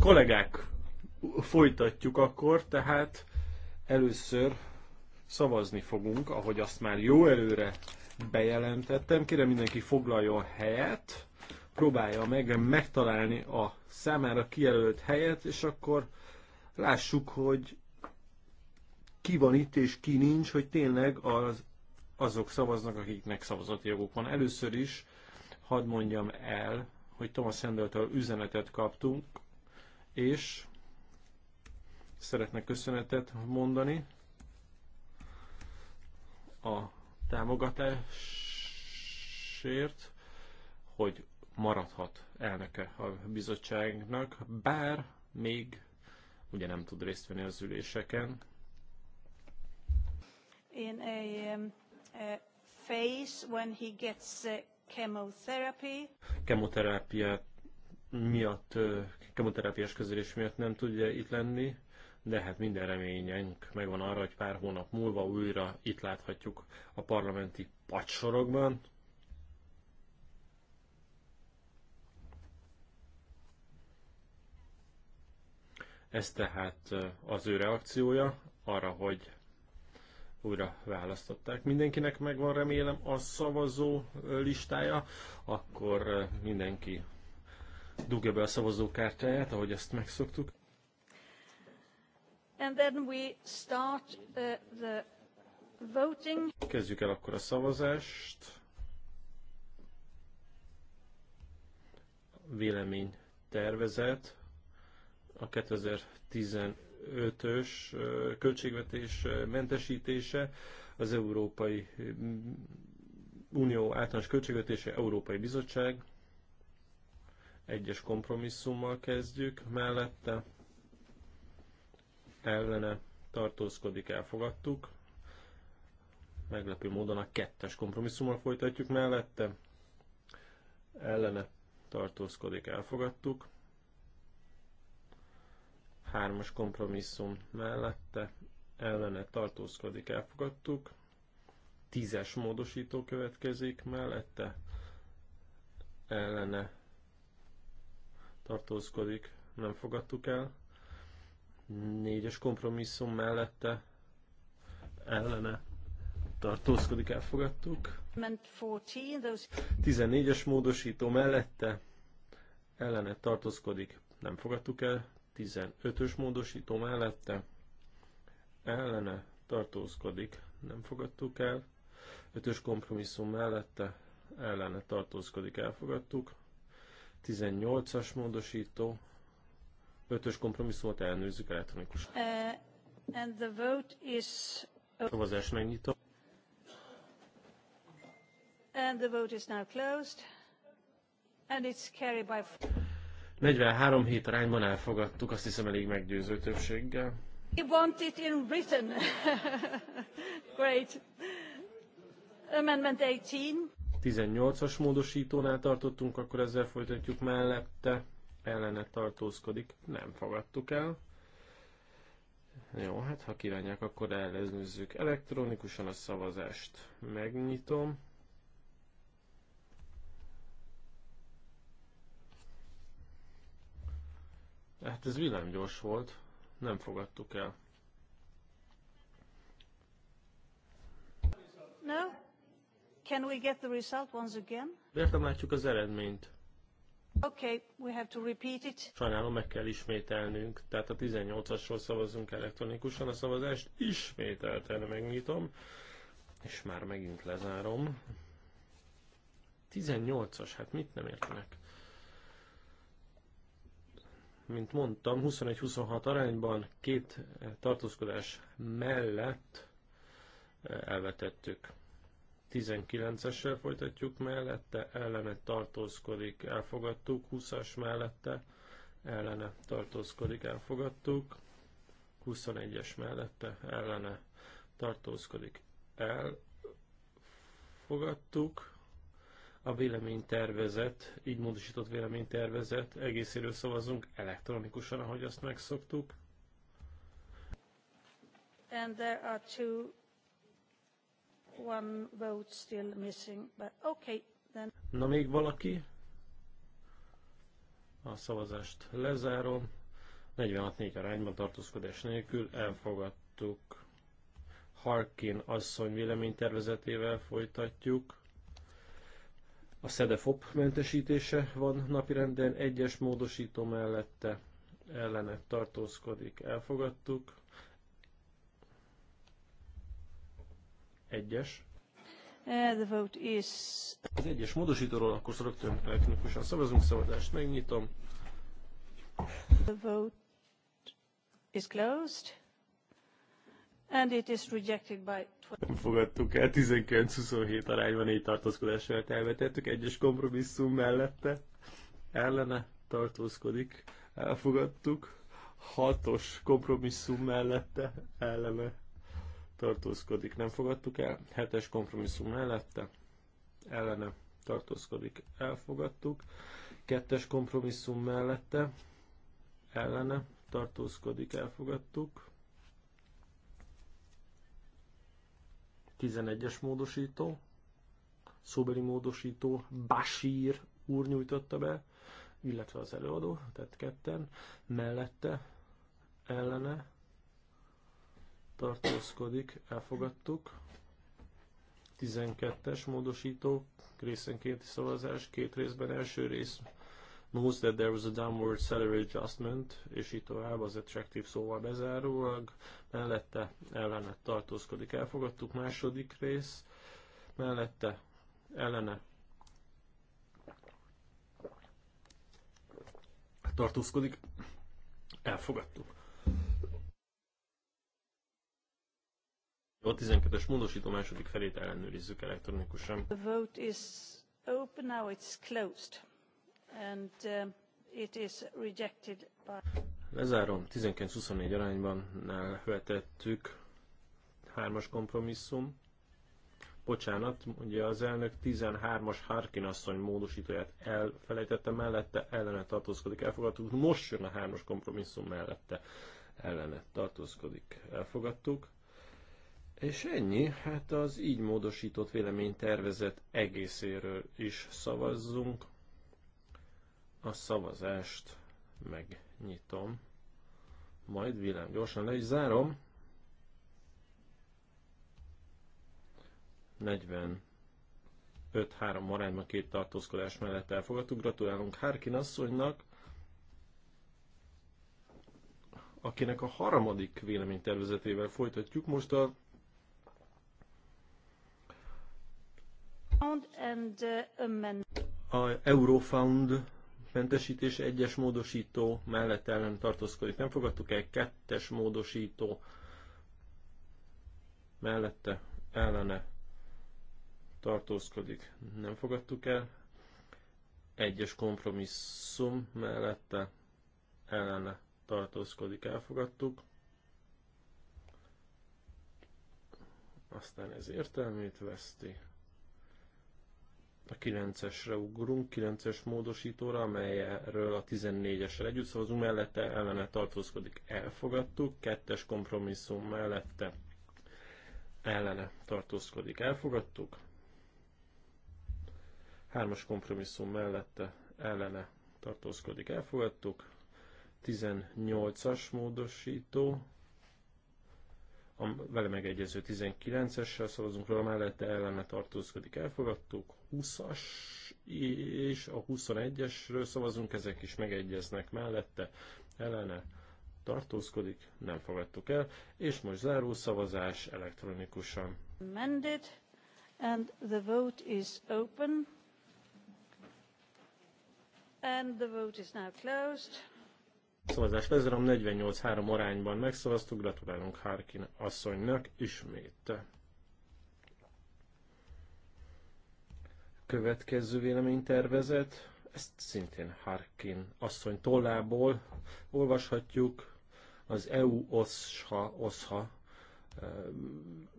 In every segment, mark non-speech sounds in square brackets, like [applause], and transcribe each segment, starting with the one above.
Kollégák, folytatjuk akkor, tehát először szavazni fogunk, ahogy azt már jó előre bejelentettem. Kérem mindenki foglaljon helyet, próbálja meg megtalálni a számára kijelölt helyet, és akkor lássuk, hogy ki van itt és ki nincs, hogy tényleg az azok szavaznak, akiknek szavazati joguk van. Először is hadd mondjam el, hogy Thomas Hendeltől üzenetet kaptunk, és szeretnek köszönetet mondani a támogatásért, hogy maradhat elnöke a bizottságnak, bár még ugye nem tud részt venni az üléseken. Én egy phase uh, when he gets uh, chemotherapy. Kemoterápia miatt, uh, kemoterápiás kezelés miatt nem tudja itt lenni, de hát minden reményünk megvan arra, hogy pár hónap múlva újra itt láthatjuk a parlamenti pacsorokban. Ez tehát az ő reakciója arra, hogy újra választották. Mindenkinek megvan remélem a szavazó listája, akkor eh, mindenki dugja be a szavazókártyáját, ahogy ezt megszoktuk. And then we start the, eh, the voting. Kezdjük el akkor a szavazást. Vélemény tervezet a 2015 2025-ös költségvetés mentesítése, az Európai Unió általános költségvetése, Európai Bizottság, egyes kompromisszummal kezdjük, mellette ellene tartózkodik, elfogadtuk. Meglepő módon a kettes kompromisszummal folytatjuk mellette. Ellene tartózkodik, elfogadtuk hármas kompromisszum mellette ellene tartózkodik, elfogadtuk. Tízes módosító következik mellette ellene tartózkodik, nem fogadtuk el. Négyes kompromisszum mellette ellene tartózkodik, elfogadtuk. 14-es módosító mellette ellene tartózkodik, nem fogadtuk el. 15-ös módosító mellette ellene tartózkodik, nem fogadtuk el. 5-ös kompromisszum mellette ellene tartózkodik, elfogadtuk. 18-as módosító, 5-ös kompromisszumot elnőzzük elektronikus. Uh, and the vote is... Szavazás megnyitom. And the vote is now closed. And it's carried by... 43 hét arányban elfogadtuk, azt hiszem elég meggyőző többséggel. We want it in written. [laughs] Great. Amendment 18. 18-as módosítónál tartottunk, akkor ezzel folytatjuk mellette. Ellene tartózkodik, nem fogadtuk el. Jó, hát ha kívánják, akkor ellenőrizzük elektronikusan a szavazást. Megnyitom. Hát ez villámgyors volt, nem fogadtuk el. No? Can we get the result once again? Miért az eredményt? Okay, we have to repeat it. Sajnálom, meg kell ismételnünk. Tehát a 18-asról szavazunk elektronikusan, a szavazást ismételten megnyitom, és már megint lezárom. 18-as, hát mit nem értenek? mint mondtam, 21-26 arányban két eh, tartózkodás mellett eh, elvetettük. 19-essel folytatjuk mellette, ellene tartózkodik, elfogadtuk, 20-as mellette, ellene tartózkodik, elfogadtuk, 21-es mellette, ellene tartózkodik, elfogadtuk, a véleménytervezet, így módosított véleménytervezet egészéről szavazunk elektronikusan, ahogy azt megszoktuk. And there are two, one vote still missing, but okay, then. Na még valaki? A szavazást lezárom. 46-4 arányban tartózkodás nélkül elfogadtuk. Harkin asszony véleménytervezetével folytatjuk. A SZEDEFOP mentesítése van napirenden, egyes módosító mellette ellene tartózkodik. Elfogadtuk. Egyes. Uh, the vote is... Az egyes módosítóról akkor rögtön elektronikusan szavazunk, szavazást megnyitom. The vote is closed. And it is rejected by... Nem fogadtuk el, 19-27 arányban négy tartózkodásokat elvetettük, egyes kompromisszum mellette, ellene tartózkodik, elfogadtuk, hatos kompromisszum mellette, ellene tartózkodik, nem fogadtuk el, hetes kompromisszum mellette, ellene tartózkodik, elfogadtuk, kettes kompromisszum mellette, ellene tartózkodik, elfogadtuk, 11-es módosító, szóbeli módosító, Basír úr nyújtotta be, illetve az előadó, tehát ketten, mellette, ellene, tartózkodik, elfogadtuk. 12-es módosító, részenkénti szavazás, két részben első rész knows that there was a downward salary adjustment, és így tovább az attractive szóval bezárólag, mellette ellene tartózkodik, elfogadtuk, második rész, mellette ellene tartózkodik, elfogadtuk. A 12-es módosító második felét ellenőrizzük elektronikusan. The vote is open, now it's closed. Um, Lezárom, 19-24 arányban elvetettük hármas kompromisszum. Bocsánat, ugye az elnök 13-as Harkin asszony módosítóját elfelejtette mellette, ellene tartózkodik, elfogadtuk. Most jön a hármas kompromisszum mellette, ellene tartózkodik, elfogadtuk. És ennyi, hát az így módosított véleménytervezet egészéről is szavazzunk. A szavazást megnyitom, majd villám gyorsan le is zárom. 45 3 arányban két tartózkodás mellett elfogadtuk. Gratulálunk Harkin asszonynak, akinek a harmadik véleménytervezetével folytatjuk. Most a And, uh, a Eurofound mentesítés egyes módosító mellett ellen tartózkodik. Nem fogadtuk el kettes módosító mellette ellene tartózkodik. Nem fogadtuk el. Egyes kompromisszum mellette ellene tartózkodik. Elfogadtuk. Aztán ez értelmét veszti. A 9-esre ugrunk, 9-es módosítóra, amelyről a 14-esre együtt szavazunk, mellette ellene tartózkodik, elfogadtuk, 2-es kompromisszum mellette ellene tartózkodik, elfogadtuk, 3-as kompromisszum mellette ellene tartózkodik, elfogadtuk, 18-as módosító a vele megegyező 19-essel szavazunk róla, mellette ellene tartózkodik, elfogadtuk, 20-as és a 21-esről szavazunk, ezek is megegyeznek mellette, ellene tartózkodik, nem fogadtuk el, és most záró szavazás elektronikusan. Amended, and the vote is open, and the vote is now closed Szavazás lezárom 48-3 arányban megszavaztuk, gratulálunk Harkin asszonynak ismét. Következő véleménytervezet, ezt szintén Harkin asszony tollából olvashatjuk, az EU-OSHA, OSHA,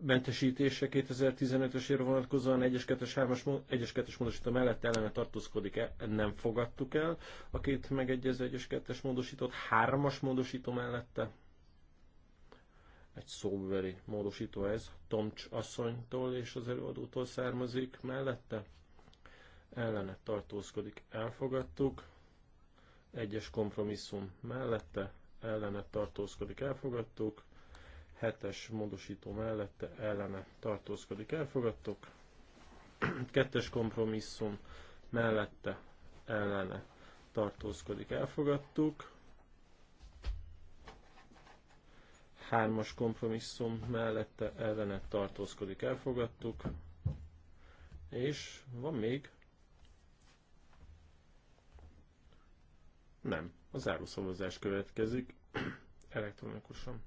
mentesítése 2015-ös évre vonatkozóan 1-es, 2-es, 3-as, 1-es, 2-es módosító mellett ellene tartózkodik -e? nem fogadtuk el. A két megegyező 1-es, 2-es módosítót 3-as módosító mellette egy szóbeli módosító ez, Tomcs asszonytól és az előadótól származik mellette. Ellene tartózkodik, elfogadtuk. 1-es kompromisszum mellette, ellene tartózkodik, elfogadtuk hetes módosító mellette ellene tartózkodik. Elfogadtok. Kettes kompromisszum mellette ellene tartózkodik. Elfogadtuk. Hármas kompromisszum mellette ellene tartózkodik. Elfogadtuk. És van még nem. A zárószavazás következik elektronikusan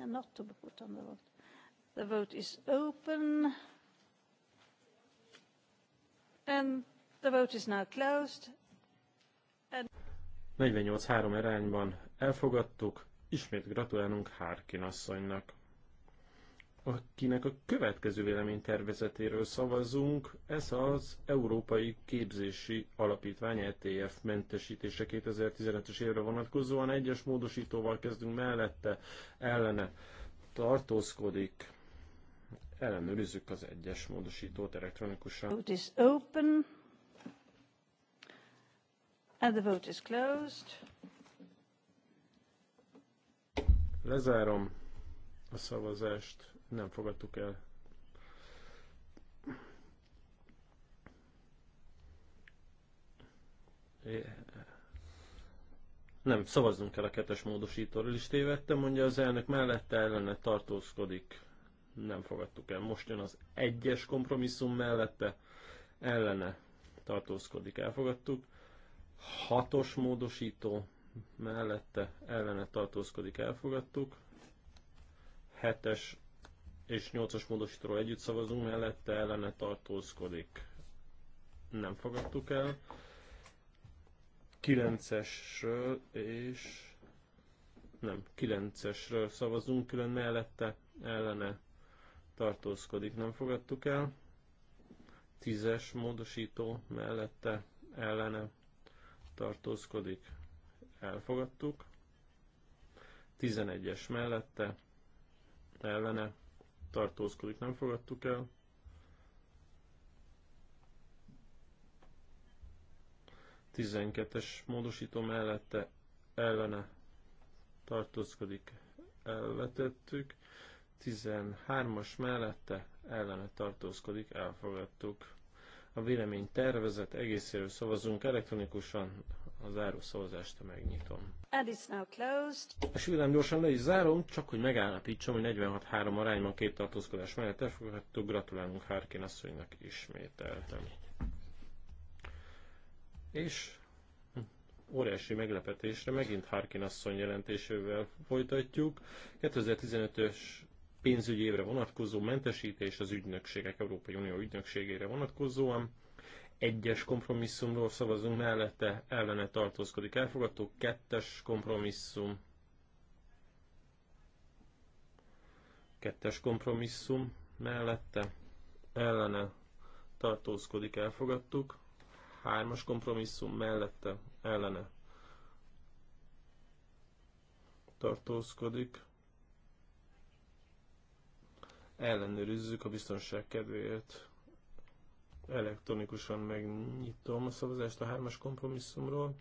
and not to put on the vote. The vote is open. And the vote is now closed. And 48-3 arányban elfogadtuk. Ismét gratulálunk Hárkin asszonynak akinek a következő tervezetéről szavazunk, ez az Európai Képzési Alapítvány ETF mentesítése 2015-es évre vonatkozóan. Egyes módosítóval kezdünk mellette, ellene tartózkodik. Ellenőrizzük az egyes módosítót elektronikusan. Vote is open. And the vote is closed. Lezárom a szavazást nem fogadtuk el. Nem, szavazzunk el a kettes módosítóról is tévedtem, mondja az elnök mellette ellene tartózkodik. Nem fogadtuk el. Most jön az egyes kompromisszum mellette ellene tartózkodik. Elfogadtuk. Hatos módosító mellette ellene tartózkodik. Elfogadtuk. Hetes és 8-as módosítóról együtt szavazunk, mellette ellene tartózkodik. Nem fogadtuk el. 9-esről és nem, 9-esről szavazunk külön mellette, ellene tartózkodik, nem fogadtuk el. 10-es módosító mellette, ellene tartózkodik, elfogadtuk. 11-es mellette, ellene tartózkodik, nem fogadtuk el. Tizenkettes módosító mellette ellene tartózkodik, elvetettük. 13-as mellette ellene tartózkodik, elfogadtuk. A vélemény tervezet egészéről szavazunk elektronikusan, a záró szavazást megnyitom. And it's now closed. És villám gyorsan le is zárom, csak hogy megállapítsam, hogy 46-3 arányban két tartózkodás mellett elfogadható. Gratulálunk Harkin asszonynak ismételten. És óriási meglepetésre megint Harkin asszony jelentésével folytatjuk. 2015-ös pénzügyi évre vonatkozó mentesítés az ügynökségek Európai Unió ügynökségére vonatkozóan egyes kompromisszumról szavazunk, mellette ellene tartózkodik elfogadó, kettes kompromisszum, kettes kompromisszum mellette ellene tartózkodik elfogadtuk, hármas kompromisszum mellette ellene tartózkodik, ellenőrizzük a biztonság kedvéért. Elektronikusan megnyitom a szavazást a hármas kompromisszumról.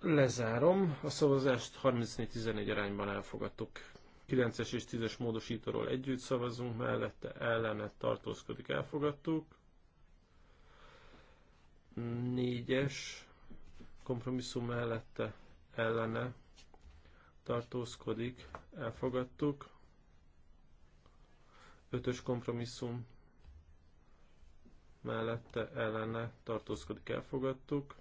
Lezárom. A szavazást 34-11 arányban elfogadtuk. 9-es és 10-es módosítóról együtt szavazunk, mellette ellenet tartózkodik, elfogadtuk. 4-es kompromisszum mellette ellene tartózkodik, elfogadtuk. Ötös kompromisszum mellette ellene tartózkodik, elfogadtuk.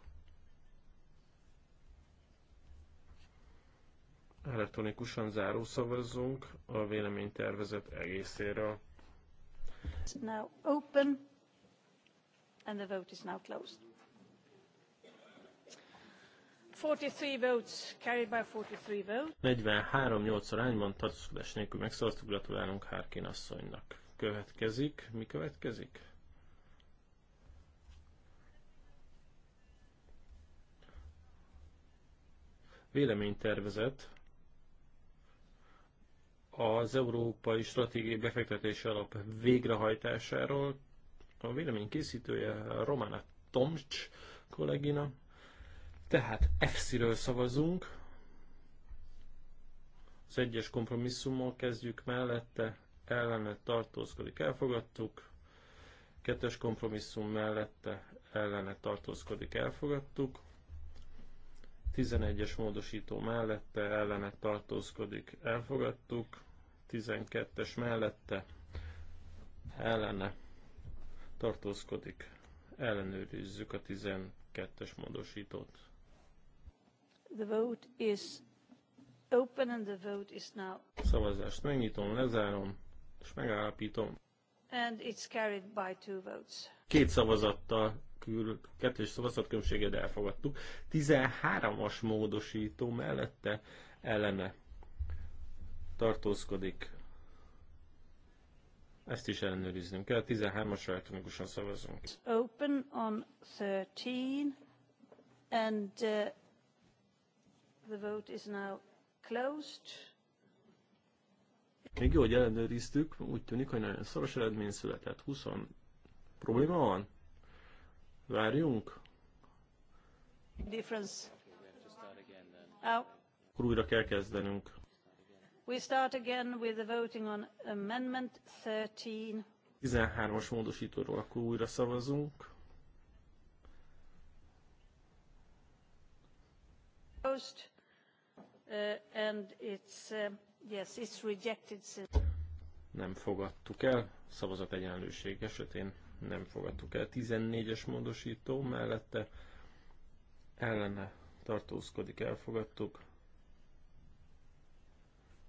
Elektronikusan zárószavazzunk a véleménytervezet egészéről. Now open and the vote is now closed. 43 8 arányban tartózkodás nélkül megszavaztuk, gratulálunk Hárkin asszonynak. Következik, mi következik? Véleménytervezet az Európai Stratégiai Befektetési Alap végrehajtásáról. A vélemény készítője Romana Tomcs kollégina. Tehát f ről szavazunk. Az egyes kompromisszummal kezdjük mellette, ellene tartózkodik, elfogadtuk. Kettes kompromisszum mellette, ellene tartózkodik, elfogadtuk. 11-es módosító mellette, ellene tartózkodik, elfogadtuk. 12-es mellette, ellene tartózkodik, ellenőrizzük a 12-es módosítót. The vote is open and the vote is now. Szavazást megnyitom, lezárom, és megállapítom. And it's carried by two votes. Két szavazattal kül, kettős különbséget elfogadtuk. 13-as módosító mellette ellene tartózkodik. Ezt is ellenőriznünk kell. 13 as elektronikusan szavazunk. Open on 13 and uh, The vote is now closed. Még jó, hogy ellenőriztük, úgy tűnik, hogy nagyon szoros eredmény született. 20 probléma van? Várjunk. Difference. Oh. Akkor újra kell kezdenünk. We start again with the voting on amendment 13. 13-as módosítóról akkor újra szavazunk. Post. Uh, and it's, uh, yes, it's rejected Nem fogadtuk el, szavazat egyenlőség esetén nem fogadtuk el. 14-es módosító mellette ellene tartózkodik, elfogadtuk.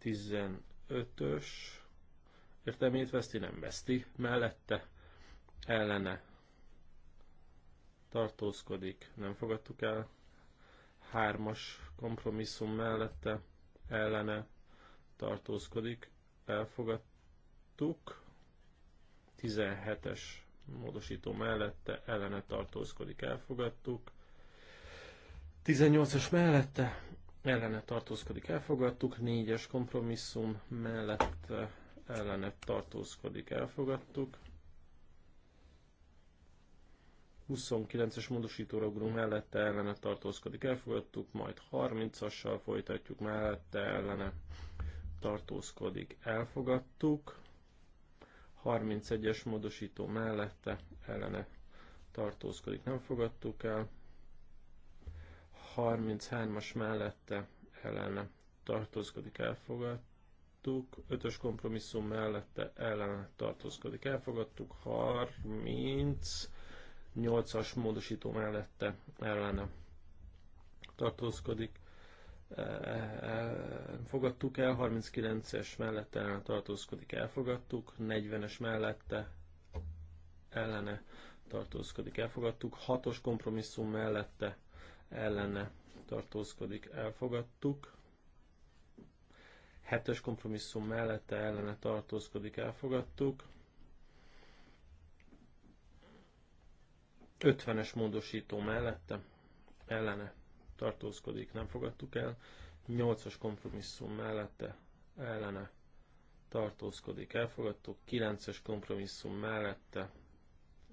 15-ös értelmét veszti, nem veszti, mellette ellene tartózkodik, nem fogadtuk el hármas kompromisszum mellette ellene tartózkodik. Elfogadtuk. 17-es módosító mellette ellene tartózkodik. Elfogadtuk. 18-as mellette ellene tartózkodik. Elfogadtuk. 4-es kompromisszum mellette ellene tartózkodik. Elfogadtuk. 29-es módosítóra ugrunk mellette ellene tartózkodik, elfogadtuk, majd 30-assal folytatjuk mellette ellene tartózkodik, elfogadtuk. 31-es módosító mellette ellene tartózkodik, nem fogadtuk el. 33-as mellette ellene tartózkodik, elfogadtuk. 5-ös kompromisszum mellette ellen tartózkodik, elfogadtuk. 30 8-as módosító mellette ellene tartózkodik. E, e, fogadtuk el, 39-es mellette ellene tartózkodik, elfogadtuk, 40-es mellette ellene tartózkodik, elfogadtuk, 6-os kompromisszum mellette ellene tartózkodik, elfogadtuk, 7-es kompromisszum mellette ellene tartózkodik, elfogadtuk, 50-es módosító mellette ellene tartózkodik, nem fogadtuk el. 8-as kompromisszum mellette ellene tartózkodik, elfogadtuk. 9-es kompromisszum mellette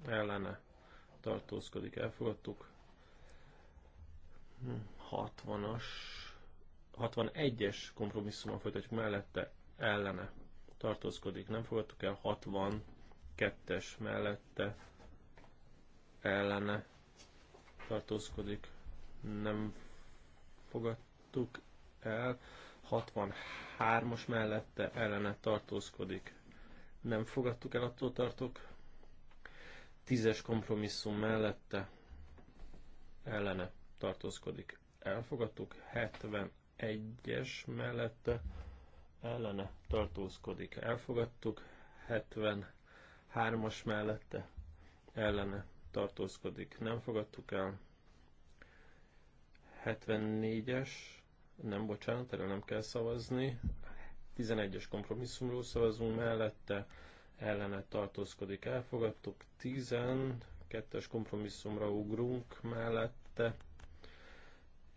ellene tartózkodik, elfogadtuk. 60-as hm, 61-es kompromisszummal folytatjuk mellette ellene tartózkodik, nem fogadtuk el. 62-es mellette ellene tartózkodik, nem fogadtuk el. 63-as mellette ellene tartózkodik, nem fogadtuk el, attól tartok. 10-es kompromisszum mellette ellene tartózkodik, elfogadtuk. 71-es mellette ellene tartózkodik, elfogadtuk. 73-as mellette ellene tartózkodik, nem fogadtuk el. 74-es, nem bocsánat, erre nem kell szavazni. 11-es kompromisszumról szavazunk mellette, ellene tartózkodik, elfogadtuk. 12-es kompromisszumra ugrunk mellette,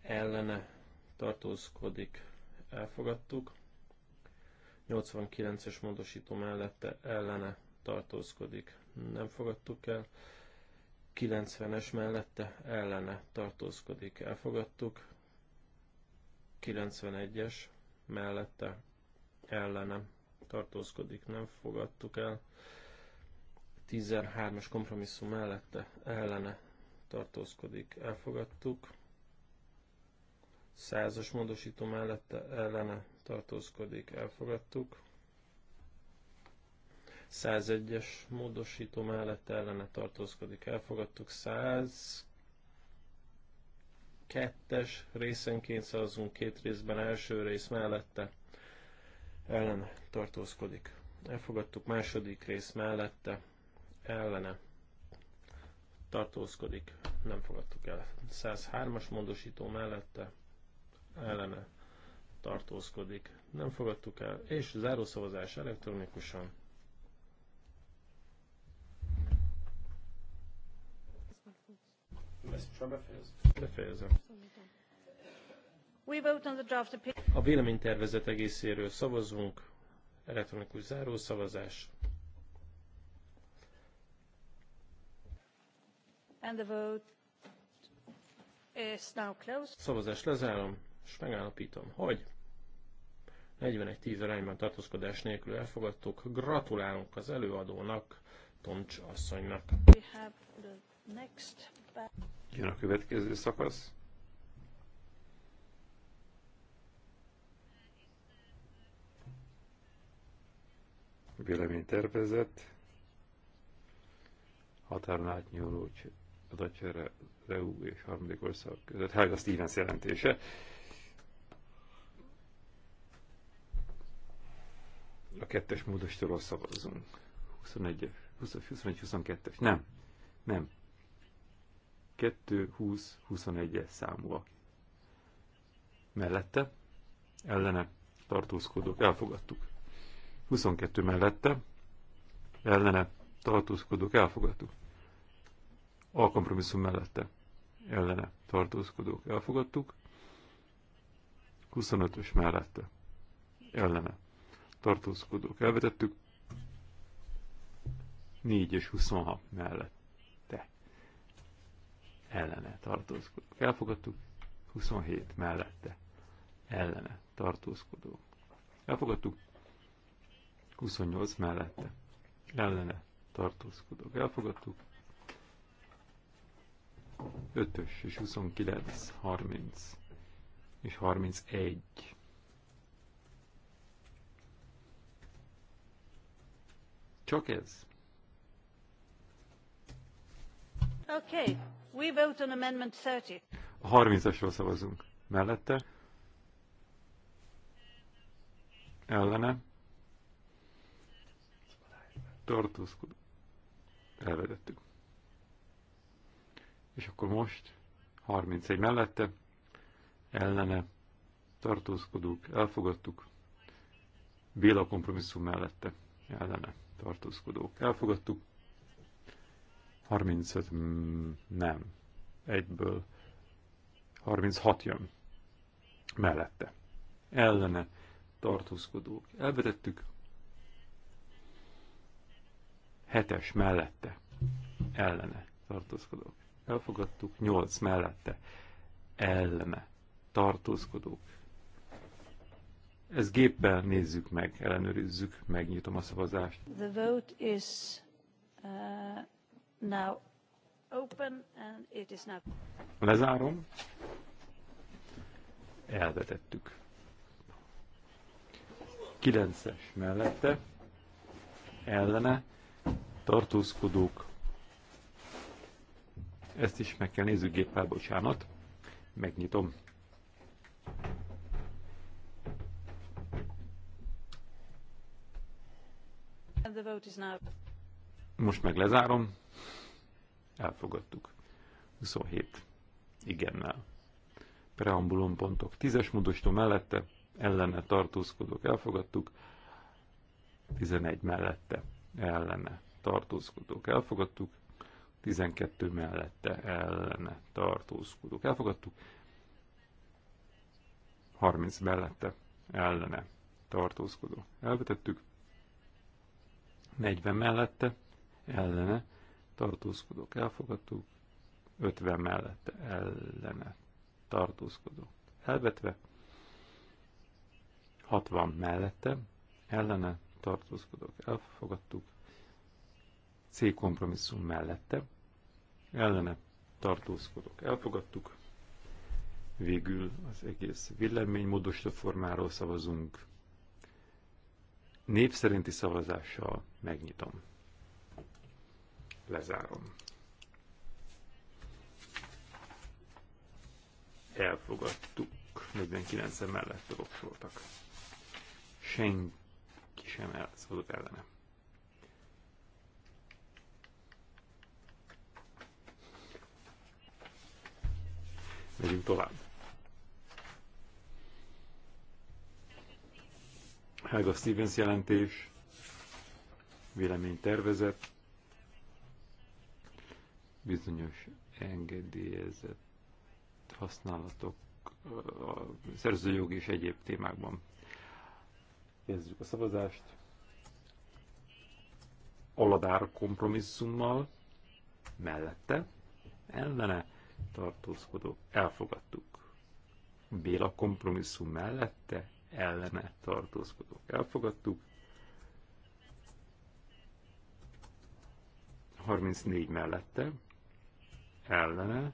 ellene tartózkodik, elfogadtuk. 89-es módosító mellette ellene tartózkodik, nem fogadtuk el. 90-es mellette ellene tartózkodik, elfogadtuk. 91-es mellette ellene tartózkodik, nem fogadtuk el. 13-as kompromisszum mellette ellene tartózkodik, elfogadtuk. 100-as módosító mellette ellene tartózkodik, elfogadtuk. 101-es módosító mellett ellene tartózkodik, elfogadtuk. 102-es részenként szavazunk két részben, első rész mellette ellene tartózkodik. Elfogadtuk második rész mellette ellene tartózkodik, nem fogadtuk el. 103-as módosító mellette ellene tartózkodik, nem fogadtuk el, és zárószavazás elektronikusan befejezem. A véleménytervezet egészéről szavazunk, elektronikus zárószavazás. And the vote is now closed. Szavazást lezárom, és megállapítom, hogy 41-10 arányban tartózkodás nélkül elfogadtuk. Gratulálunk az előadónak, Toncs asszonynak. We have the Jön a következő szakasz. Véleménytervezet. Határon átnyúló adatjára EU és harmadik ország között. Helga Stevens jelentése. A kettes módosítóról szavazzunk. 21-22-es. Nem. Nem. 2-20-21-es számúak. Mellette, ellene tartózkodók, elfogadtuk. 22 mellette, ellene tartózkodók, elfogadtuk. A kompromisszum mellette, ellene tartózkodók, elfogadtuk. 25-ös mellette, ellene tartózkodók, elvetettük. 4 és 26 mellett ellene tartózkodók elfogadtuk, 27 mellette ellene tartózkodók elfogadtuk, 28 mellette ellene tartózkodók elfogadtuk, 5-ös és 29, 30 és 31. Csak ez? Okay. We vote on amendment 30. A 30-asról szavazunk. Mellette? Ellene? Tartózkodó. Elvedettük. És akkor most 31 mellette, ellene, tartózkodók, elfogadtuk. Béla kompromisszum mellette, ellene, tartózkodók, elfogadtuk. 35 mm, nem. Egyből 36 jön. Mellette. Ellene tartózkodók. Elvetettük. Hetes mellette. Ellene tartózkodók. Elfogadtuk. 8 mellette. Ellene tartózkodók. ez géppel nézzük meg, ellenőrizzük, megnyitom a szavazást. The vote is uh, now open and it is now... Lezárom. Elvetettük. 9-es mellette, ellene, tartózkodók. Ezt is meg kell nézzük géppel, bocsánat. Megnyitom. And the vote is now... Most meg lezárom. Elfogadtuk. 27. Igennel. Preambulum pontok. Tízes módosító mellette, ellene tartózkodok. elfogadtuk. 11 mellette, ellene tartózkodok. elfogadtuk. 12 mellette, ellene tartózkodok. elfogadtuk. 30 mellette, ellene tartózkodó. elvetettük. 40 mellette, ellene tartózkodok. elfogadtuk, 50 mellette ellene tartózkodok. elvetve, 60 mellette ellene tartózkodok. elfogadtuk, C kompromisszum mellette ellene tartózkodok. elfogadtuk, végül az egész villemény módosított formáról szavazunk. népszerinti szerinti szavazással megnyitom. Lezárom. Elfogadtuk. 49 en mellette voksoltak. Senki sem elszólott ellene. Megyünk tovább. Helga Stevens jelentés, véleménytervezet, bizonyos engedélyezett használatok a szerzőjog és egyéb témákban. Kezdjük a szavazást. Aladár kompromisszummal mellette ellene tartózkodó elfogadtuk. Béla kompromisszum mellette ellene tartózkodók elfogadtuk. 34 mellette ellene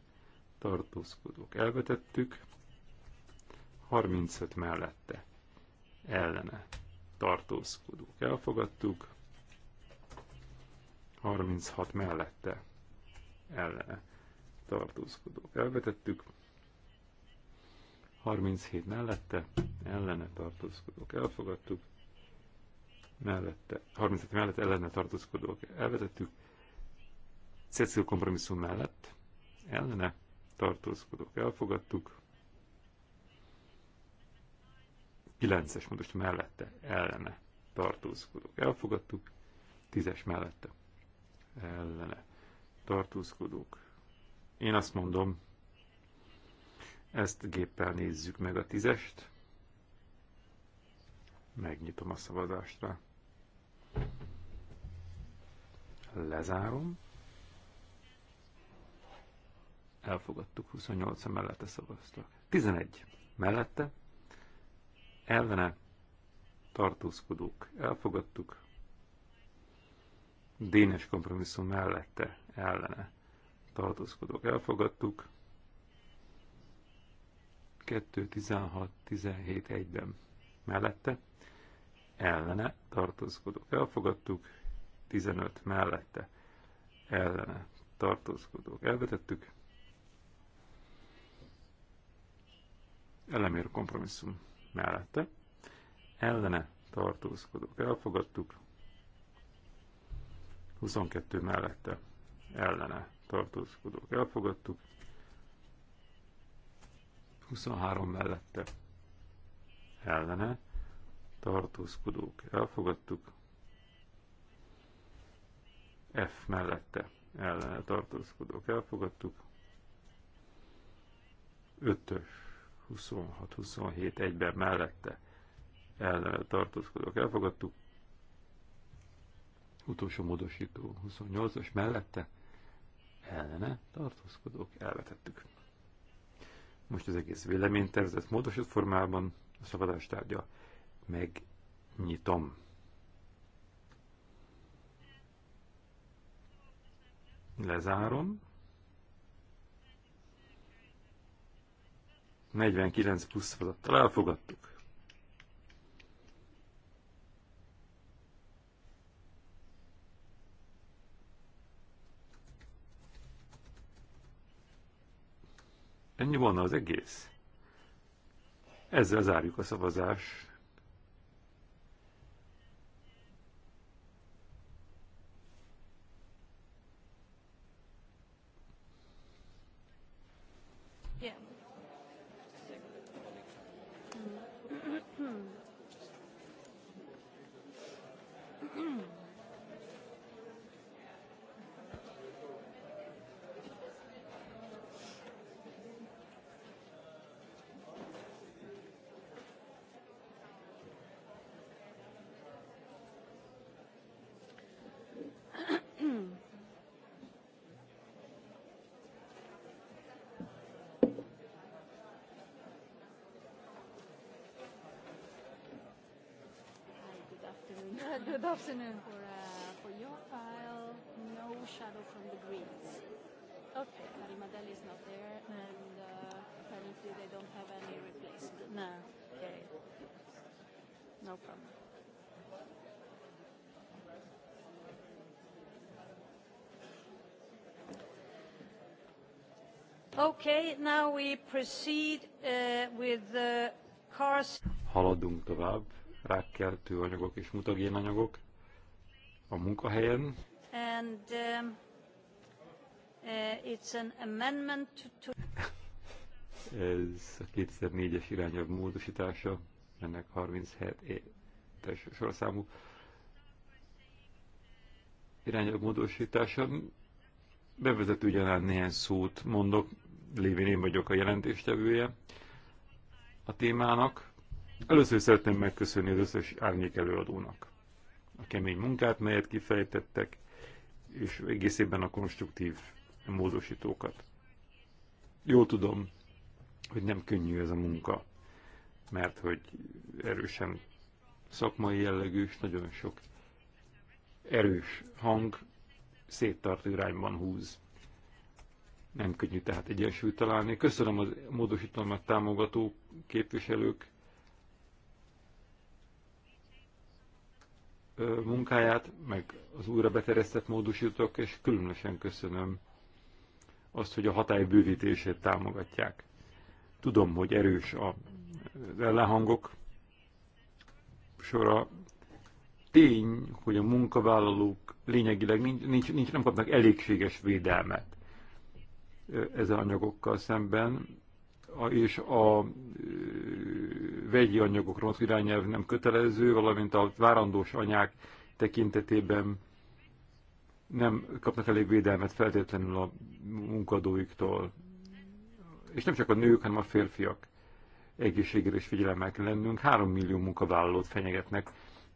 tartózkodók elvetettük, 35 mellette ellene tartózkodók elfogadtuk, 36 mellette ellene tartózkodók elvetettük, 37 mellette ellene tartózkodók elfogadtuk, mellette, 37 mellett ellene tartózkodók elvetettük, Cecil kompromisszum mellett ellene tartózkodók elfogadtuk. 9-es mellette ellene tartózkodók elfogadtuk. 10-es mellette ellene tartózkodók. Én azt mondom, ezt géppel nézzük meg a tízest. Megnyitom a rá. Lezárom elfogadtuk, 28 a mellette szavaztak. 11 mellette ellene tartózkodók elfogadtuk, dénes kompromisszum mellette ellene tartózkodók elfogadtuk, 2, 16, 17, 1 mellette, ellene tartózkodók elfogadtuk, 15 mellette ellene tartózkodók elvetettük, elemér kompromisszum mellette, ellene tartózkodók elfogadtuk, 22 mellette ellene tartózkodók elfogadtuk, 23 mellette ellene tartózkodók elfogadtuk, F mellette ellene tartózkodók elfogadtuk, 5-ös 26-27 egyben mellette ellene tartózkodók elfogadtuk. Utolsó módosító 28-as mellette ellene tartózkodók elvetettük. Most az egész véleménytervezet módosított formában a szavazás tárgya megnyitom. Lezárom. 49 plusz feladattal elfogadtuk. Ennyi volna az egész. Ezzel zárjuk a szavazást. good afternoon for, uh, for your file. No shadow from the Greens. Okay, Marimadel is not there, and uh, apparently they don't have any replacement. No, okay. No problem. Okay, now we proceed uh, with the cars. Haladunk tovább rákkeltő anyagok és mutagén anyagok a munkahelyen. And, um, uh, it's an amendment to... Ez a 2004-es irányelv módosítása, ennek 37-es sorszámú irányelv módosítása. Bevezető ugyanán néhány szót mondok, lévén én vagyok a jelentéstevője a témának. Először szeretném megköszönni az összes árnyék előadónak a kemény munkát, melyet kifejtettek, és egészében a konstruktív módosítókat. Jól tudom, hogy nem könnyű ez a munka, mert hogy erősen szakmai jellegű, és nagyon sok erős hang széttart irányban húz. Nem könnyű tehát egyensúlyt találni. Köszönöm a módosítalmat támogató képviselők munkáját, meg az újra beteresztett módosítók, és különösen köszönöm azt, hogy a hatály bővítését támogatják. Tudom, hogy erős a ellenhangok sora. Tény, hogy a munkavállalók lényegileg nincs, nincs, nincs, nem kapnak elégséges védelmet ezen anyagokkal szemben, és a vegyi anyagokra az irányelv nem kötelező, valamint a várandós anyák tekintetében nem kapnak elég védelmet feltétlenül a munkadóiktól. És nem csak a nők, hanem a férfiak egészségére is figyelemmel kell lennünk. Három millió munkavállalót fenyegetnek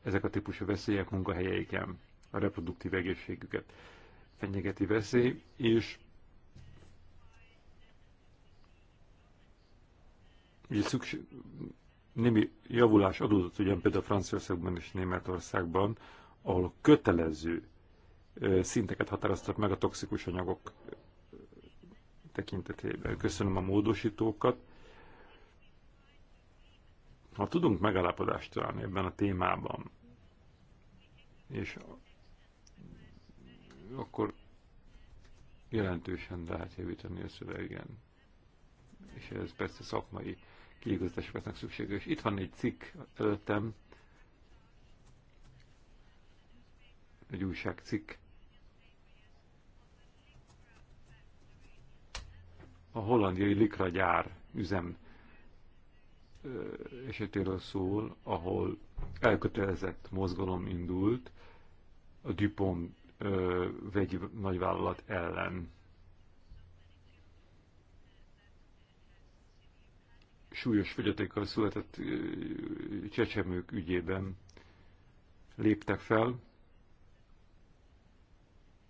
ezek a típusú veszélyek munkahelyeiken. A reproduktív egészségüket fenyegeti veszély, és ugye szükség, némi javulás adódott ugyan például Franciaországban és Németországban, ahol kötelező szinteket határoztak meg a toxikus anyagok tekintetében. Köszönöm a módosítókat. Ha tudunk megállapodást találni ebben a témában, és akkor jelentősen lehet javítani a szövegen. És ez persze szakmai kiigazításoknak szükséges. Itt van egy cikk előttem, egy újságcikk, a hollandiai Likra gyár üzem esetéről szól, ahol elkötelezett mozgalom indult a Dupont vegyi nagyvállalat ellen. súlyos fogyatékkal született csecsemők ügyében léptek fel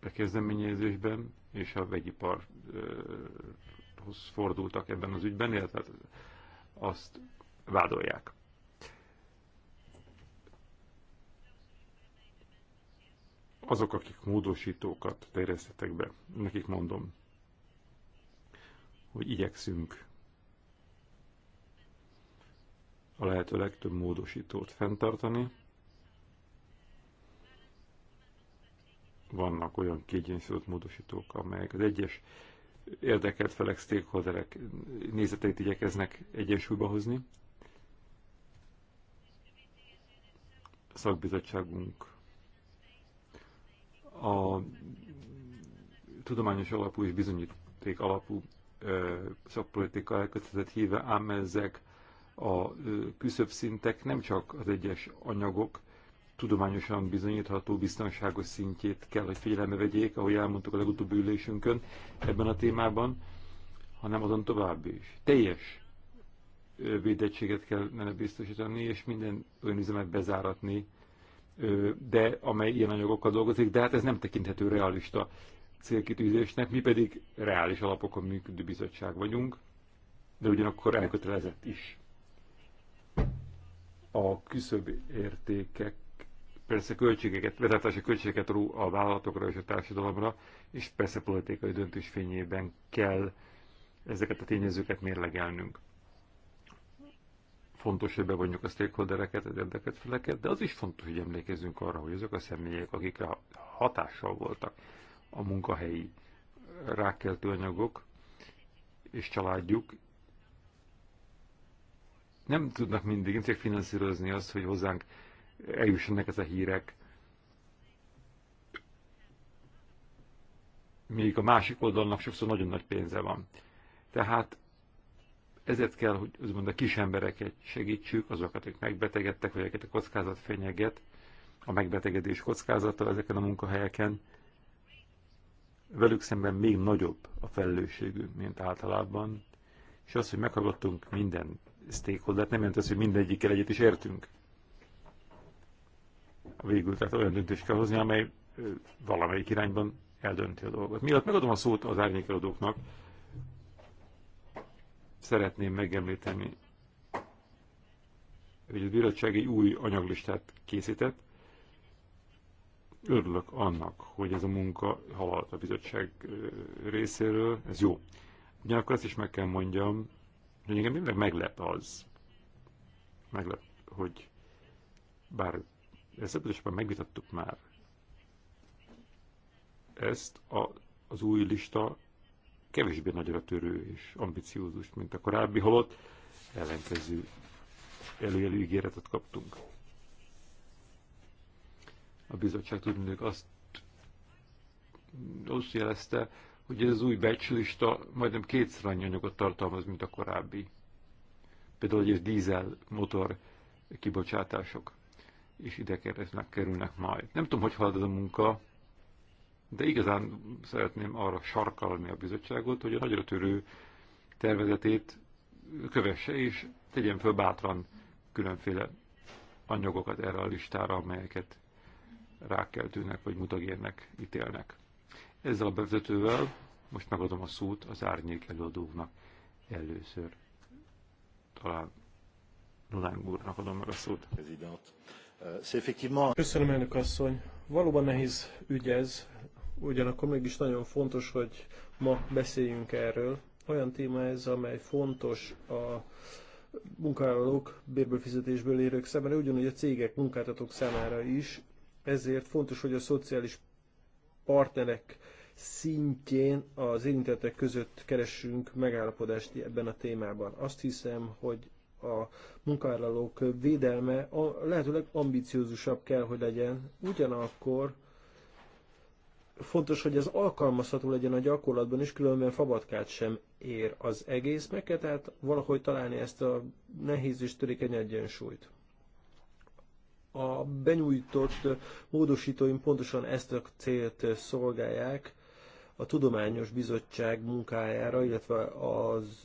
a kezdeményezésben, és a vegyiparhoz fordultak ebben az ügyben, illetve azt vádolják. Azok, akik módosítókat terjesztettek be, nekik mondom, hogy igyekszünk a lehető legtöbb módosítót fenntartani. Vannak olyan kiegyensúlyozott módosítók, amelyek az egyes érdekelt felek, stakeholderek nézeteit igyekeznek egyensúlyba hozni. A szakbizottságunk a tudományos alapú és bizonyíték alapú szakpolitika elkötelezett híve, ám ezek a küszöbb szintek nem csak az egyes anyagok tudományosan bizonyítható biztonságos szintjét kell, hogy figyelembe vegyék, ahogy elmondtuk a legutóbbi ülésünkön ebben a témában, hanem azon tovább is. Teljes védettséget kellene biztosítani, és minden önüzemet bezáratni, de amely ilyen anyagokkal dolgozik, de hát ez nem tekinthető realista célkitűzésnek, mi pedig reális alapokon működő bizottság vagyunk, de ugyanakkor elkötelezett is a küszöb értékek persze költségeket, vezetési költségeket ró a vállalatokra és a társadalomra, és persze politikai döntés fényében kell ezeket a tényezőket mérlegelnünk. Fontos, hogy bevonjuk a stakeholdereket, az érdeket feleket, de az is fontos, hogy emlékezzünk arra, hogy azok a személyek, akik hatással voltak a munkahelyi rákeltő anyagok és családjuk nem tudnak mindig, nem tudják finanszírozni azt, hogy hozzánk eljussanak ez a hírek. Még a másik oldalnak sokszor nagyon nagy pénze van. Tehát ezért kell, hogy úgymond a kis embereket segítsük, azokat, akik megbetegedtek, vagy akiket a kockázat fenyeget, a megbetegedés kockázata ezeken a munkahelyeken, velük szemben még nagyobb a felelősségünk, mint általában, és az, hogy meghallgattunk minden stakeholder, nem jelenti az, hogy mindegyikkel egyet is értünk. Végül tehát olyan döntést kell hozni, amely valamelyik irányban eldönti a dolgot. Miatt megadom a szót az árnyékeladóknak, szeretném megemlíteni, hogy a bíróság egy új anyaglistát készített. Örülök annak, hogy ez a munka halad a bizottság részéről, ez jó. Ugyanakkor azt is meg kell mondjam, Úgyhogy engem mindig meglep az, meglep, hogy bár receptusban megvitattuk már ezt, a, az új lista kevésbé nagyra törő és ambiciózus, mint a korábbi, holott ellenkező előjelű ígéretet kaptunk. A bizottság tudnék azt azt jelezte, hogy ez az új becslista majdnem kétszer annyi anyagot tartalmaz, mint a korábbi. Például, hogy ez dízel motor kibocsátások és ide kerülnek kerülnek majd. Nem tudom, hogy halad ez a munka, de igazán szeretném arra sarkalni a bizottságot, hogy a nagyra törő tervezetét kövesse, és tegyen föl bátran különféle anyagokat erre a listára, amelyeket rákeltőnek vagy mutagérnek ítélnek. Ezzel a bevezetővel most megadom a szót az árnyék előadóknak először. Talán Rulán úrnak adom meg a szót. Köszönöm, elnök asszony. Valóban nehéz ügy ez, ugyanakkor mégis nagyon fontos, hogy ma beszéljünk erről. Olyan téma ez, amely fontos a munkavállalók bérből fizetésből érők számára, ugyanúgy a cégek, munkáltatók számára is. Ezért fontos, hogy a szociális partnerek szintjén az érintettek között keresünk megállapodást ebben a témában. Azt hiszem, hogy a munkavállalók védelme a lehetőleg ambiciózusabb kell, hogy legyen. Ugyanakkor fontos, hogy ez alkalmazható legyen a gyakorlatban is, különben fabatkát sem ér az egész, meg kell tehát valahogy találni ezt a nehéz és törékeny egyensúlyt. A benyújtott módosítóim pontosan ezt a célt szolgálják, a Tudományos Bizottság munkájára, illetve az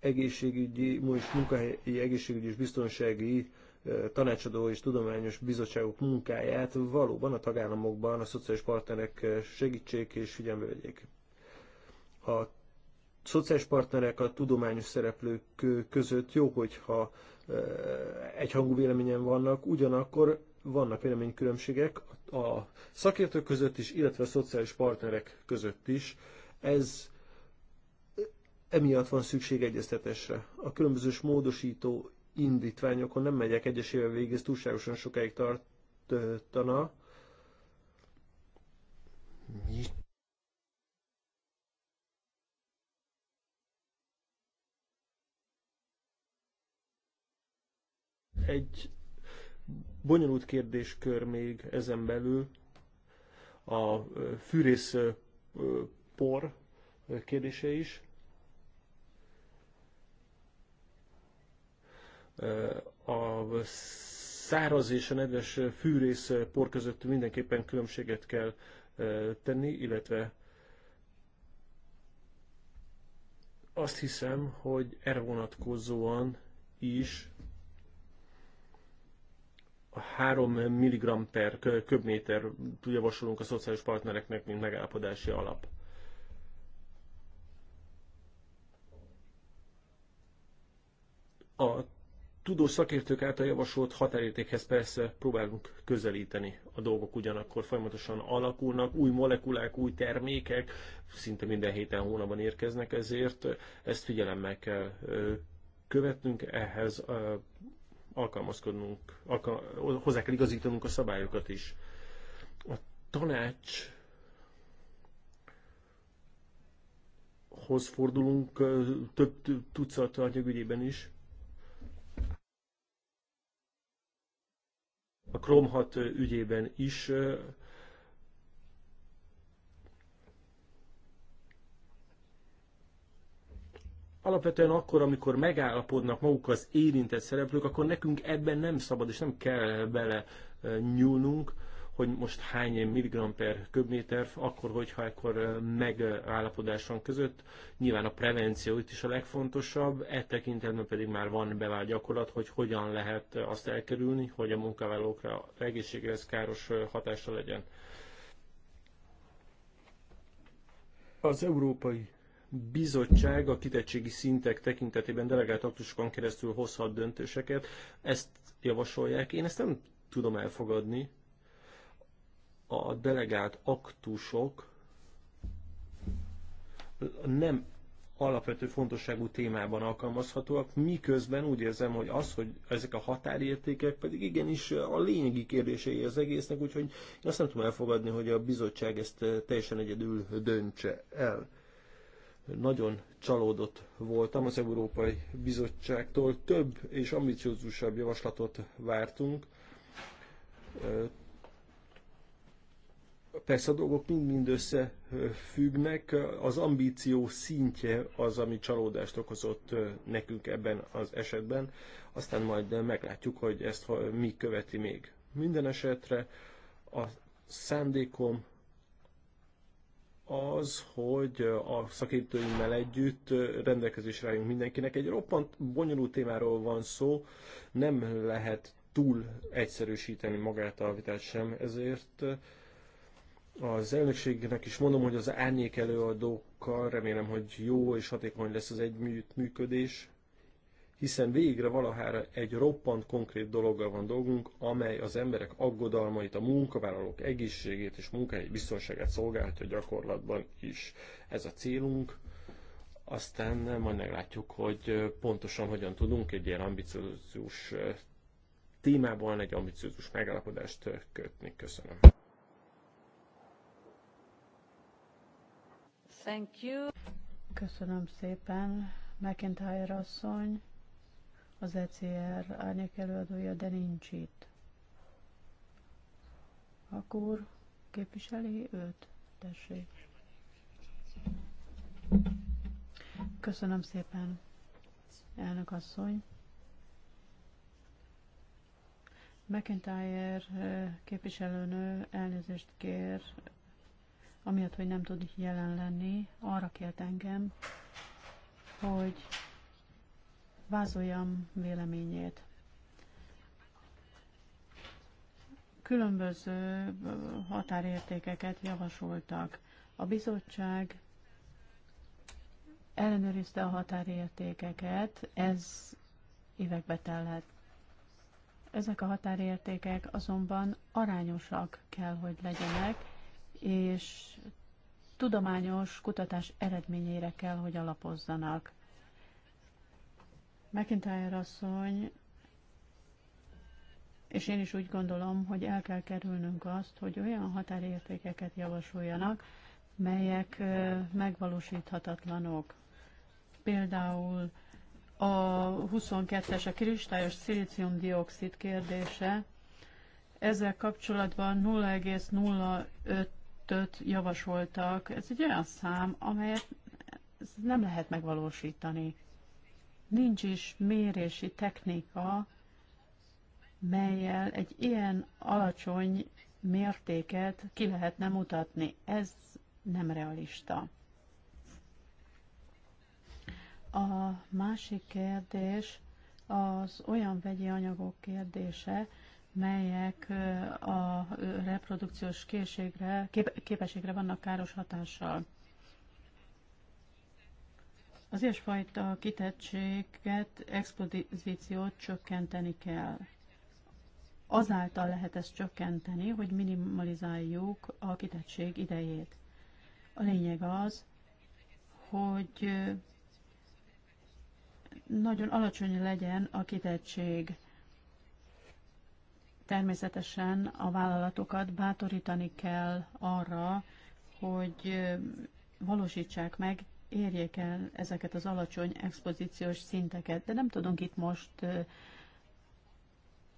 egészségügyi, most munkahelyi egészségügyi és biztonsági tanácsadó és tudományos bizottságok munkáját valóban a tagállamokban a szociális partnerek segítsék és figyelme vegyék. A szociális partnerek, a tudományos szereplők között jó, hogyha egyhangú véleményen vannak, ugyanakkor vannak véleménykülönbségek, a szakértők között is, illetve a szociális partnerek között is. Ez emiatt van szükség egyeztetésre. A különböző módosító indítványokon nem megyek egyesével végig, ez túlságosan sokáig tartana. Egy Bonyolult kérdéskör még ezen belül a fűrész por kérdése is. A száraz és a nedves fűrész por között mindenképpen különbséget kell tenni, illetve azt hiszem, hogy erre vonatkozóan is 3 mg per köbméter javasolunk a szociális partnereknek, mint megállapodási alap. A tudós szakértők által javasolt határértékhez persze próbálunk közelíteni a dolgok ugyanakkor folyamatosan alakulnak, új molekulák, új termékek, szinte minden héten, hónapban érkeznek ezért, ezt figyelemmel kell követnünk, ehhez alkalmazkodnunk, alka, hozzá kell igazítanunk a szabályokat is. A tanács hoz fordulunk több tucat anyagügyében is. A Chrome 6 ügyében is alapvetően akkor, amikor megállapodnak maguk az érintett szereplők, akkor nekünk ebben nem szabad és nem kell bele nyúlnunk, hogy most hány milligram per köbméter, akkor, hogyha akkor megállapodás van között. Nyilván a prevenció itt is a legfontosabb, e tekintetben pedig már van bevált gyakorlat, hogy hogyan lehet azt elkerülni, hogy a munkavállalókra egészséghez káros hatása legyen. Az európai bizottság a kitettségi szintek tekintetében delegált aktusokon keresztül hozhat döntéseket. Ezt javasolják. Én ezt nem tudom elfogadni. A delegált aktusok nem alapvető fontosságú témában alkalmazhatóak, miközben úgy érzem, hogy az, hogy ezek a határértékek pedig igenis a lényegi kérdései az egésznek, úgyhogy én azt nem tudom elfogadni, hogy a bizottság ezt teljesen egyedül döntse el. Nagyon csalódott voltam az Európai Bizottságtól, több és ambiciózusabb javaslatot vártunk. Persze a dolgok mind-mind összefüggnek, az ambíció szintje az, ami csalódást okozott nekünk ebben az esetben, aztán majd meglátjuk, hogy ezt mi követi még. Minden esetre a szándékom az, hogy a szakértőimmel együtt rendelkezésre álljunk mindenkinek. Egy roppant bonyolult témáról van szó, nem lehet túl egyszerűsíteni magát a vitát sem, ezért az elnökségnek is mondom, hogy az árnyék előadókkal remélem, hogy jó és hatékony lesz az együttműködés hiszen végre valahára egy roppant konkrét dologgal van dolgunk, amely az emberek aggodalmait, a munkavállalók egészségét és munkahelyi biztonságát szolgálhatja gyakorlatban is. Ez a célunk. Aztán majd meglátjuk, hogy pontosan hogyan tudunk egy ilyen ambiciózus eh, témában egy ambiciózus megállapodást eh, kötni. Köszönöm. Thank you. Köszönöm szépen, McIntyre asszony az ECR árnyak előadója, de nincs itt. Akkor képviseli őt? Tessék. Köszönöm szépen, elnök asszony. McIntyre eh, képviselőnő elnézést kér, amiatt, hogy nem tud jelen lenni. Arra kért engem, hogy vázoljam véleményét. Különböző határértékeket javasoltak. A bizottság ellenőrizte a határértékeket, ez évekbe telhet. Ezek a határértékek azonban arányosak kell, hogy legyenek, és tudományos kutatás eredményére kell, hogy alapozzanak. McIntyre asszony, és én is úgy gondolom, hogy el kell kerülnünk azt, hogy olyan határértékeket javasoljanak, melyek megvalósíthatatlanok. Például a 22-es, a kristályos szilíciumdioxid kérdése, ezzel kapcsolatban 0,05-öt javasoltak. Ez egy olyan szám, amelyet nem lehet megvalósítani nincs is mérési technika, melyel egy ilyen alacsony mértéket ki lehetne mutatni. Ez nem realista. A másik kérdés az olyan vegyi anyagok kérdése, melyek a reprodukciós készségre, képességre vannak káros hatással. Az ilyesfajta kitettséget, expozíciót csökkenteni kell. Azáltal lehet ezt csökkenteni, hogy minimalizáljuk a kitettség idejét. A lényeg az, hogy nagyon alacsony legyen a kitettség. Természetesen a vállalatokat bátorítani kell arra, hogy valósítsák meg érjék el ezeket az alacsony expozíciós szinteket, de nem tudunk itt most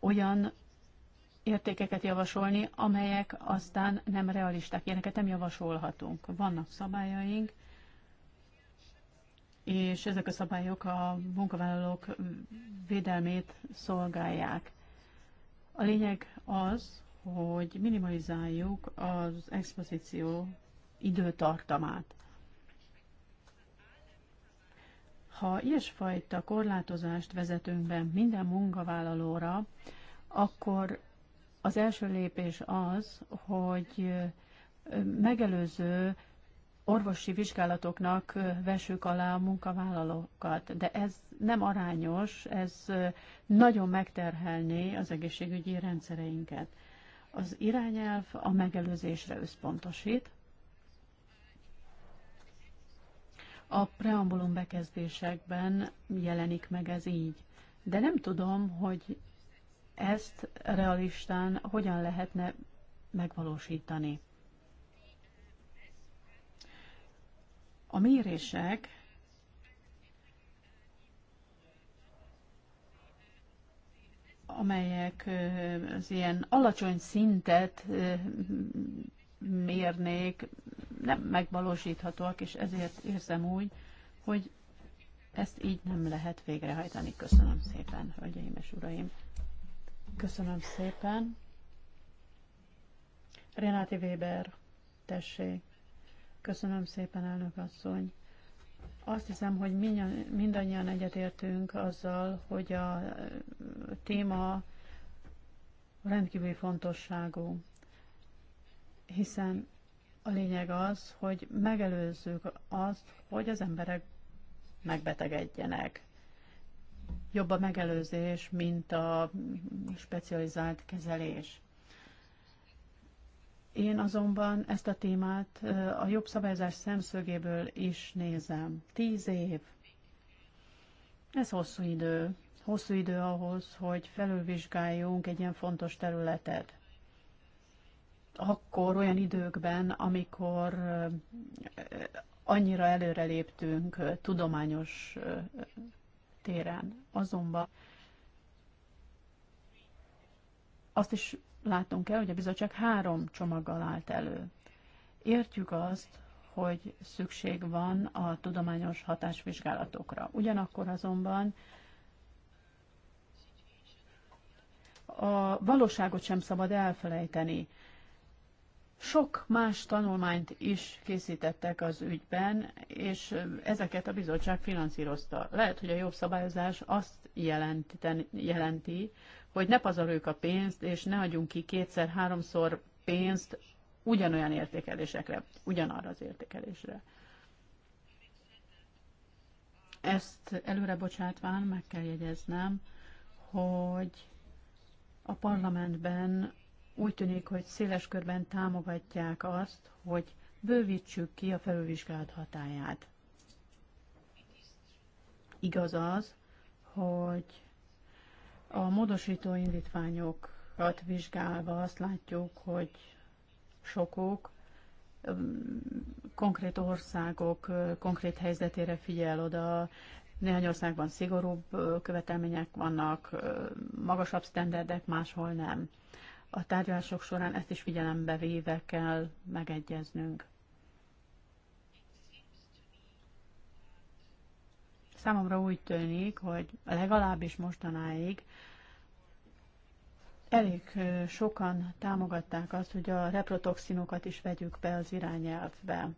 olyan értékeket javasolni, amelyek aztán nem realisták. Ilyeneket nem javasolhatunk. Vannak szabályaink, és ezek a szabályok a munkavállalók védelmét szolgálják. A lényeg az, hogy minimalizáljuk az expozíció időtartamát. Ha ilyesfajta korlátozást vezetünk be minden munkavállalóra, akkor az első lépés az, hogy megelőző orvosi vizsgálatoknak vessük alá a munkavállalókat, de ez nem arányos, ez nagyon megterhelné az egészségügyi rendszereinket. Az irányelv a megelőzésre összpontosít, A preambulum bekezdésekben jelenik meg ez így. De nem tudom, hogy ezt realistán hogyan lehetne megvalósítani. A mérések amelyek az ilyen alacsony szintet mérnék, nem megvalósíthatóak, és ezért érzem úgy, hogy ezt így nem lehet végrehajtani. Köszönöm szépen, hölgyeim és uraim. Köszönöm szépen. Renáti Weber, tessék. Köszönöm szépen, elnök asszony. Azt hiszem, hogy mindannyian egyetértünk azzal, hogy a téma rendkívül fontosságú, hiszen a lényeg az, hogy megelőzzük azt, hogy az emberek megbetegedjenek. Jobb a megelőzés, mint a specializált kezelés. Én azonban ezt a témát a jobb szabályozás szemszögéből is nézem. Tíz év. Ez hosszú idő. Hosszú idő ahhoz, hogy felülvizsgáljunk egy ilyen fontos területet akkor olyan időkben, amikor annyira előreléptünk tudományos téren. Azonban azt is látunk el, hogy a bizottság három csomaggal állt elő. Értjük azt, hogy szükség van a tudományos hatásvizsgálatokra. Ugyanakkor azonban a valóságot sem szabad elfelejteni. Sok más tanulmányt is készítettek az ügyben, és ezeket a bizottság finanszírozta. Lehet, hogy a jobb szabályozás azt jelenti, hogy ne pazaroljuk a pénzt, és ne adjunk ki kétszer-háromszor pénzt ugyanolyan értékelésekre, ugyanarra az értékelésre. Ezt előre bocsátván meg kell jegyeznem, hogy a parlamentben úgy tűnik, hogy széles körben támogatják azt, hogy bővítsük ki a felülvizsgálat hatáját. Igaz az, hogy a módosító indítványokat vizsgálva azt látjuk, hogy sokuk konkrét országok konkrét helyzetére figyel oda, néhány országban szigorúbb követelmények vannak, magasabb sztenderdek, máshol nem a tárgyalások során ezt is figyelembe véve kell megegyeznünk. Számomra úgy tűnik, hogy legalábbis mostanáig elég sokan támogatták azt, hogy a reprotoxinokat is vegyük be az irányelvbe.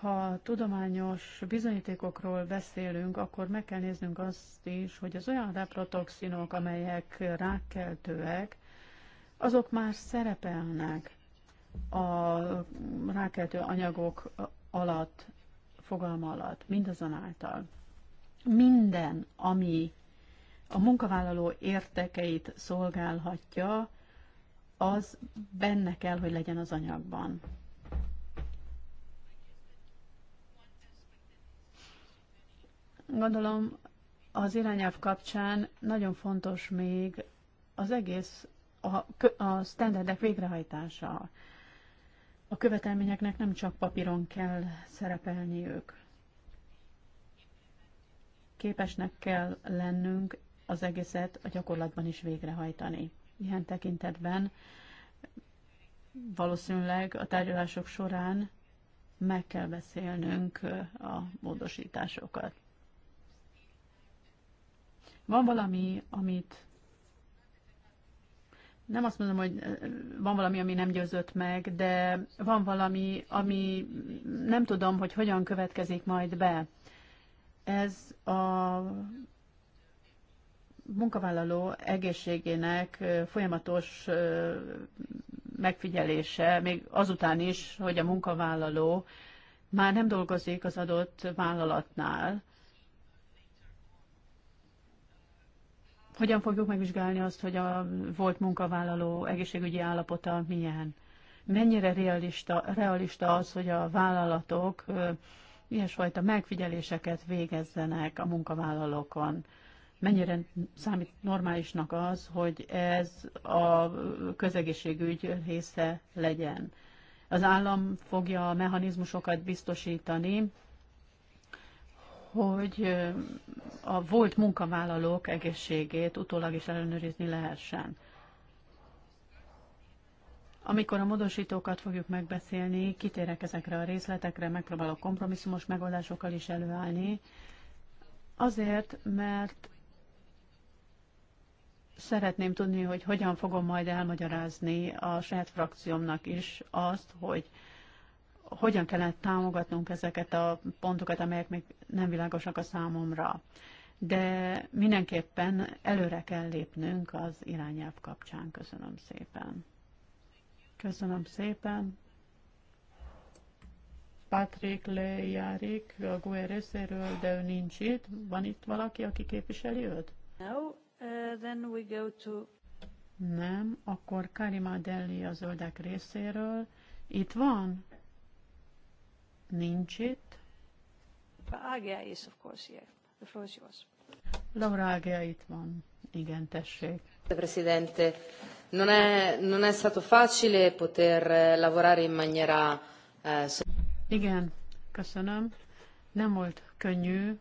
ha tudományos bizonyítékokról beszélünk, akkor meg kell néznünk azt is, hogy az olyan reprotoxinok, amelyek rákkeltőek, azok már szerepelnek a rákeltő anyagok alatt, fogalma alatt, mindazonáltal. Minden, ami a munkavállaló értekeit szolgálhatja, az benne kell, hogy legyen az anyagban. Gondolom az irányelv kapcsán nagyon fontos még az egész a, a standardek végrehajtása. A követelményeknek nem csak papíron kell szerepelniük. Képesnek kell lennünk az egészet a gyakorlatban is végrehajtani. Ilyen tekintetben valószínűleg a tárgyalások során meg kell beszélnünk a módosításokat. Van valami, amit nem azt mondom, hogy eh, van valami, ami nem győzött meg, de van valami, ami nem tudom, hogy hogyan következik majd be. Ez a munkavállaló egészségének eh, folyamatos eh, megfigyelése, még azután is, hogy a munkavállaló már nem dolgozik az adott vállalatnál, Hogyan fogjuk megvizsgálni azt, hogy a volt munkavállaló egészségügyi állapota milyen? Mennyire realista, realista az, hogy a vállalatok ilyesfajta megfigyeléseket végezzenek a munkavállalókon? Mennyire számít normálisnak az, hogy ez a közegészségügy része legyen? Az állam fogja a mechanizmusokat biztosítani, hogy a volt munkavállalók egészségét utólag is ellenőrizni lehessen. Amikor a módosítókat fogjuk megbeszélni, kitérek ezekre a részletekre, megpróbálok kompromisszumos megoldásokkal is előállni, azért, mert szeretném tudni, hogy hogyan fogom majd elmagyarázni a saját frakciómnak is azt, hogy hogyan kellene támogatnunk ezeket a pontokat, amelyek még nem világosak a számomra. De mindenképpen előre kell lépnünk az irányelv kapcsán. Köszönöm szépen. Köszönöm szépen. Patrick lejárik a GUE részéről, de ő nincs itt. Van itt valaki, aki képviseli őt? No, uh, then we go to... Nem, akkor Karima Delli a zöldek részéről. Itt van? nincs itt. Ágia is, of course, here. The floor is yours. Laura Ágia itt van. Igen, tessék. Presidente, non è, non è stato facile poter eh, lavorare in maniera... Uh, Igen, köszönöm. Nem volt könnyű.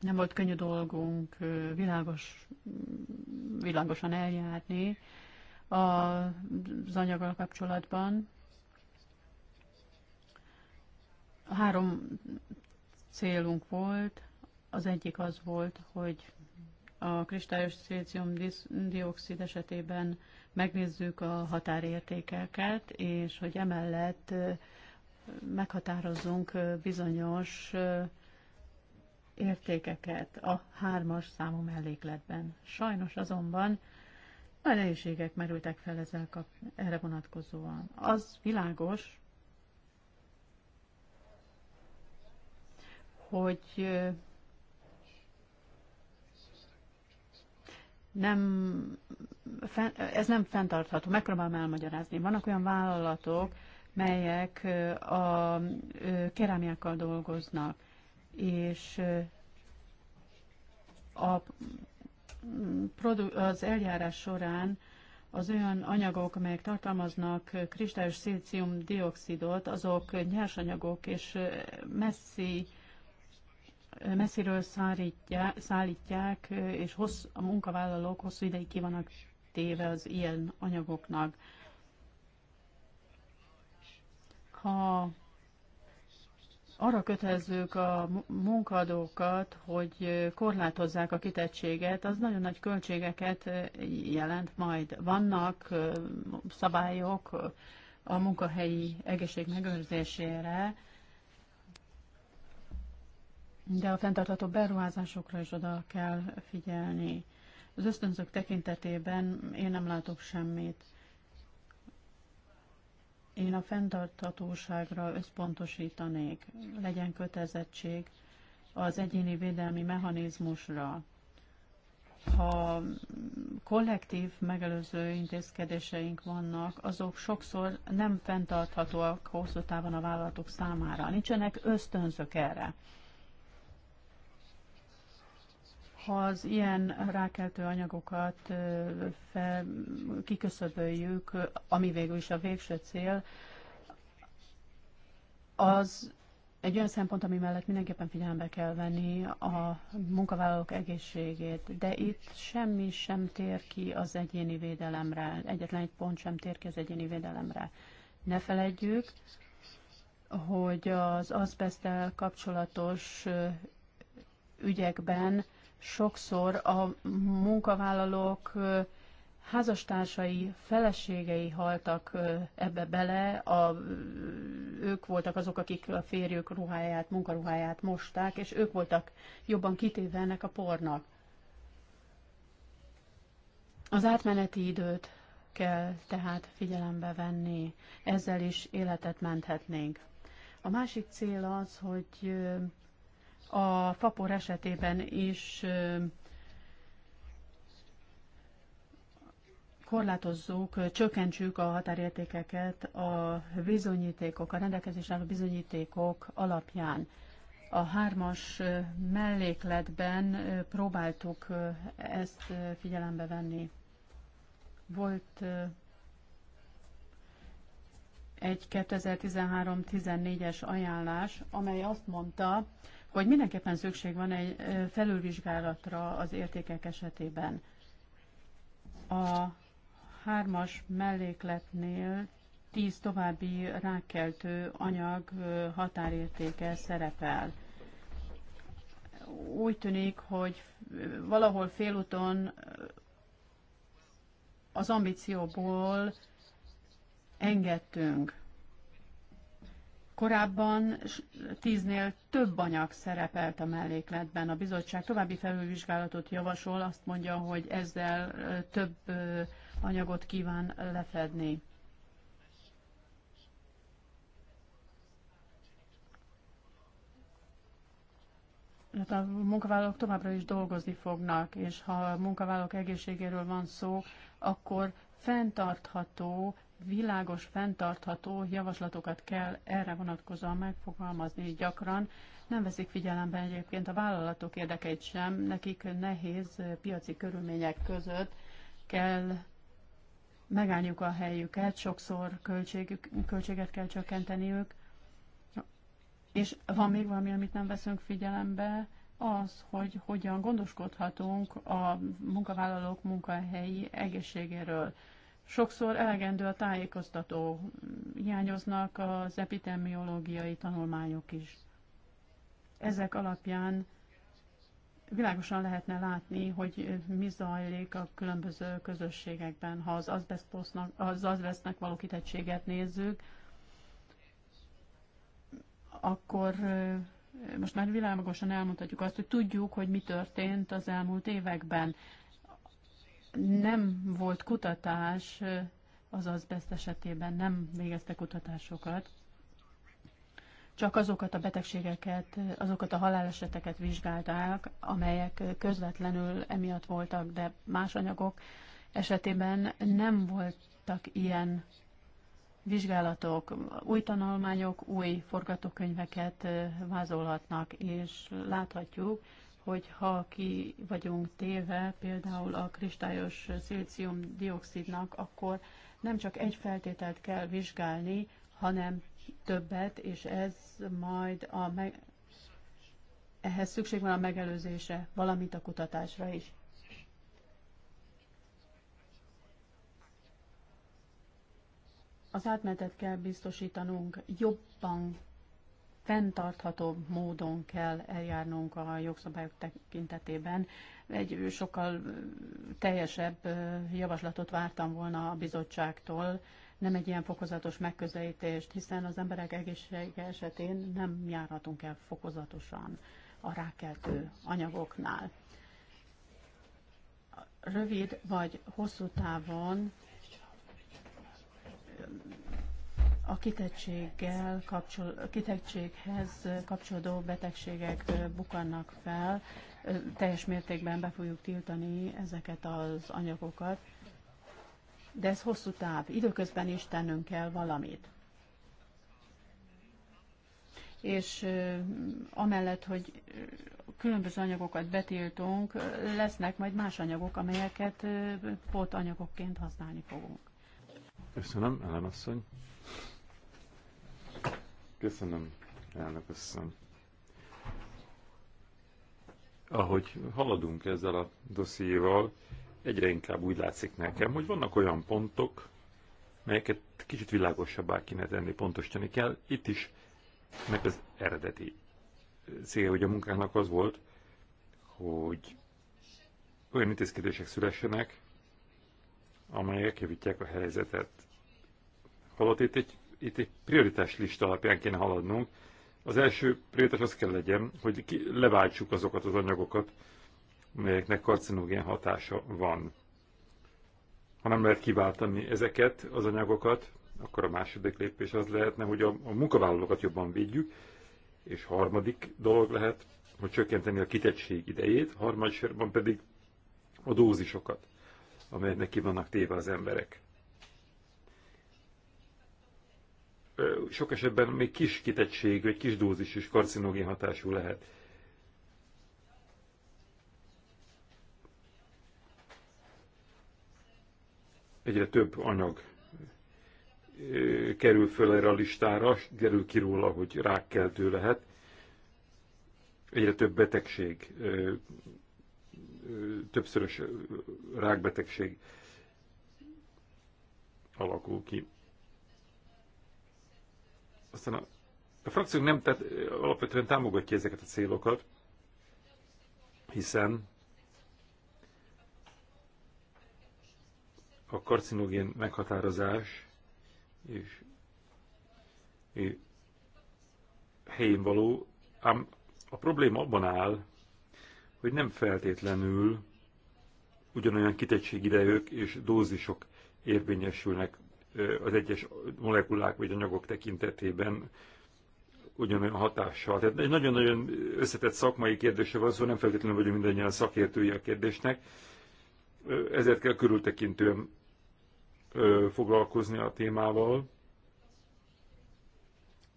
Nem volt könnyű dolgunk eh, világos, mm, világosan eljárni az anyaggal kapcsolatban. Három célunk volt. Az egyik az volt, hogy a kristályos szilícium-dioxid esetében megnézzük a határértékeket, és hogy emellett meghatározzunk bizonyos értékeket a hármas számú mellékletben. Sajnos azonban nagy nehézségek merültek fel ezzel kap, erre vonatkozóan. Az világos, hogy nem, ez nem fenntartható. Megpróbálom elmagyarázni. Vannak olyan vállalatok, melyek a kerámiákkal dolgoznak, és a az eljárás során az olyan anyagok, amelyek tartalmaznak kristályos szilícium-dioxidot, azok nyersanyagok, és messzi, messziről szállítják, szállítják és hossz, a munkavállalók hosszú ideig ki vannak téve az ilyen anyagoknak. Ha arra kötelezzük a munkadókat, hogy korlátozzák a kitettséget, az nagyon nagy költségeket jelent majd. Vannak szabályok a munkahelyi egészség megőrzésére, de a fenntartható beruházásokra is oda kell figyelni. Az ösztönzők tekintetében én nem látok semmit. Én a fenntarthatóságra összpontosítanék, legyen kötelezettség az egyéni védelmi mechanizmusra. Ha kollektív megelőző intézkedéseink vannak, azok sokszor nem fenntarthatóak hosszú távon a vállalatok számára. Nincsenek ösztönzök erre ha az ilyen rákeltő anyagokat fel, kiköszöböljük, ami végül is a végső cél, az egy olyan szempont, ami mellett mindenképpen figyelembe kell venni a munkavállalók egészségét, de itt semmi sem tér ki az egyéni védelemre, egyetlen egy pont sem tér ki az egyéni védelemre. Ne feledjük, hogy az azbesztel kapcsolatos ügyekben sokszor a munkavállalók házastársai, feleségei haltak ebbe bele, a, ők voltak azok, akik a férjük ruháját, munkaruháját mosták, és ők voltak jobban kitéve ennek a pornak. Az átmeneti időt kell tehát figyelembe venni, ezzel is életet menthetnénk. A másik cél az, hogy a FAPOR esetében is korlátozzuk, csökkentsük a határértékeket a bizonyítékok, a rendelkezés álló bizonyítékok alapján. A hármas mellékletben próbáltuk ezt figyelembe venni. Volt egy 2013-14-es ajánlás, amely azt mondta, hogy mindenképpen szükség van egy felülvizsgálatra az értékek esetében. A hármas mellékletnél tíz további rákkeltő anyag határértéke szerepel. Úgy tűnik, hogy valahol félúton az ambícióból engedtünk. Korábban tíznél több anyag szerepelt a mellékletben. A bizottság további felülvizsgálatot javasol, azt mondja, hogy ezzel több anyagot kíván lefedni. a munkavállalók továbbra is dolgozni fognak, és ha a munkavállalók egészségéről van szó, akkor fenntartható világos, fenntartható javaslatokat kell erre vonatkozóan megfogalmazni gyakran. Nem veszik figyelembe egyébként a vállalatok érdekeit sem, nekik nehéz piaci körülmények között kell megállniuk a helyüket, sokszor költségük, költséget kell csökkenteniük, és van még valami, amit nem veszünk figyelembe, az, hogy hogyan gondoskodhatunk a munkavállalók munkahelyi egészségéről. Sokszor elegendő a tájékoztató, hiányoznak az epidemiológiai tanulmányok is. Ezek alapján világosan lehetne látni, hogy mi zajlik a különböző közösségekben. Ha az azbesztnek az azbesztnek való kitettséget nézzük, akkor most már világosan elmondhatjuk azt, hogy tudjuk, hogy mi történt az elmúlt években nem volt kutatás azaz azbest esetében, nem végeztek kutatásokat, csak azokat a betegségeket, azokat a haláleseteket vizsgálták, amelyek közvetlenül emiatt voltak, de más anyagok esetében nem voltak ilyen vizsgálatok, új tanulmányok, új forgatókönyveket vázolhatnak, és láthatjuk, hogy ha ki vagyunk téve például a kristályos szilícium-dioxidnak, akkor nem csak egy feltételt kell vizsgálni, hanem többet, és ez majd a meg... ehhez szükség van a megelőzése valamint a kutatásra is. Az átmetet kell biztosítanunk, jobban fenntarthatóbb módon kell eljárnunk a jogszabályok tekintetében. Egy sokkal teljesebb javaslatot vártam volna a bizottságtól, nem egy ilyen fokozatos megközelítést, hiszen az emberek egészsége esetén nem járhatunk el fokozatosan a rákeltő anyagoknál. Rövid vagy hosszú távon a kitettséggel kapcsol, kitettséghez kapcsolódó betegségek bukannak fel. Teljes mértékben be fogjuk tiltani ezeket az anyagokat, de ez hosszú táv. Időközben is tennünk kell valamit. És amellett, hogy különböző anyagokat betiltunk, lesznek majd más anyagok, amelyeket pótanyagokként használni fogunk. Köszönöm, Ellen asszony. Köszönöm, elnök asszony. Ahogy haladunk ezzel a dossziéval, egyre inkább úgy látszik nekem, hogy vannak olyan pontok, melyeket kicsit világosabbá kéne tenni, pontosítani kell. Itt is, meg az eredeti célja, hogy a munkának az volt, hogy olyan intézkedések szülessenek, amelyek javítják a helyzetet. Halott itt egy itt egy prioritás lista alapján kéne haladnunk. Az első prioritás az kell legyen, hogy leváltsuk azokat az anyagokat, melyeknek karcinogén hatása van. Ha nem lehet kiváltani ezeket az anyagokat, akkor a második lépés az lehetne, hogy a, a munkavállalókat jobban védjük, és harmadik dolog lehet, hogy csökkenteni a kitettség idejét, harmadsorban pedig a dózisokat, amelyeknek ki vannak téve az emberek. sok esetben még kis kitettség, vagy kis dózis is karcinogén hatású lehet. Egyre több anyag kerül föl erre a listára, kerül ki róla, hogy rákkeltő lehet. Egyre több betegség, többszörös rákbetegség alakul ki. Aztán a, a frakciónk nem, tehát alapvetően támogatja ezeket a célokat, hiszen a karcinogén meghatározás és, és helyén való, ám a probléma abban áll, hogy nem feltétlenül ugyanolyan kitettségidejök és dózisok érvényesülnek az egyes molekulák vagy anyagok tekintetében ugyanolyan hatással. Tehát egy nagyon-nagyon összetett szakmai kérdése van szóval nem feltétlenül vagyunk mindannyian szakértői a kérdésnek, ezért kell körültekintően foglalkozni a témával.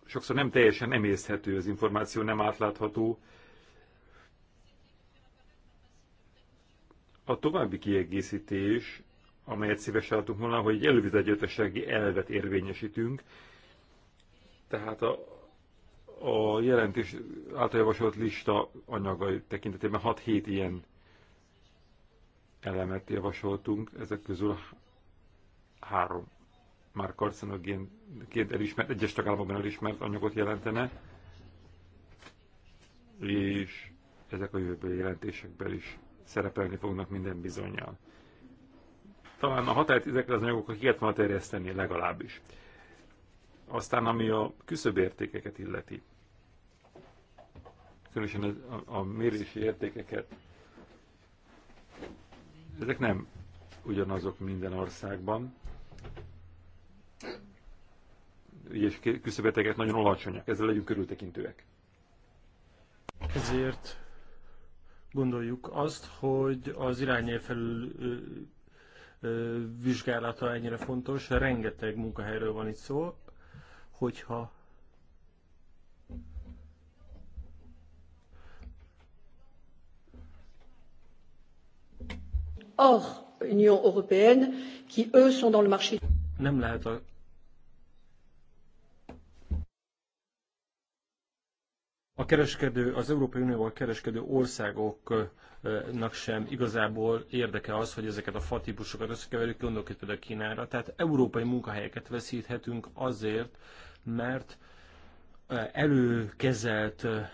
Sokszor nem teljesen emészhető az információ, nem átlátható. A további kiegészítés amelyet szívesen adtunk volna, hogy egy elővizetgyilkossági elvet érvényesítünk. Tehát a, a jelentés által javasolt lista anyagai tekintetében 6-7 ilyen elemet javasoltunk, ezek közül három már karcinogénként elismert, egyes tagállamokban elismert anyagot jelentene, és ezek a jövőbeli jelentésekben is szerepelni fognak minden bizonyal talán a hatályt ezekre az anyagokra ki kellett volna terjeszteni legalábbis. Aztán ami a küszöbértékeket illeti, különösen a, a mérési értékeket, ezek nem ugyanazok minden országban. És küszöbértékek nagyon alacsonyak, ezzel legyünk körültekintőek. Ezért gondoljuk azt, hogy az irányelv felül vizsgálata ennyire fontos. Rengeteg munkahelyről van itt szó, hogyha Or, Union européenne, qui eux sont dans le marché. Nem lehet a A kereskedő, az Európai Unióval kereskedő országoknak sem igazából érdeke az, hogy ezeket a fa típusokat összekeverjük, gondolok itt például Kínára. Tehát európai munkahelyeket veszíthetünk azért, mert eh, előkezelt eh,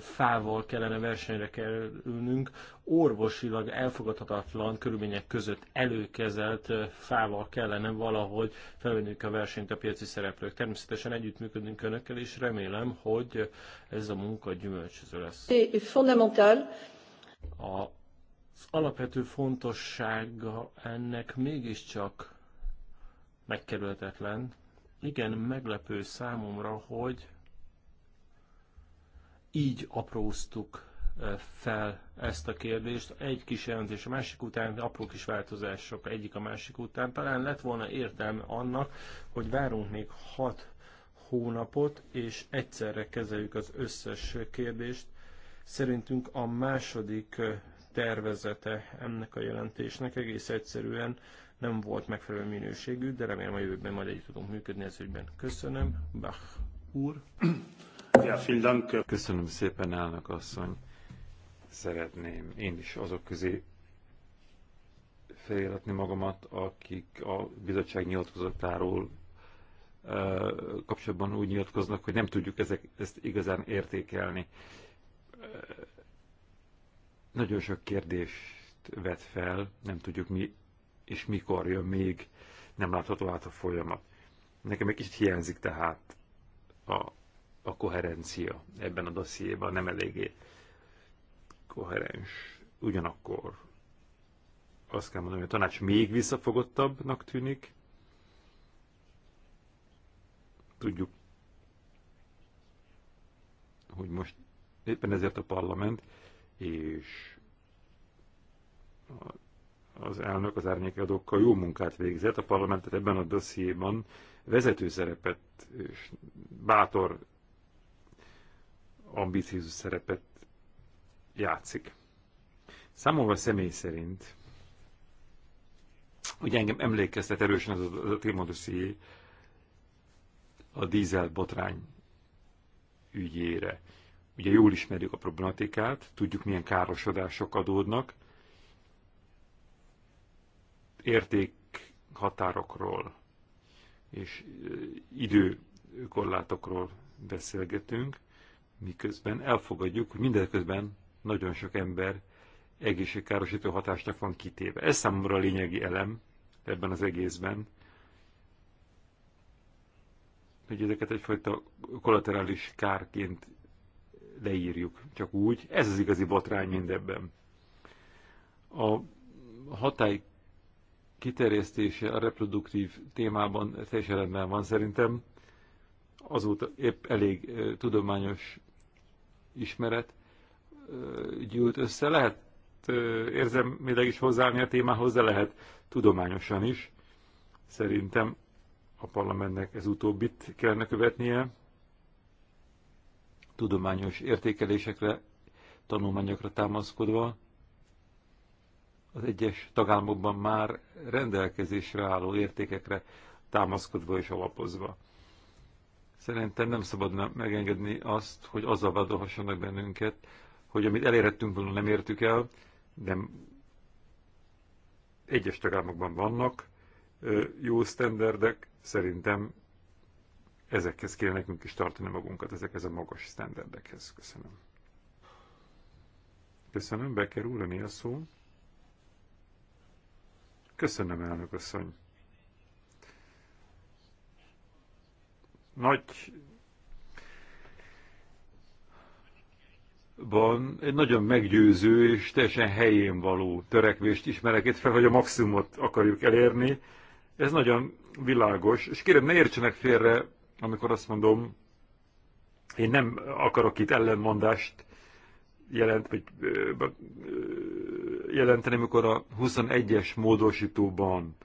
fával kellene versenyre kerülnünk, orvosilag elfogadhatatlan körülmények között előkezelt fával kellene valahogy felvennünk a versenyt a piaci szereplők. Természetesen együttműködünk önökkel, és remélem, hogy ez a munka gyümölcsöző lesz. fundamentál. az alapvető fontossága ennek mégiscsak megkerülhetetlen. Igen, meglepő számomra, hogy így apróztuk e, fel ezt a kérdést. Egy kis jelentés a másik után, apró kis változások egyik a másik után. Talán lett volna értelme annak, hogy várunk még hat hónapot, és egyszerre kezeljük az összes kérdést. Szerintünk a második e, tervezete ennek a jelentésnek egész egyszerűen nem volt megfelelő minőségű, de remélem a jövőben majd együtt tudunk működni ez ügyben. Köszönöm, Bach úr. Köszönöm szépen, elnök asszony. Szeretném én is azok közé feliratni magamat, akik a bizottság nyilatkozatáról kapcsolatban úgy nyilatkoznak, hogy nem tudjuk ezek, ezt igazán értékelni. Nagyon sok kérdést vet fel, nem tudjuk mi és mikor jön még, nem látható át a folyamat. Nekem egy kicsit hiányzik tehát a, a koherencia ebben a dossziéban nem eléggé koherens. Ugyanakkor azt kell mondani, hogy a tanács még visszafogottabbnak tűnik. Tudjuk, hogy most éppen ezért a parlament és az elnök az árnyékadókkal jó munkát végzett, a parlamentet ebben a dossziéban vezető szerepet és bátor ambiciózus szerepet játszik. Számomra személy szerint, ugye engem emlékeztet erősen az a, a Timodoszi a dízel botrány ügyére. Ugye jól ismerjük a problematikát, tudjuk milyen károsodások adódnak, értékhatárokról és időkorlátokról beszélgetünk, miközben elfogadjuk, hogy mindeközben nagyon sok ember egészségkárosító hatásnak van kitéve. Ez számomra a lényegi elem ebben az egészben, hogy ezeket egyfajta kollaterális kárként leírjuk, csak úgy. Ez az igazi botrány mindebben. A hatály kiterjesztése a reproduktív témában teljesen rendben van szerintem. Azóta épp elég tudományos ismeret gyűlt össze. Lehet érzelmileg is hozzáállni a témához, de lehet tudományosan is. Szerintem a parlamentnek ez utóbbit kellene követnie. Tudományos értékelésekre, tanulmányokra támaszkodva az egyes tagállamokban már rendelkezésre álló értékekre támaszkodva és alapozva. Szerintem nem szabadna megengedni azt, hogy azzal vádolhassanak bennünket, hogy amit elérhettünk volna nem értük el, de egyes tagállamokban vannak jó sztenderdek, szerintem ezekhez kéne nekünk is tartani magunkat, ezekhez a magas sztenderdekhez. Köszönöm. Köszönöm, Becker úr, a szó. Köszönöm, elnök asszony. nagy van egy nagyon meggyőző és teljesen helyén való törekvést ismerek itt fel, hogy a maximumot akarjuk elérni. Ez nagyon világos, és kérem, ne értsenek félre, amikor azt mondom, én nem akarok itt ellenmondást jelent, vagy, jelenteni, amikor a 21-es módosítóban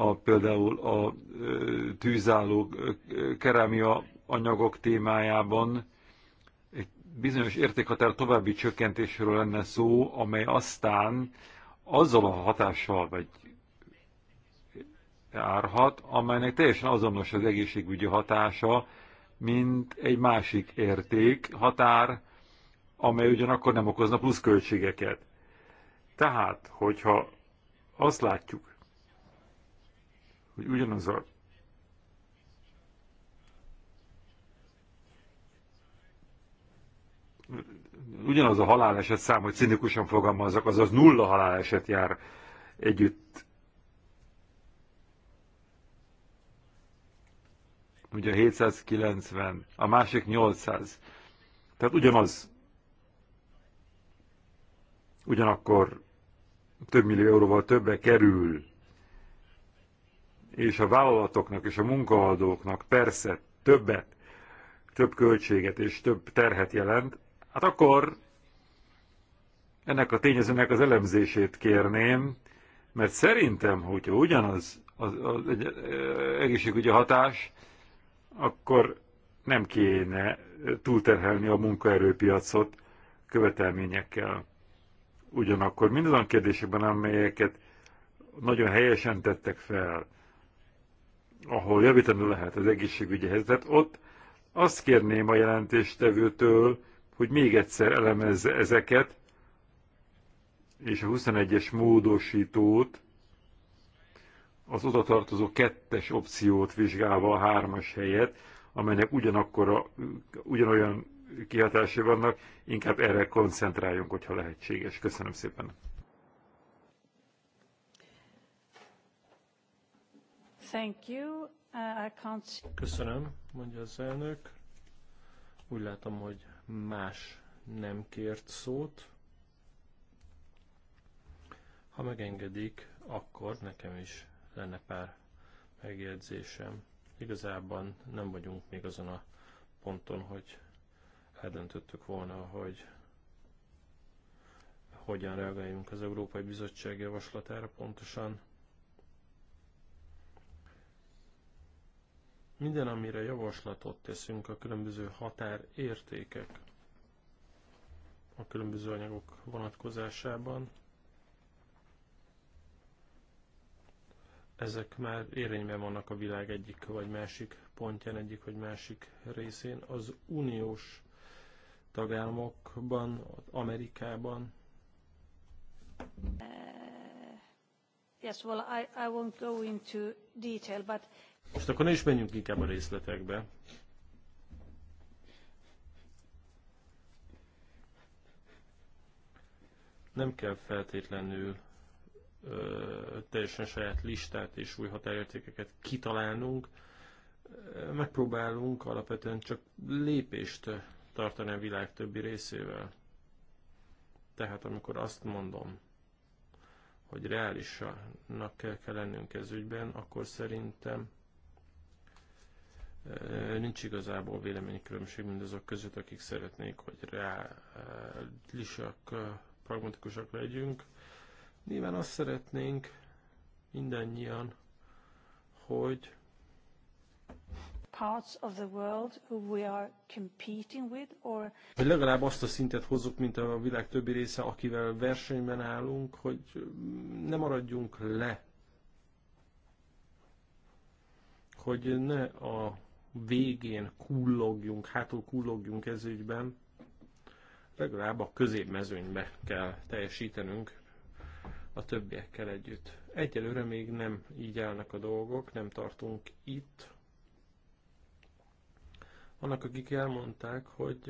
a, például a tűzálló kerámia anyagok témájában egy bizonyos értékhatár további csökkentésről lenne szó, amely aztán azzal a hatással vagy árhat, amelynek teljesen azonos az egészségügyi hatása, mint egy másik érték, határ, amely ugyanakkor nem okozna pluszköltségeket. Tehát, hogyha azt látjuk, hogy ugyanaz a ugyanaz a haláleset szám, hogy cinikusan fogalmazzak, azaz nulla haláleset jár együtt. Ugye 790, a másik 800. Tehát ugyanaz. Ugyanakkor több millió euróval többe kerül és a vállalatoknak és a munkaadóknak persze többet, több költséget és több terhet jelent, hát akkor ennek a tényezőnek az elemzését kérném, mert szerintem, hogyha ugyanaz az, az egy, egészségügyi hatás, akkor nem kéne túlterhelni a munkaerőpiacot követelményekkel. Ugyanakkor mindazon kérdésekben, amelyeket nagyon helyesen tettek fel, ahol javítani lehet az egészségügyi helyzetet, ott azt kérném a jelentéstevőtől, hogy még egyszer elemezze ezeket, és a 21-es módosítót, az oda tartozó kettes opciót vizsgálva a hármas helyet, amelynek ugyanakkora, ugyanolyan kihatásai vannak, inkább erre koncentráljunk, hogyha lehetséges. Köszönöm szépen. thank you. Uh, I can't... Köszönöm, mondja az elnök. Úgy látom, hogy más nem kért szót. Ha megengedik, akkor nekem is lenne pár megjegyzésem. Igazából nem vagyunk még azon a ponton, hogy eldöntöttük volna, hogy hogyan reagáljunk az Európai Bizottság javaslatára pontosan. Minden, amire javaslatot teszünk a különböző határértékek a különböző anyagok vonatkozásában, ezek már érvényben vannak a világ egyik vagy másik pontján, egyik vagy másik részén. Az uniós tagállamokban, Amerikában. Uh, yes, well, I, I won't go into detail, but most akkor ne is menjünk inkább a részletekbe. Nem kell feltétlenül ö, teljesen saját listát és új határértékeket kitalálnunk. Megpróbálunk alapvetően csak lépést tartani a világ többi részével. Tehát amikor azt mondom, hogy reálisnak kell, kell lennünk ez ügyben, akkor szerintem Nincs igazából véleménykülönbség mindazok között, akik szeretnék, hogy reálisak, pragmatikusak legyünk. Nyilván azt szeretnénk mindannyian, hogy parts of the world who we are competing with, or hogy legalább azt a szintet hozzuk, mint a világ többi része, akivel versenyben állunk, hogy ne maradjunk le, hogy ne a végén kullogjunk, hátul kullogjunk ez ügyben, legalább a középmezőnybe kell teljesítenünk a többiekkel együtt. Egyelőre még nem így állnak a dolgok, nem tartunk itt. Annak, akik elmondták, hogy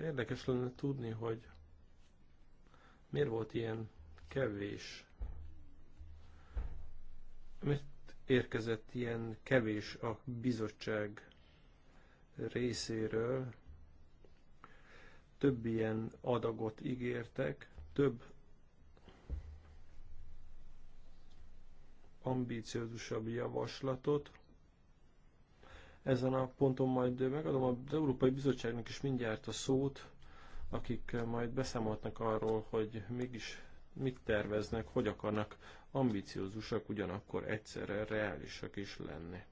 érdekes lenne tudni, hogy miért volt ilyen kevés miért érkezett ilyen kevés a bizottság részéről. Több ilyen adagot ígértek, több ambíciózusabb javaslatot. Ezen a ponton majd megadom az Európai Bizottságnak is mindjárt a szót, akik majd beszámoltak arról, hogy mégis mit terveznek, hogy akarnak ambiciózusak, ugyanakkor egyszerre reálisak is lenni.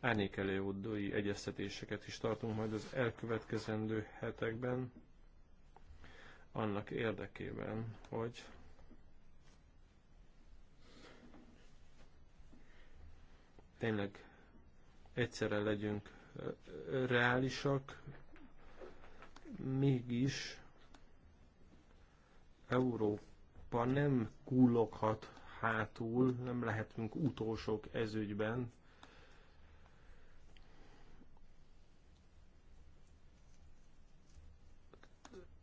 Árnyékelőoddói egyeztetéseket is tartunk majd az elkövetkezendő hetekben, annak érdekében, hogy tényleg egyszerre legyünk reálisak, mégis Európa nem kulloghat hátul, nem lehetünk utolsók ezügyben.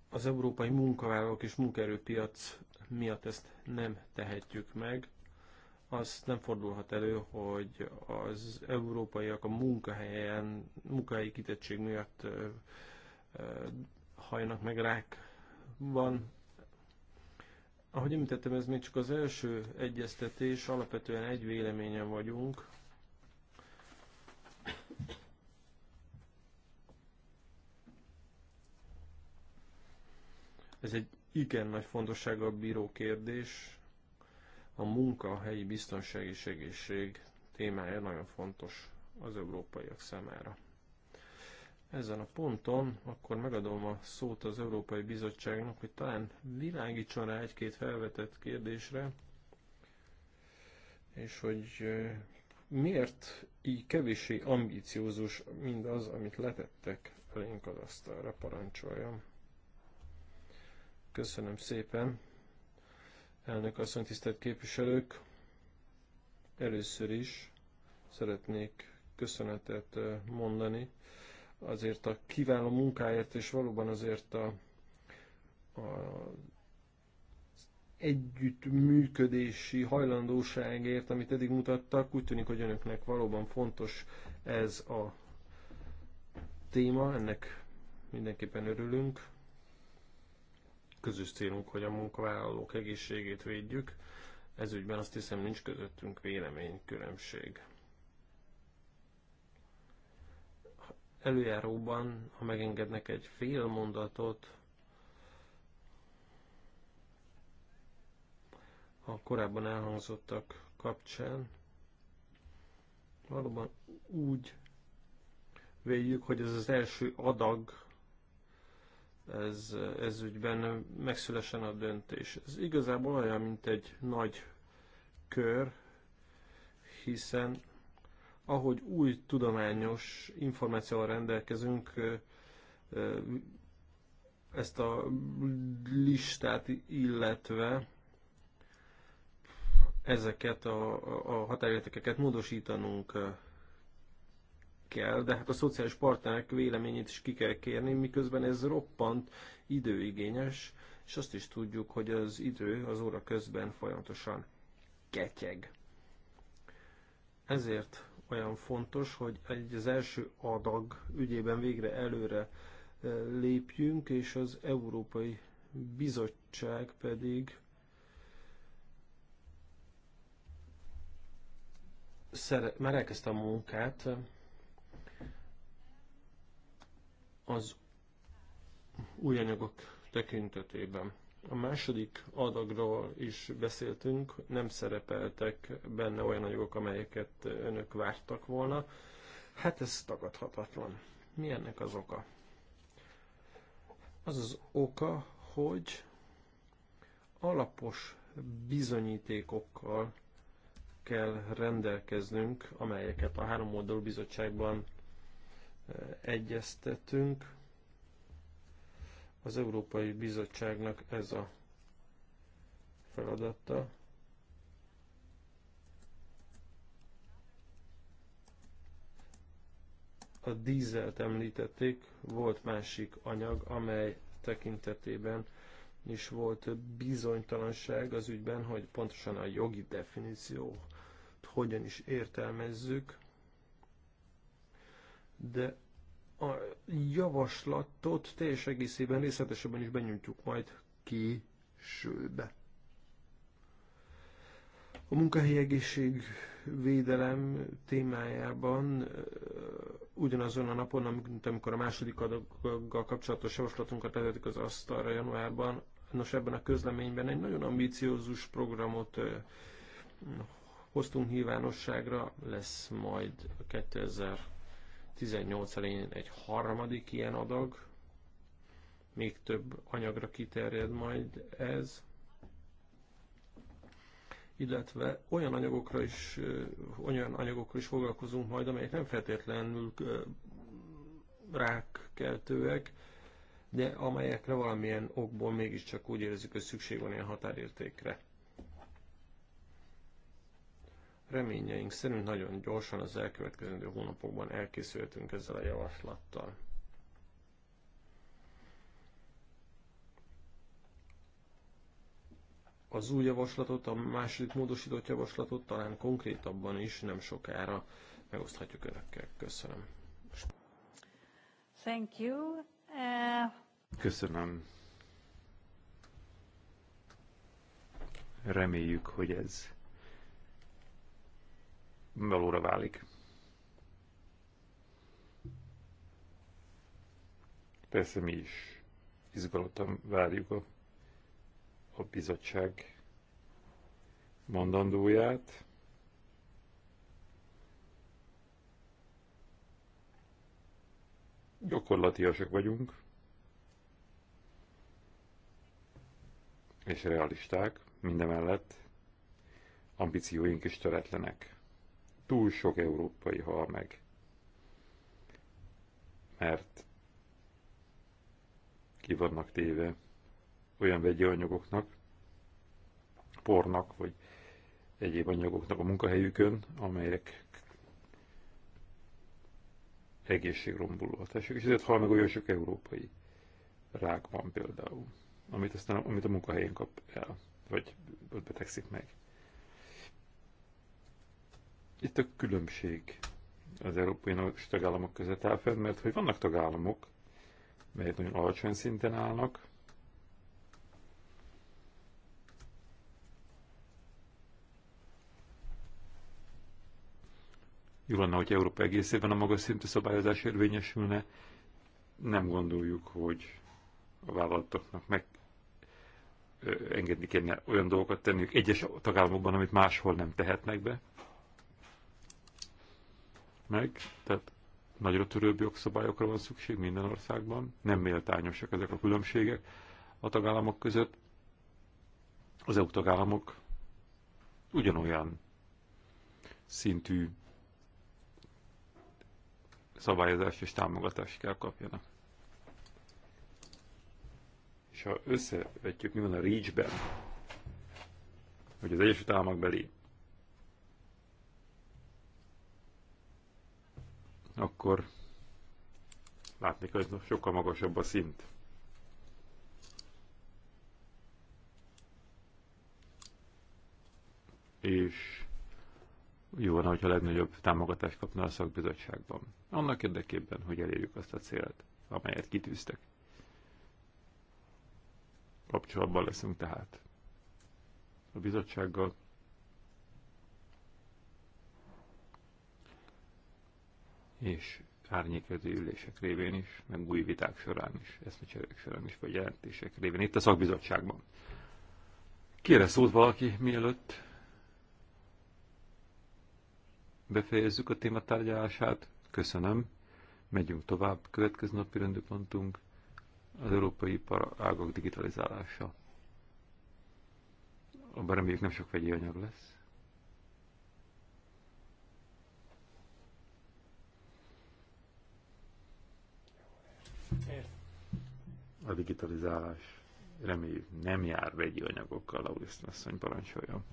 Az európai munkavállalók és munkaerőpiac miatt ezt nem tehetjük meg. Az nem fordulhat elő, hogy az európaiak a munkahelyen, munkahelyi kitettség miatt hajnak meg rákban, ahogy említettem, ez még csak az első egyeztetés, alapvetően egy véleményen vagyunk. Ez egy igen nagy fontossággal bíró kérdés. A munka, munkahelyi biztonsági segítség témája nagyon fontos az európaiak számára ezen a ponton, akkor megadom a szót az Európai Bizottságnak, hogy talán világítson rá egy-két felvetett kérdésre, és hogy miért így kevéssé ambíciózus mindaz, amit letettek elénk az asztalra, parancsoljam. Köszönöm szépen, elnök asszony, tisztelt képviselők! Először is szeretnék köszönetet mondani azért a kiváló munkáért, és valóban azért a, a együttműködési hajlandóságért, amit eddig mutattak, úgy tűnik, hogy önöknek valóban fontos ez a téma, ennek mindenképpen örülünk. Közös célunk, hogy a munkavállalók egészségét védjük. Ez azt hiszem nincs közöttünk véleménykülönbség. előjáróban, ha megengednek egy fél mondatot, a korábban elhangzottak kapcsán, valóban úgy véljük, hogy ez az első adag, ez, ez ügyben megszülesen a döntés. Ez igazából olyan, mint egy nagy kör, hiszen ahogy új tudományos információval rendelkezünk, ezt a listát, illetve ezeket a, a határértékeket módosítanunk kell, de hát a szociális partnerek véleményét is ki kell kérni, miközben ez roppant időigényes, és azt is tudjuk, hogy az idő az óra közben folyamatosan ketyeg. Ezért olyan fontos, hogy egy az első adag ügyében végre előre e, lépjünk, és az Európai Bizottság pedig már elkezdte a munkát e, az új anyagok tekintetében. A második adagról is beszéltünk, nem szerepeltek benne olyan anyagok, amelyeket önök vártak volna. Hát ez tagadhatatlan. Mi ennek az oka? Az az oka, hogy alapos bizonyítékokkal kell rendelkeznünk, amelyeket a három oldalú bizottságban eh, egyeztetünk, az Európai Bizottságnak ez a feladata. A dízelt említették, volt másik anyag, amely tekintetében is volt bizonytalanság az ügyben, hogy pontosan a jogi definíció hogyan is értelmezzük, de a javaslatot teljes egészében részletesebben is benyújtjuk majd később. A munkahelyi védelem témájában ugyanazon a napon, mint amikor a második adaggal kapcsolatos javaslatunkat letettük az asztalra januárban, nos ebben a közleményben egy nagyon ambiciózus programot hoztunk nyilvánosságra, lesz majd 2000 18 elején egy harmadik ilyen adag, még több anyagra kiterjed majd ez, illetve olyan anyagokra is, olyan anyagokra is foglalkozunk majd, amelyek nem feltétlenül rákkeltőek, de amelyekre valamilyen okból mégiscsak úgy érezzük, hogy szükség van ilyen határértékre. Reményeink szerint nagyon gyorsan az elkövetkező hónapokban elkészültünk ezzel a javaslattal. Az új javaslatot, a második módosított javaslatot talán konkrétabban is nem sokára megoszthatjuk önökkel. Köszönöm. Thank you. Uh... Köszönöm. Reméljük, hogy ez valóra válik. Persze mi is izgalottan várjuk a, a bizottság mondandóját. Gyakorlatiasak vagyunk, és realisták, mindemellett ambícióink is töretlenek túl sok európai hal meg. Mert ki vannak téve olyan vegyi anyagoknak, pornak, vagy egyéb anyagoknak a munkahelyükön, amelyek egészségromboló hatások, és ezért hal meg olyan sok európai van például, amit aztán amit a munkahelyén kap el, vagy betegszik meg itt a különbség az Európai és tagállamok között áll fenn, mert hogy vannak tagállamok, melyek nagyon alacsony szinten állnak, Jó lenne, hogy Európa egészében a magas szintű szabályozás érvényesülne. Nem gondoljuk, hogy a vállalatoknak meg engedni kéne olyan dolgokat tenniük egyes tagállamokban, amit máshol nem tehetnek be meg, tehát nagyra törőbb jogszabályokra van szükség minden országban, nem méltányosak ezek a különbségek a tagállamok között. Az EU tagállamok ugyanolyan szintű szabályozást és támogatást kell kapjanak. És ha összevetjük, mi van a REACH-ben, hogy az Egyesült Államok beli akkor látni kell, hogy sokkal magasabb a szint. És jó van, hogyha legnagyobb támogatást kapna a szakbizottságban. Annak érdekében, hogy elérjük azt a célt, amelyet kitűztek. Kapcsolatban leszünk tehát a bizottsággal, és árnyékező ülések révén is, meg új viták során is, eszmecserék során is, vagy jelentések révén, itt a szakbizottságban. Kére szólt valaki, mielőtt befejezzük a tématárgyalását. Köszönöm. Megyünk tovább. Következő napi rendőpontunk az európai ipar ágok digitalizálása. Abban reméljük nem sok vegyi anyag lesz. a digitalizálás reméljük nem jár vegyi anyagokkal, Lauriston asszony parancsolja.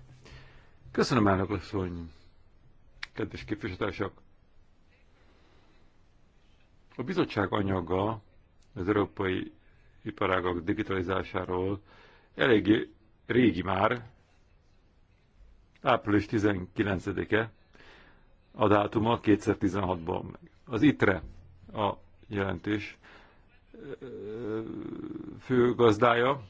Köszönöm, elnök asszony, kedves képviselőtársak! A bizottság anyaga az európai iparágak digitalizásáról elég régi már, április 19-e a dátuma 2016-ban. Az ITRE a jelentés fő gazdája.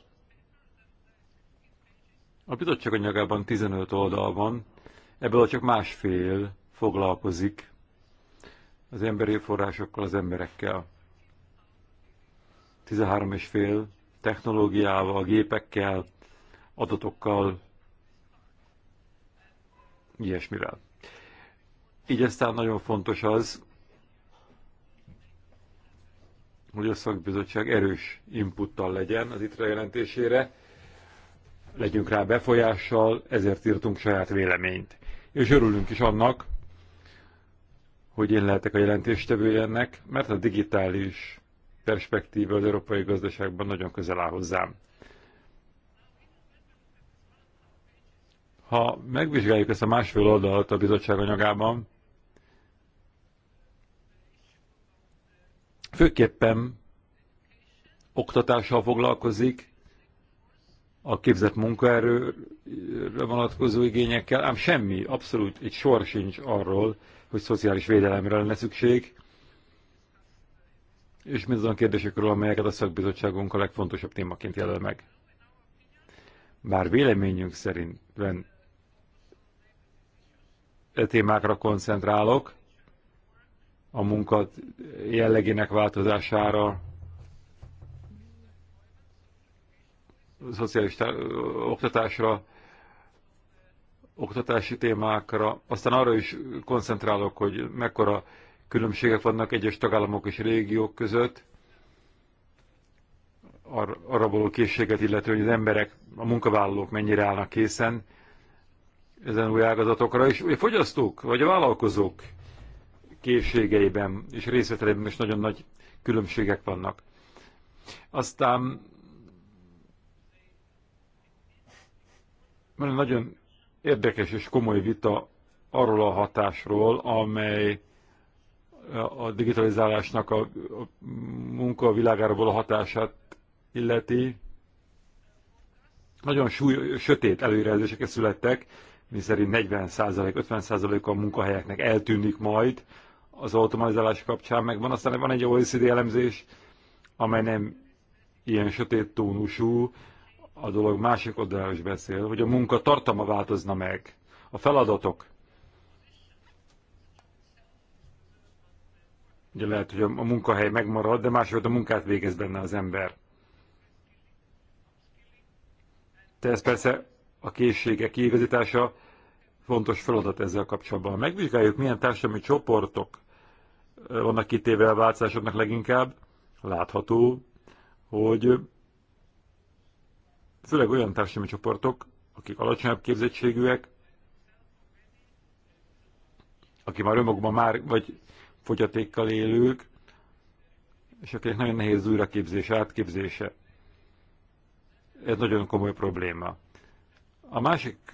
A bizottság anyagában 15 oldal van, ebből csak másfél foglalkozik az emberi forrásokkal, az emberekkel. 13 és fél technológiával, gépekkel, adatokkal, ilyesmivel. Így aztán nagyon fontos az, hogy a szakbizottság erős inputtal legyen az ITRA jelentésére, legyünk rá befolyással, ezért írtunk saját véleményt. És örülünk is annak, hogy én lehetek a jelentéstevője ennek, mert a digitális perspektíva az európai gazdaságban nagyon közel áll hozzám. Ha megvizsgáljuk ezt a másfél oldalt a bizottság anyagában, Főképpen oktatással foglalkozik, a képzett munkaerőre vonatkozó igényekkel, ám semmi, abszolút egy sor sincs arról, hogy szociális védelemre lenne szükség, és azon kérdésekről, amelyeket a szakbizottságunk a legfontosabb témaként jelöl meg. Bár véleményünk szerint e témákra koncentrálok, a munka jellegének változására, szociális oktatásra, oktatási témákra, aztán arra is koncentrálok, hogy mekkora különbségek vannak egyes tagállamok és régiók között, ar arra való készséget illetően, hogy az emberek, a munkavállalók mennyire állnak készen ezen új ágazatokra, és a fogyasztók vagy a vállalkozók készségeiben és részleteiben is nagyon nagy különbségek vannak. Aztán van egy nagyon érdekes és komoly vita arról a hatásról, amely a digitalizálásnak a, munka világáról a hatását illeti. Nagyon súly, sötét előrejelzések születtek, miszerint 40-50%-a a munkahelyeknek eltűnik majd az automatizálás kapcsán megvan. Aztán van egy OECD elemzés, amely nem ilyen sötét tónusú, a dolog másik oldaláról is beszél, hogy a munka tartama változna meg. A feladatok. Ugye lehet, hogy a munkahely megmarad, de máshogy a munkát végez benne az ember. De ez persze a készségek kiigazítása fontos feladat ezzel kapcsolatban. Megvizsgáljuk, milyen társadalmi csoportok eh, vannak kitéve a változásoknak leginkább. Látható, hogy főleg olyan társadalmi csoportok, akik alacsonyabb képzettségűek, akik már önmagukban már vagy fogyatékkal élők, és akiknek nagyon nehéz újraképzés, átképzése. Ez nagyon komoly probléma. A másik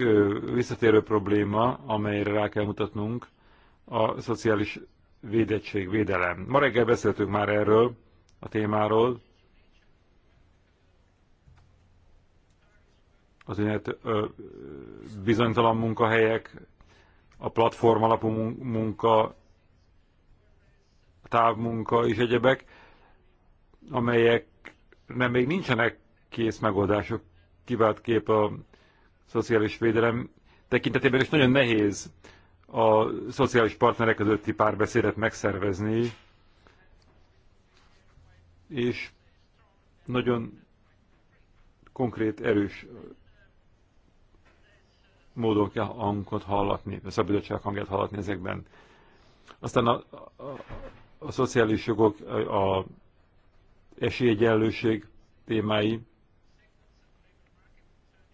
visszatérő probléma, amelyre rá kell mutatnunk, a szociális védettség, védelem. Ma reggel beszéltünk már erről a témáról. Az ünnep bizonytalan munkahelyek, a platform alapú munka, a távmunka és egyebek, amelyek nem még nincsenek kész megoldások, kivált kép a szociális védelem tekintetében is nagyon nehéz a szociális partnerek közötti párbeszédet megszervezni, és nagyon konkrét, erős módon kell hangot hallatni, a szabadság hangját hallatni ezekben. Aztán a, a, a, a szociális jogok, a, a esélyegyenlőség témái,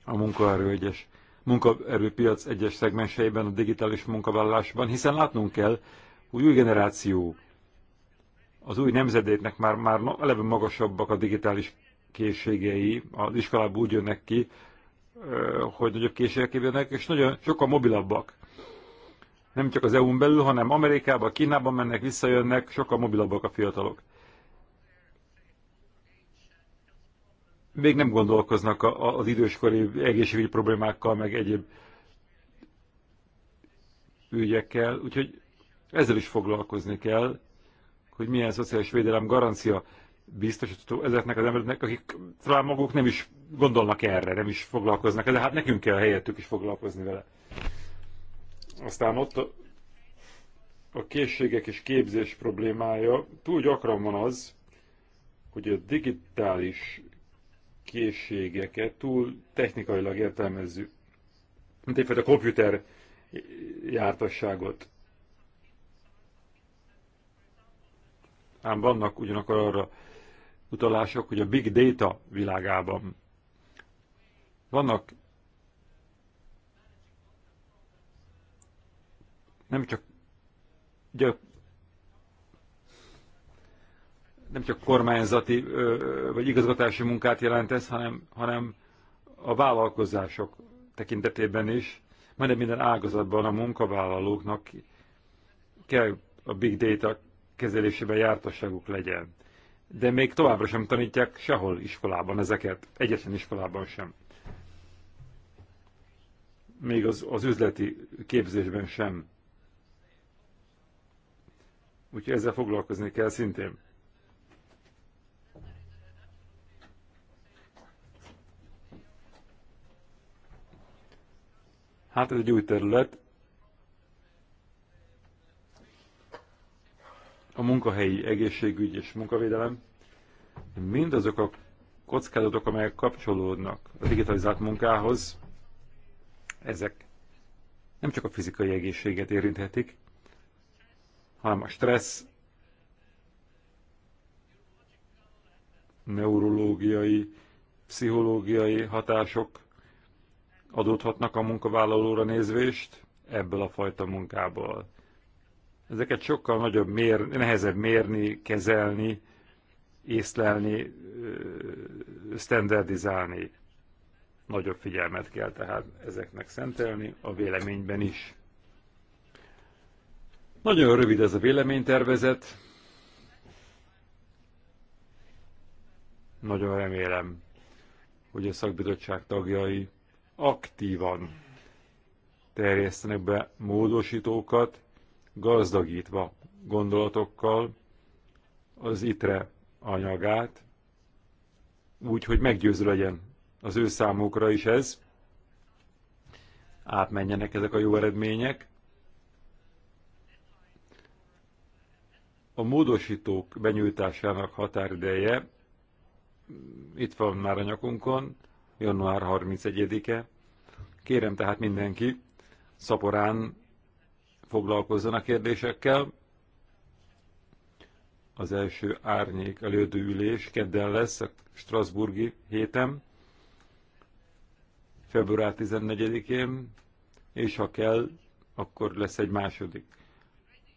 a munkaerő egyes munkaerőpiac egyes szegmenseiben, a digitális munkavállalásban, hiszen látnunk kell, hogy új generáció az új nemzedéknek már, már eleve magasabbak a digitális készségei, az iskolából úgy jönnek ki, hogy nagyobb készségek jönnek, és nagyon sokkal mobilabbak. Nem csak az EU-n belül, hanem Amerikába, Kínába mennek, visszajönnek, sokkal mobilabbak a fiatalok. még nem gondolkoznak az időskori egészségügyi problémákkal, meg egyéb ügyekkel, úgyhogy ezzel is foglalkozni kell, hogy milyen szociális védelem garancia biztosítható ezeknek az embereknek, akik talán maguk nem is gondolnak erre, nem is foglalkoznak, de hát nekünk kell helyettük is foglalkozni vele. Aztán ott a, a készségek és képzés problémája túl gyakran van az, hogy a digitális készségeket túl technikailag értelmezzük, mint egyfajta komputer jártasságot. Ám vannak ugyanakkor arra utalások, hogy a big data világában vannak nem csak nem csak kormányzati vagy igazgatási munkát jelent ez, hanem, hanem a vállalkozások tekintetében is, majdnem minden ágazatban a munkavállalóknak kell a big data kezelésében jártasságuk legyen. De még továbbra sem tanítják sehol iskolában ezeket, egyetlen iskolában sem. Még az, az üzleti képzésben sem. Úgyhogy ezzel foglalkozni kell szintén. Hát ez egy új terület. A munkahelyi egészségügy és munkavédelem mindazok a kockázatok, amelyek kapcsolódnak a digitalizált munkához, ezek nem csak a fizikai egészséget érinthetik, hanem a stressz, neurológiai, pszichológiai hatások, adódhatnak a munkavállalóra nézvést ebből a fajta munkából. Ezeket sokkal nagyobb mér, nehezebb mérni, kezelni, észlelni, standardizálni. Nagyobb figyelmet kell tehát ezeknek szentelni a véleményben is. Nagyon rövid ez a véleménytervezet. Nagyon remélem, hogy a szakbizottság tagjai aktívan terjesztenek be módosítókat, gazdagítva gondolatokkal az ITRE anyagát, úgy, hogy meggyőző legyen az ő számukra is ez, átmenjenek ezek a jó eredmények. A módosítók benyújtásának határideje itt van már a nyakunkon, január 31-e. Kérem tehát mindenki szaporán foglalkozzon a kérdésekkel. Az első árnyék elődő ülés kedden lesz a Strasburgi héten, február 14-én, és ha kell, akkor lesz egy második,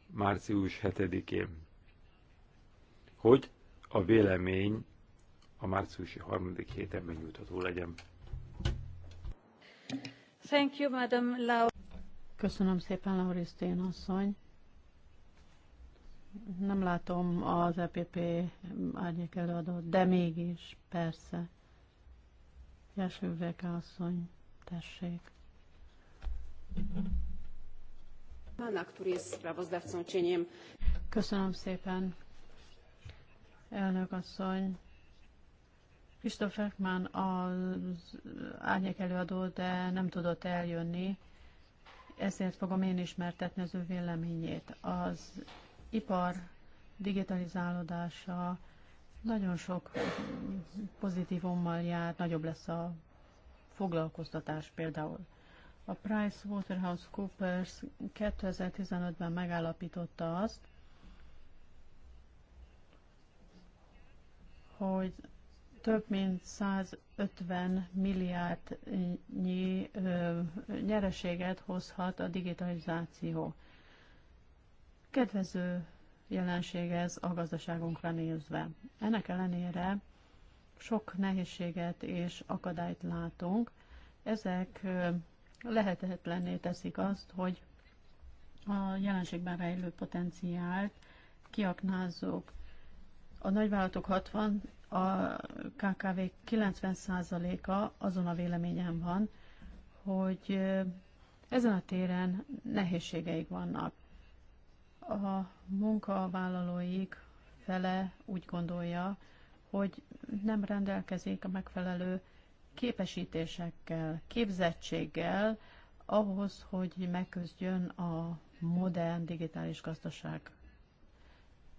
március 7-én. Hogy a vélemény a márciusi harmadik héten megnyújtható legyen. Thank you, Madam Lau. Köszönöm szépen, Laurisztén asszony. Nem látom az EPP árnyék előadót, de mégis, persze. Jesőveke asszony, tessék. Köszönöm szépen, elnök asszony. Kristóf Ekman az árnyék előadó, de nem tudott eljönni, ezért fogom én ismertetni az ő véleményét. Az ipar digitalizálódása nagyon sok pozitívummal jár, nagyobb lesz a foglalkoztatás például. A Price Waterhouse Coopers 2015-ben megállapította azt, hogy több mint 150 milliárd nyereséget hozhat a digitalizáció. Kedvező jelenség ez a gazdaságunkra nézve. Ennek ellenére sok nehézséget és akadályt látunk. Ezek lehetetlenné teszik azt, hogy a jelenségben rejlő potenciált kiaknázzuk. A nagyvállalatok 60 a KKV 90%-a azon a véleményen van, hogy ezen a téren nehézségeik vannak. A munkavállalóik fele úgy gondolja, hogy nem rendelkezik a megfelelő képesítésekkel, képzettséggel ahhoz, hogy megküzdjön a modern digitális gazdaság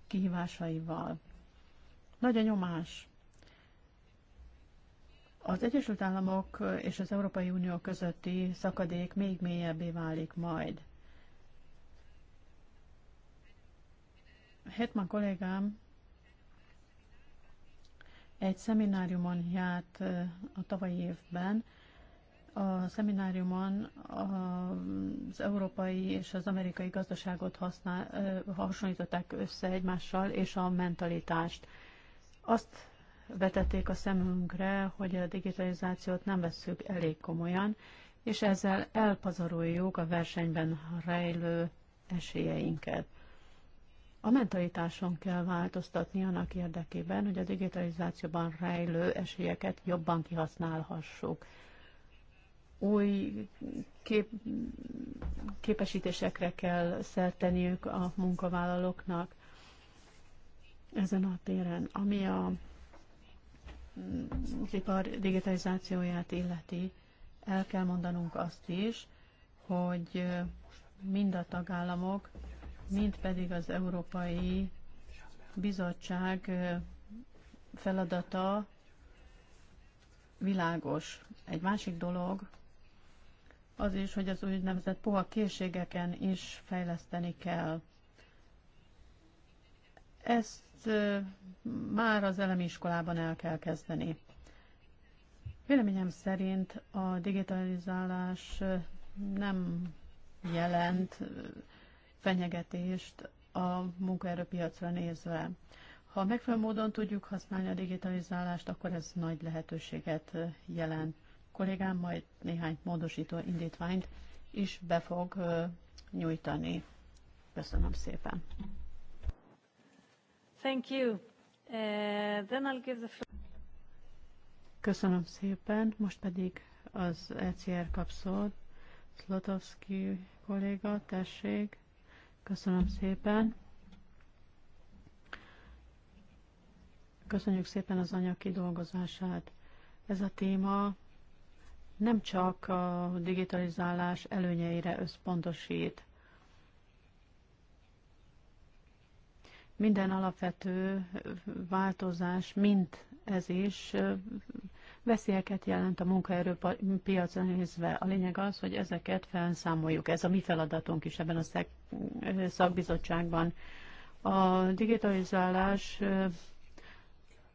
kihívásaival. Nagy a nyomás. Az Egyesült Államok és az Európai Unió közötti szakadék még mélyebbé válik majd. Hetman kollégám egy szemináriumon járt a tavalyi évben. A szemináriumon az európai és az amerikai gazdaságot használ, hasonlították össze egymással, és a mentalitást. Azt vetették a szemünkre, hogy a digitalizációt nem vesszük elég komolyan, és ezzel elpazaroljuk a versenyben rejlő esélyeinket. A mentalitáson kell változtatni annak érdekében, hogy a digitalizációban rejlő esélyeket jobban kihasználhassuk. Új kép- képesítésekre kell szerteniük a munkavállalóknak, ezen a téren. Ami a mm, az ipar digitalizációját illeti, el kell mondanunk azt is, hogy mind a tagállamok, mind pedig az Európai Bizottság feladata világos. Egy másik dolog az is, hogy az úgynevezett puha készségeken is fejleszteni kell. Ezt ezt már az elemi iskolában el kell kezdeni. Véleményem szerint a digitalizálás nem jelent fenyegetést a munkaerőpiacra nézve. Ha megfelelő módon tudjuk használni a digitalizálást, akkor ez nagy lehetőséget jelent. A kollégám majd néhány módosító indítványt is be fog nyújtani. Köszönöm szépen! Thank you. Uh, then I'll give the floor. Köszönöm szépen, most pedig az ECR kapszót. Slotowski kolléga, tessék. Köszönöm szépen. Köszönjük szépen az anyag kidolgozását. Ez a téma nem csak a digitalizálás előnyeire összpontosít, minden alapvető változás, mint ez is, veszélyeket jelent a munkaerőpiacra nézve. A lényeg az, hogy ezeket felszámoljuk. Ez a mi feladatunk is ebben a szakbizottságban. A digitalizálás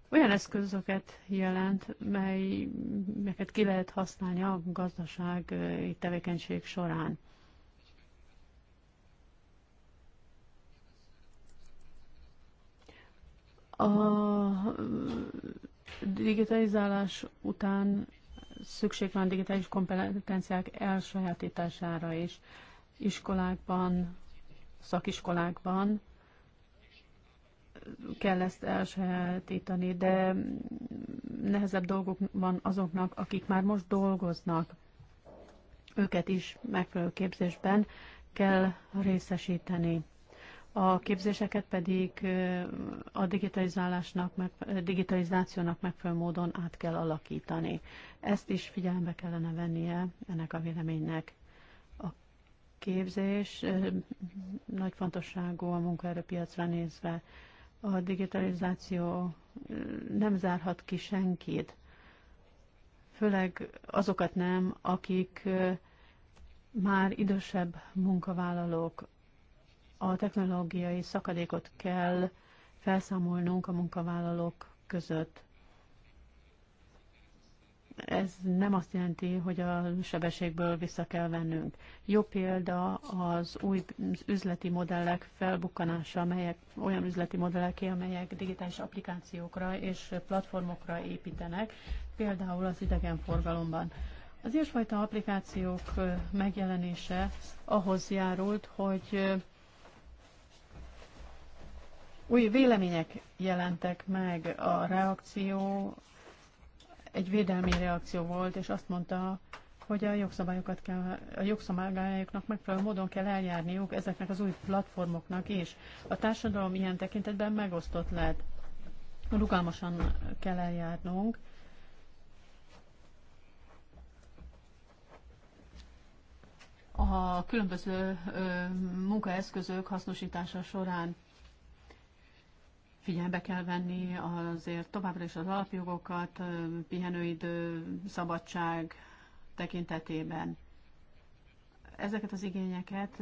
olyan eszközöket jelent, melyeket ki lehet használni a gazdaság tevékenység során. A digitalizálás után szükség van digitális kompetenciák elsajátítására is iskolákban, szakiskolákban kell ezt elsajátítani, de nehezebb dolgok van azoknak, akik már most dolgoznak. Őket is megfelelő képzésben kell részesíteni a képzéseket pedig a digitalizálásnak, meg, digitalizációnak megfelelő módon át kell alakítani. Ezt is figyelembe kellene vennie ennek a véleménynek. A képzés nagy fontosságú a munkaerőpiacra nézve. A digitalizáció nem zárhat ki senkit, főleg azokat nem, akik már idősebb munkavállalók, a technológiai szakadékot kell felszámolnunk a munkavállalók között. Ez nem azt jelenti, hogy a sebességből vissza kell vennünk. Jó példa az új üzleti modellek felbukkanása, amelyek, olyan üzleti modelleké, amelyek digitális applikációkra és platformokra építenek, például az idegenforgalomban. Az ilyesfajta applikációk megjelenése ahhoz járult, hogy új vélemények jelentek meg. A reakció egy védelmi reakció volt, és azt mondta, hogy a jogszabályokat kell, a jogszabályoknak megfelelő módon kell eljárniuk ezeknek az új platformoknak is. A társadalom ilyen tekintetben megosztott lett. Rugalmasan kell eljárnunk. A különböző munkaeszközök hasznosítása során Figyelbe kell venni azért továbbra is az alapjogokat, pihenőidő, szabadság tekintetében. Ezeket az igényeket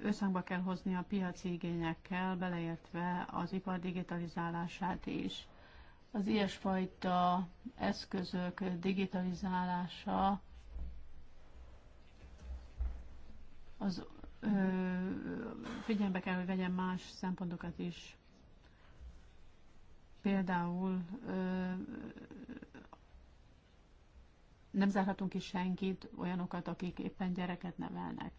összhangba kell hozni a piaci igényekkel, beleértve az ipar digitalizálását is. Az ilyesfajta eszközök digitalizálása az ö, figyelme kell, hogy vegyen más szempontokat is. Például nem zárhatunk ki senkit, olyanokat, akik éppen gyereket nevelnek.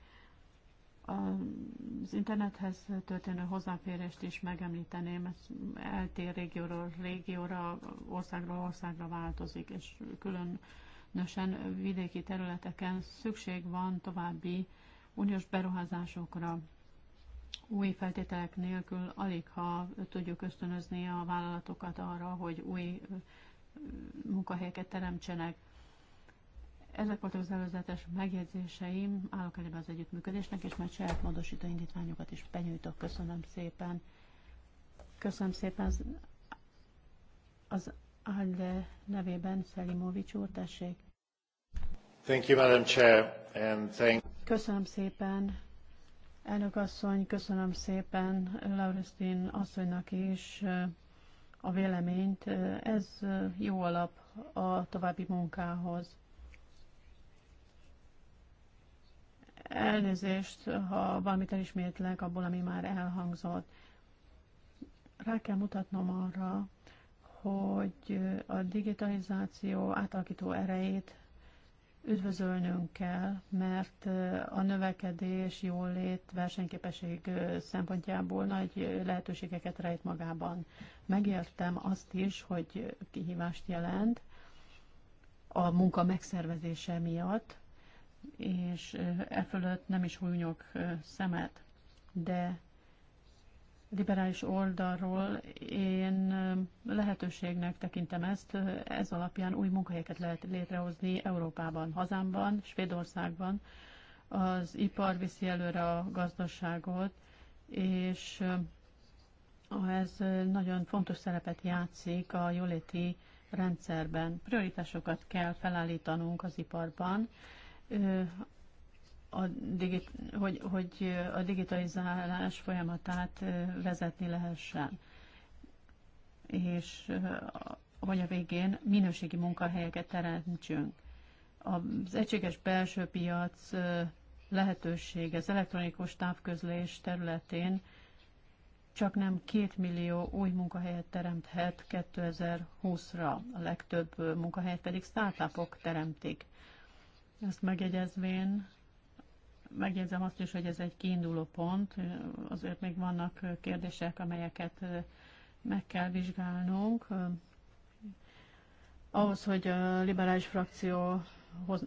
Az internethez történő hozzáférést is megemlíteném, ez eltér régióról régióra, országról országra változik, és különösen vidéki területeken szükség van további uniós beruházásokra új feltételek nélkül alig ha tudjuk ösztönözni a vállalatokat arra, hogy új munkahelyeket teremtsenek. Ezek voltak az előzetes megjegyzéseim, állok elébe az együttműködésnek, és majd saját módosító indítványokat is benyújtok. Köszönöm szépen. Köszönöm szépen az, az ALDE nevében Szelimovics úr, tessék. Thank you, Madam Chair, and thank... Köszönöm szépen, Elnök asszony, köszönöm szépen Laurestin asszonynak is a véleményt. Ez jó alap a további munkához. Elnézést, ha valamit elismétlek abból, ami már elhangzott. Rá kell mutatnom arra, hogy a digitalizáció átalakító erejét üdvözölnünk kell, mert a növekedés, jólét, versenyképesség szempontjából nagy lehetőségeket rejt magában. Megértem azt is, hogy kihívást jelent a munka megszervezése miatt, és e fölött nem is hújnyok szemet, de liberális oldalról én lehetőségnek tekintem ezt, ez alapján új munkahelyeket lehet létrehozni Európában, hazámban, Svédországban. Az ipar viszi előre a gazdaságot, és ez nagyon fontos szerepet játszik a jóléti rendszerben. Prioritásokat kell felállítanunk az iparban, a digit, hogy, hogy a digitalizálás folyamatát vezetni lehessen. És hogy a végén minőségi munkahelyeket teremtsünk. Az egységes belső piac lehetőség az elektronikus távközlés területén csak nem két millió új munkahelyet teremthet 2020-ra, a legtöbb munkahelyet pedig startupok teremtik. Ezt megjegyezvén megjegyzem azt is, hogy ez egy kiinduló pont, azért még vannak kérdések, amelyeket meg kell vizsgálnunk. Ahhoz, hogy a liberális frakció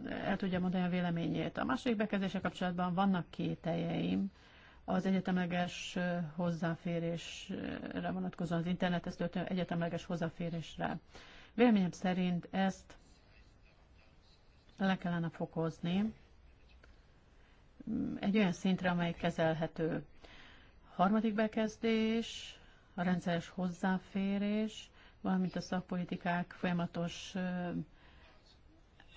el tudja mondani a véleményét. A másik bekezdése kapcsolatban vannak kételjeim. Az egyetemleges hozzáférésre vonatkozóan, az internethez történő egyetemleges hozzáférésre. Véleményem szerint ezt le kellene fokozni egy olyan szintre, amely kezelhető. Harmadik bekezdés, a rendszeres hozzáférés, valamint a szakpolitikák folyamatos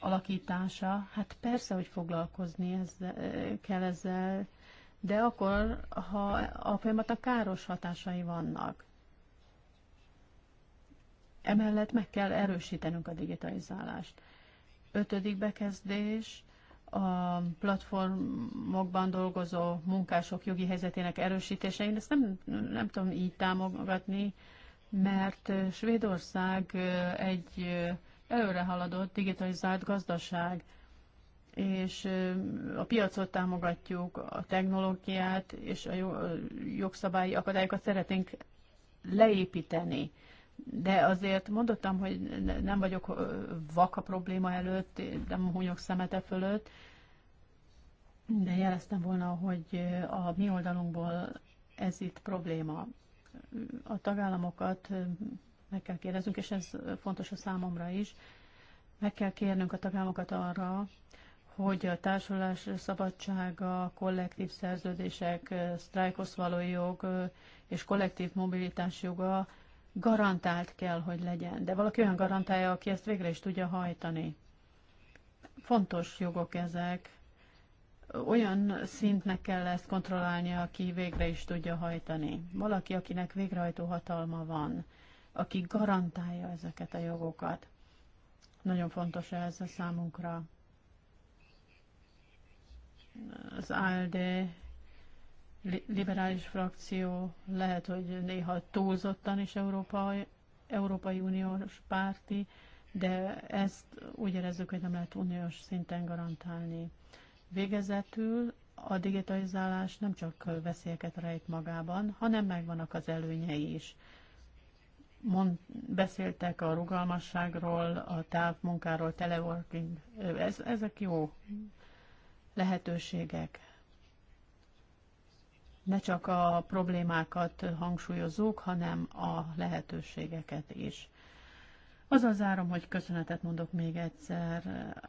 alakítása. Hát persze, hogy foglalkozni ezzel, kell ezzel, de akkor, ha a folyamatnak káros hatásai vannak. Emellett meg kell erősítenünk a digitalizálást. Ötödik bekezdés, a platformokban dolgozó munkások jogi helyzetének erősítése. Én ezt nem, nem tudom így támogatni, mert Svédország egy előrehaladott digitalizált gazdaság, és a piacot támogatjuk, a technológiát és a jogszabályi akadályokat szeretnénk leépíteni de azért mondottam, hogy nem vagyok vak a probléma előtt, nem hunyok szemete fölött, de jeleztem volna, hogy a mi oldalunkból ez itt probléma. A tagállamokat meg kell kérdeznünk, és ez fontos a számomra is, meg kell kérnünk a tagállamokat arra, hogy a társulás szabadsága, kollektív szerződések, sztrájkosz való jog és kollektív mobilitás joga garantált kell, hogy legyen. De valaki olyan garantálja, aki ezt végre is tudja hajtani. Fontos jogok ezek. Olyan szintnek kell ezt kontrollálnia, aki végre is tudja hajtani. Valaki, akinek végrehajtó hatalma van, aki garantálja ezeket a jogokat. Nagyon fontos ez a számunkra. Az ALDE liberális frakció lehet, hogy néha túlzottan is Európai, Európai Uniós párti, de ezt úgy érezzük, hogy nem lehet uniós szinten garantálni. Végezetül a digitalizálás nem csak veszélyeket rejt magában, hanem megvannak az előnyei is. Mond, beszéltek a rugalmasságról, a távmunkáról, teleworking, ez, ezek jó lehetőségek ne csak a problémákat hangsúlyozzuk, hanem a lehetőségeket is. Azzal zárom, hogy köszönetet mondok még egyszer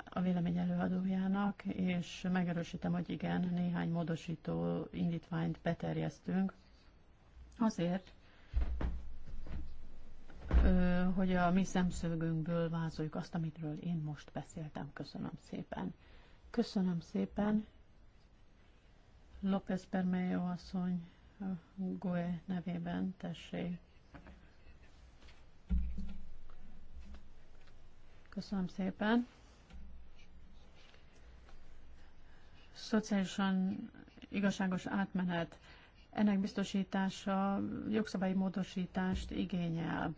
a vélemény előadójának, és megerősítem, hogy igen, néhány módosító indítványt beterjesztünk. Azért, hogy a mi szemszögünkből vázoljuk azt, amitről én most beszéltem. Köszönöm szépen. Köszönöm szépen. López Bermejo asszony a GUE nevében, tessék. Köszönöm szépen. Szociálisan igazságos átmenet. Ennek biztosítása jogszabályi módosítást igényel.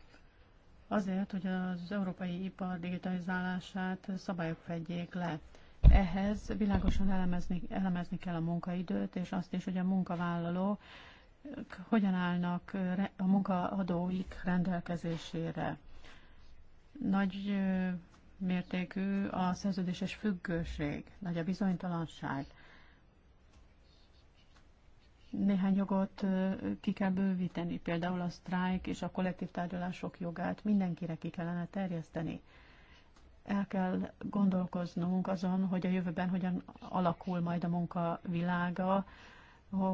Azért, hogy az európai ipar digitalizálását szabályok fedjék le ehhez világosan elemezni, elemezni kell a munkaidőt, és azt is, hogy a munkavállalók hogyan állnak a munkaadóik rendelkezésére. Nagy mértékű a szerződéses függőség, nagy a bizonytalanság. Néhány jogot ki kell bővíteni, például a sztrájk és a kollektív tárgyalások jogát mindenkire ki kellene terjeszteni el kell gondolkoznunk azon, hogy a jövőben hogyan alakul majd a munka világa,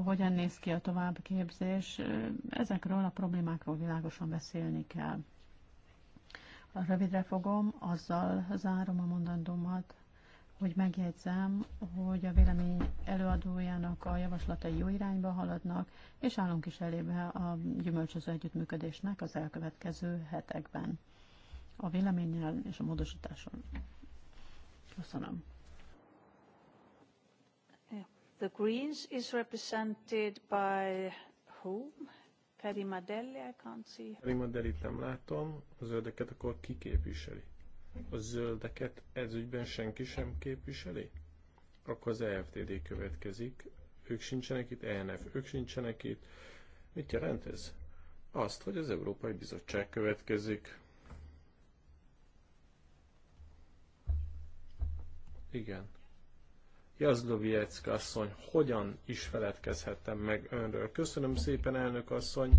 hogyan néz ki a továbbképzés. Ezekről a problémákról világosan beszélni kell. Rövidre fogom, azzal zárom a mondandómat, hogy megjegyzem, hogy a vélemény előadójának a javaslatai jó irányba haladnak, és állunk is elébe a gyümölcsöző együttműködésnek az elkövetkező hetekben a véleménnyel és a módosításon. Köszönöm. The Greens is represented by whom? Karima I can't see. Karima Dellit nem látom, a zöldeket akkor ki képviseli? A zöldeket ezügyben senki sem képviseli? Akkor az EFTD következik. Ők sincsenek itt, ENF, ők sincsenek itt. Mit jelent ez? Azt, hogy az Európai Bizottság következik. Igen. Jazdoviecka asszony, hogyan is feledkezhettem meg önről? Köszönöm szépen, elnök asszony.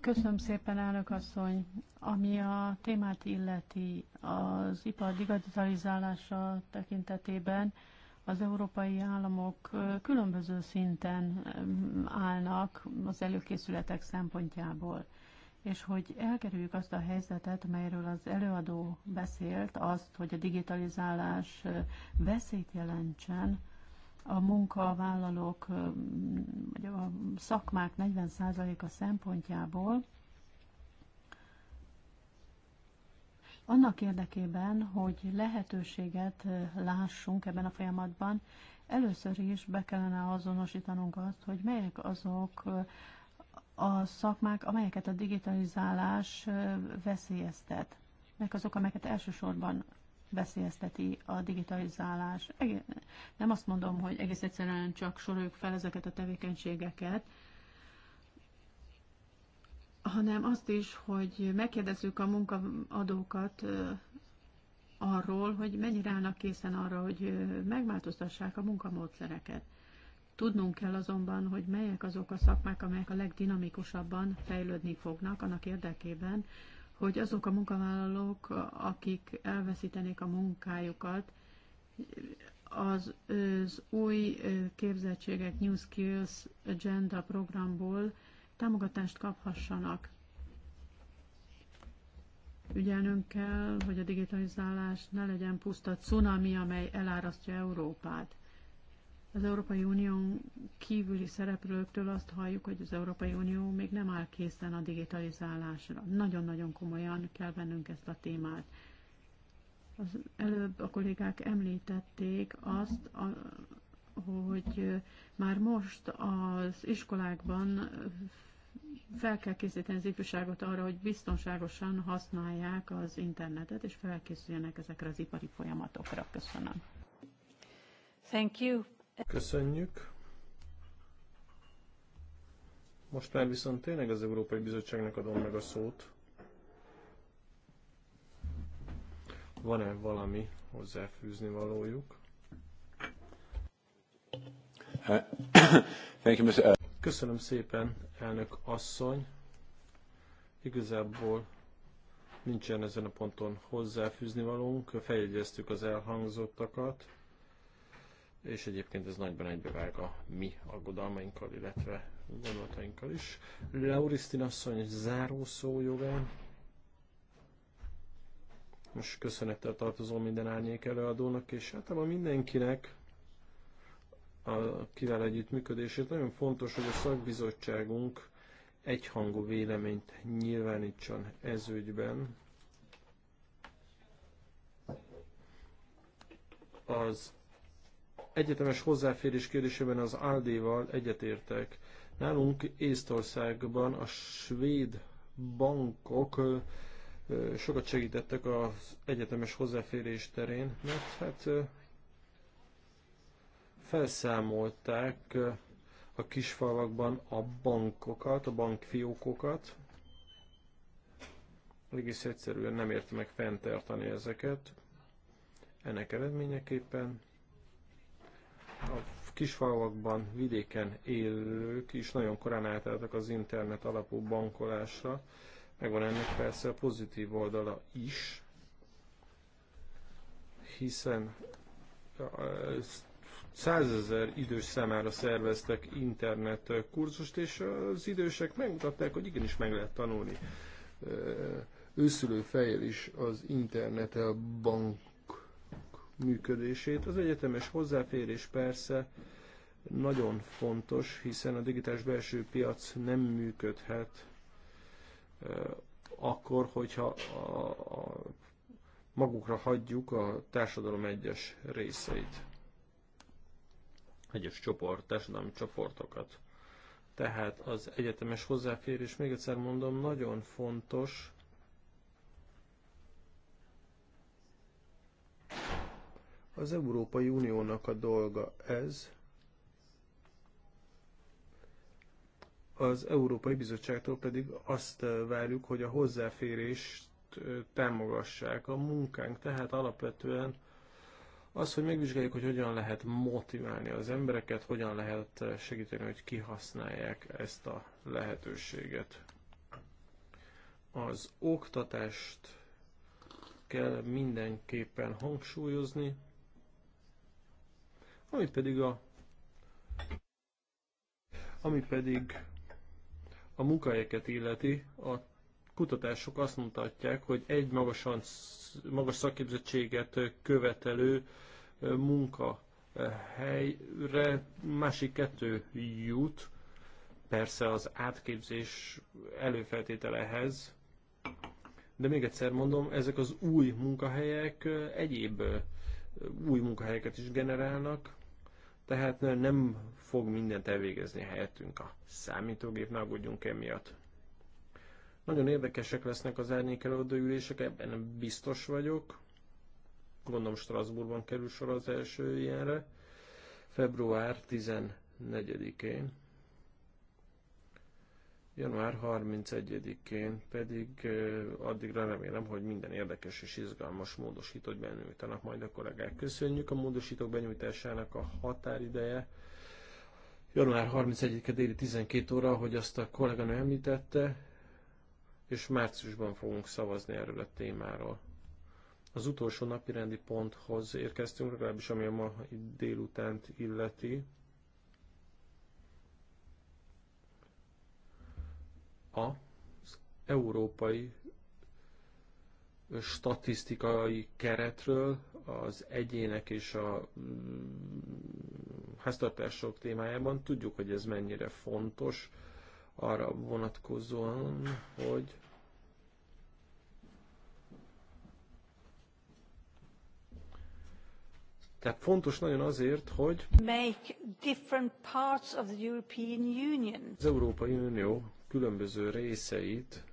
Köszönöm szépen, elnök asszony. Ami a témát illeti az ipar digitalizálása tekintetében, az európai államok különböző szinten állnak az előkészületek szempontjából és hogy elkerüljük azt a helyzetet, melyről az előadó beszélt, azt, hogy a digitalizálás veszélyt jelentsen, a munkavállalók, vagy a szakmák 40%-a szempontjából, annak érdekében, hogy lehetőséget lássunk ebben a folyamatban, először is be kellene azonosítanunk azt, hogy melyek azok a szakmák, amelyeket a digitalizálás veszélyeztet, Melyek azok, amelyeket elsősorban veszélyezteti a digitalizálás. Nem azt mondom, hogy egész egyszerűen csak soroljuk fel ezeket a tevékenységeket, hanem azt is, hogy megkérdezzük a munkaadókat arról, hogy mennyire állnak készen arra, hogy megváltoztassák a munkamódszereket. Tudnunk kell azonban, hogy melyek azok a szakmák, amelyek a legdinamikusabban fejlődni fognak annak érdekében, hogy azok a munkavállalók, akik elveszítenék a munkájukat, az, az új képzettségek New Skills Agenda programból támogatást kaphassanak. Ügyelnünk kell, hogy a digitalizálás ne legyen puszta cunami, amely elárasztja Európát. Az Európai Unión kívüli szereplőktől azt halljuk, hogy az Európai Unió még nem áll készen a digitalizálásra. Nagyon-nagyon komolyan kell vennünk ezt a témát. Az előbb a kollégák említették azt, a, hogy már most az iskolákban fel kell készíteni az ifjúságot arra, hogy biztonságosan használják az internetet, és felkészüljenek ezekre az ipari folyamatokra. Köszönöm. Thank you. Köszönjük. Most már viszont tényleg az Európai Bizottságnak adom meg a szót. Van-e valami hozzáfűzni valójuk? Köszönöm szépen, elnök asszony. Igazából nincsen ezen a ponton hozzáfűzni valónk, feljegyeztük az elhangzottakat és egyébként ez nagyban egybevág a mi aggodalmainkkal, illetve gondolatainkkal is. Laurisztin asszony záró szó jogán. Most köszönettel tartozom minden árnyék előadónak, és hát a mindenkinek, a kivel együttműködését. Nagyon fontos, hogy a szakbizottságunk egyhangú véleményt nyilvánítson ez ügyben. Az egyetemes hozzáférés kérdésében az ALDE-val egyetértek. Nálunk Észtországban a svéd bankok sokat segítettek az egyetemes hozzáférés terén, mert hát felszámolták a kisfalvakban a bankokat, a bankfiókokat. Egész egyszerűen nem érte meg fenntartani ezeket. Ennek eredményeképpen a kisfalvakban, vidéken élők is nagyon korán átálltak az internet alapú bankolásra. Megvan ennek persze a pozitív oldala is, hiszen százezer idős számára szerveztek internet kurzust, és az idősek megmutatták, hogy igenis meg lehet tanulni őszülő fejjel is az internet bank működését. Az egyetemes hozzáférés persze nagyon fontos, hiszen a digitális belső piac nem működhet akkor, hogyha a, a magukra hagyjuk a társadalom egyes részeit, egyes csoport, társadalmi csoportokat. Tehát az egyetemes hozzáférés, még egyszer mondom, nagyon fontos, Az Európai Uniónak a dolga ez. Az Európai Bizottságtól pedig azt eh, várjuk, hogy a hozzáférést eh, támogassák. A munkánk tehát alapvetően az, hogy megvizsgáljuk, hogy hogyan lehet motiválni az embereket, hogyan lehet eh, segíteni, hogy kihasználják ezt a lehetőséget. Az oktatást kell mindenképpen hangsúlyozni, ami pedig a ami pedig a munkahelyeket illeti, a kutatások azt mutatják, hogy egy magasan, magas szakképzettséget követelő munkahelyre másik kettő jut, persze az átképzés előfeltételehez, de még egyszer mondom, ezek az új munkahelyek egyéb új munkahelyeket is generálnak, tehát nem fog mindent elvégezni helyettünk a számítógép, ne aggódjunk emiatt. Nagyon érdekesek lesznek az árnyékelődő ülések, ebben biztos vagyok. Gondolom Strasbourgban kerül sor az első ilyenre. Február 14-én. Január 31-én pedig addigra remélem, hogy minden érdekes és izgalmas módosítót benyújtanak majd a kollégák. Köszönjük a módosítók benyújtásának a határideje. Január 31-e déli 12 óra, hogy azt a kolléganő említette, és márciusban fogunk szavazni erről a témáról. Az utolsó napirendi ponthoz érkeztünk, legalábbis ami a ma délutánt illeti. az európai statisztikai keretről az egyének és a mm, háztartások témájában. Tudjuk, hogy ez mennyire fontos arra vonatkozóan, hogy Tehát fontos nagyon azért, hogy make different parts of the European Union. az Európai Unió különböző részeit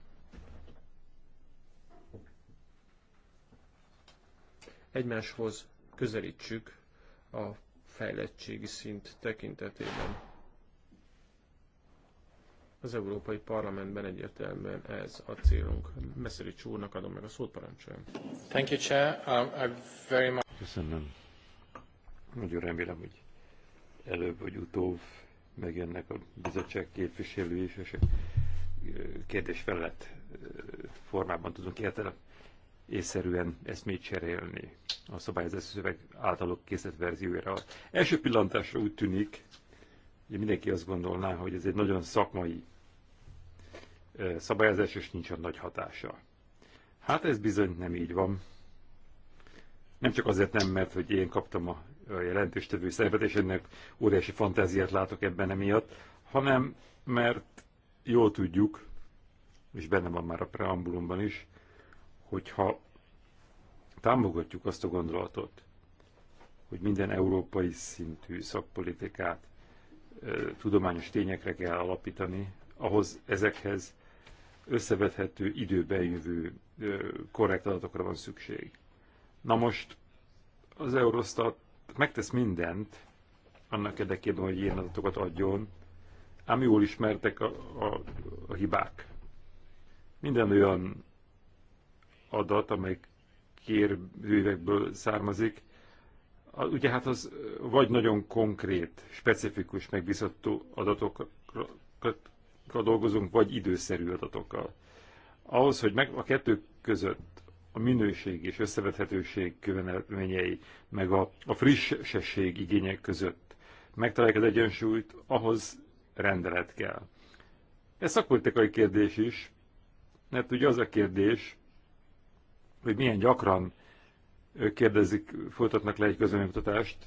egymáshoz közelítsük a fejlettségi szint tekintetében. Az Európai Parlamentben egyértelműen ez a célunk. Messzeri Csúrnak adom meg a szót, parancsoljon. Thank you, Chair. Um, I very much... Köszönöm. Nagyon remélem, hogy előbb vagy utóbb megjönnek a bizottság képviselői és kérdés felett formában tudunk értelem észszerűen eszmét cserélni a szabályozási szöveg általuk készített verziójára. Első pillantásra úgy tűnik, hogy mindenki azt gondolná, hogy ez egy nagyon szakmai szabályozás, és nincs a nagy hatása. Hát ez bizony nem így van. Nem csak azért nem, mert hogy én kaptam a jelentéstevő szerepet, és ennek óriási fantáziát látok ebben emiatt, hanem mert jól tudjuk, és benne van már a preambulumban is, hogyha támogatjuk azt a gondolatot, hogy minden európai szintű szakpolitikát tudományos tényekre kell alapítani, ahhoz ezekhez összevethető időben jövő korrekt adatokra van szükség. Na most az Eurostat megtesz mindent annak érdekében, hogy ilyen adatokat adjon, ám jól ismertek a, a, a hibák. Minden olyan adat, amely kérővekből származik, ugye hát az vagy nagyon konkrét, specifikus, megbízható adatokkal dolgozunk, vagy időszerű adatokkal. Ahhoz, hogy meg a kettő között a minőség és összevethetőség követelményei, meg a, a frissesség igények között megtalálják az egyensúlyt, ahhoz rendelet kell. Ez szakpolitikai kérdés is, mert ugye az a kérdés, hogy milyen gyakran kérdezik, folytatnak le egy közönyöktatást,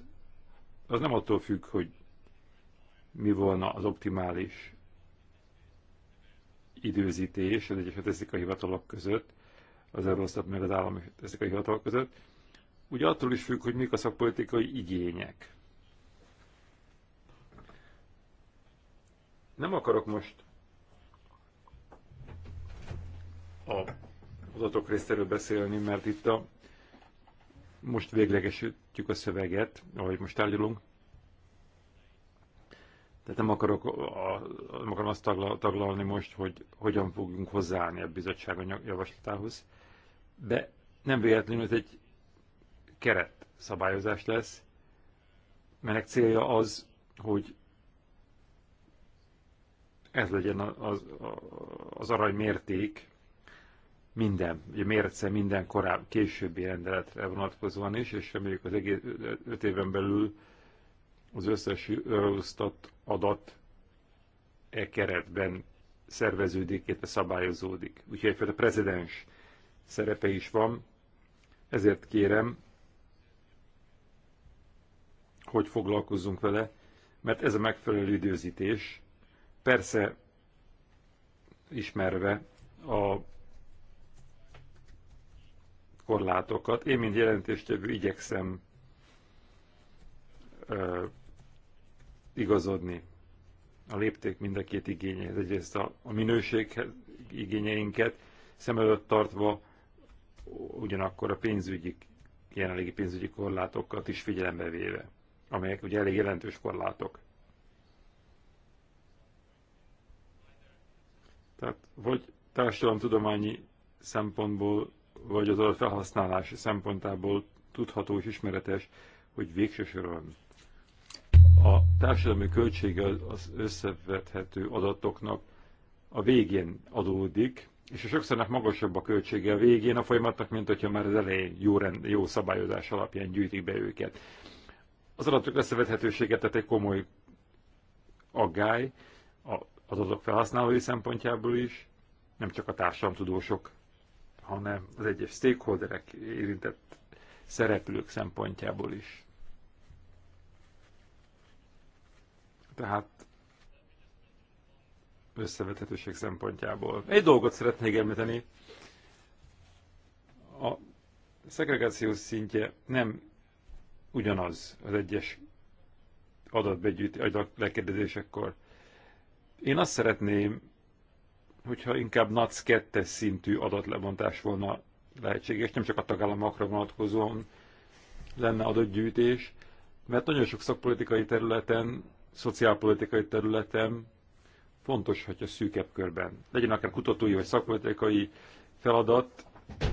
az nem attól függ, hogy mi volna az optimális időzítés az egyes a hivatalok között, az Eurostat meg az állami a hivatalok között, ugye attól is függ, hogy mik a szakpolitikai igények. Nem akarok most a adatok részéről beszélni, mert itt a, most véglegesítjük a szöveget, ahogy most tárgyalunk. Tehát nem, akarok, a, nem akarom azt taglalni most, hogy hogyan fogunk hozzáállni a bizottság javaslatához. De nem véletlenül ez egy keret szabályozás lesz, melynek célja az, hogy ez legyen az, az arany mérték minden, ugye mérce minden korábbi, későbbi rendeletre vonatkozóan is, és reméljük az egész öt éven belül az összes Eurostat adat e keretben szerveződik, illetve szabályozódik. Úgyhogy egyfajta prezidens szerepe is van, ezért kérem, hogy foglalkozzunk vele, mert ez a megfelelő időzítés Persze ismerve a korlátokat, én, mint jelentéstevő igyekszem ö, igazodni a lépték mind a két igényeit, Egyrészt a, a minőség igényeinket szem előtt tartva, ugyanakkor a pénzügyi, jelenlegi pénzügyi korlátokat is figyelembe véve, amelyek ugye elég jelentős korlátok. Tehát vagy társadalomtudományi szempontból, vagy az felhasználási szempontából tudható és ismeretes, hogy végső soron a társadalmi költsége az összevethető adatoknak a végén adódik, és a sokszornak magasabb a költsége a végén a folyamatnak, mint hogyha már az elején jó, rend, jó szabályozás alapján gyűjtik be őket. Az adatok összevethetősége tehát egy komoly aggály, a az azok felhasználói szempontjából is, nem csak a társadalomtudósok, hanem az egyes stakeholderek érintett szereplők szempontjából is. Tehát összevethetőség szempontjából. Egy dolgot szeretnék említeni. A szegregáció szintje nem ugyanaz az egyes adatbegyűjtés, adatlekérdezésekkor. Én azt szeretném, hogyha inkább NAC 2 szintű adatlebontás volna lehetséges, nem csak a tagállamokra vonatkozóan lenne adatgyűjtés, mert nagyon sok szakpolitikai területen, szociálpolitikai területen fontos, hogyha szűkebb körben. Legyen akár kutatói vagy szakpolitikai feladat,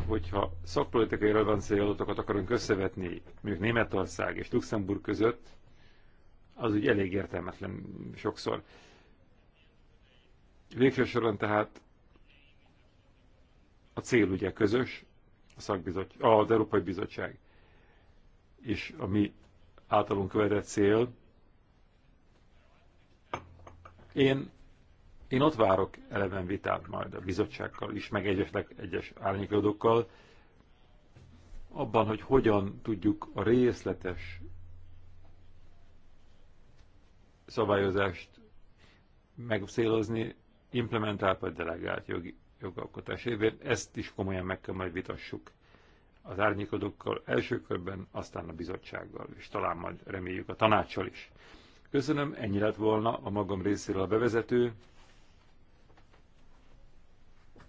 hogyha szakpolitikai relevanciai adatokat akarunk összevetni, mondjuk Németország és Luxemburg között, az úgy elég értelmetlen sokszor. Végső soron tehát a cél ugye közös, a szakbizot, az Európai Bizottság és a mi általunk követett cél. Én, én ott várok eleven vitát majd a bizottsággal is, meg egyesleg egyes árnyékodókkal, abban, hogy hogyan tudjuk a részletes szabályozást megszélozni, implementált vagy delegált jogi, jogalkotás évén. Ezt is komolyan meg kell majd vitassuk az árnyékodókkal első körben, aztán a bizottsággal, és talán majd reméljük a tanácssal is. Köszönöm, ennyi lett volna a magam részéről a bevezető,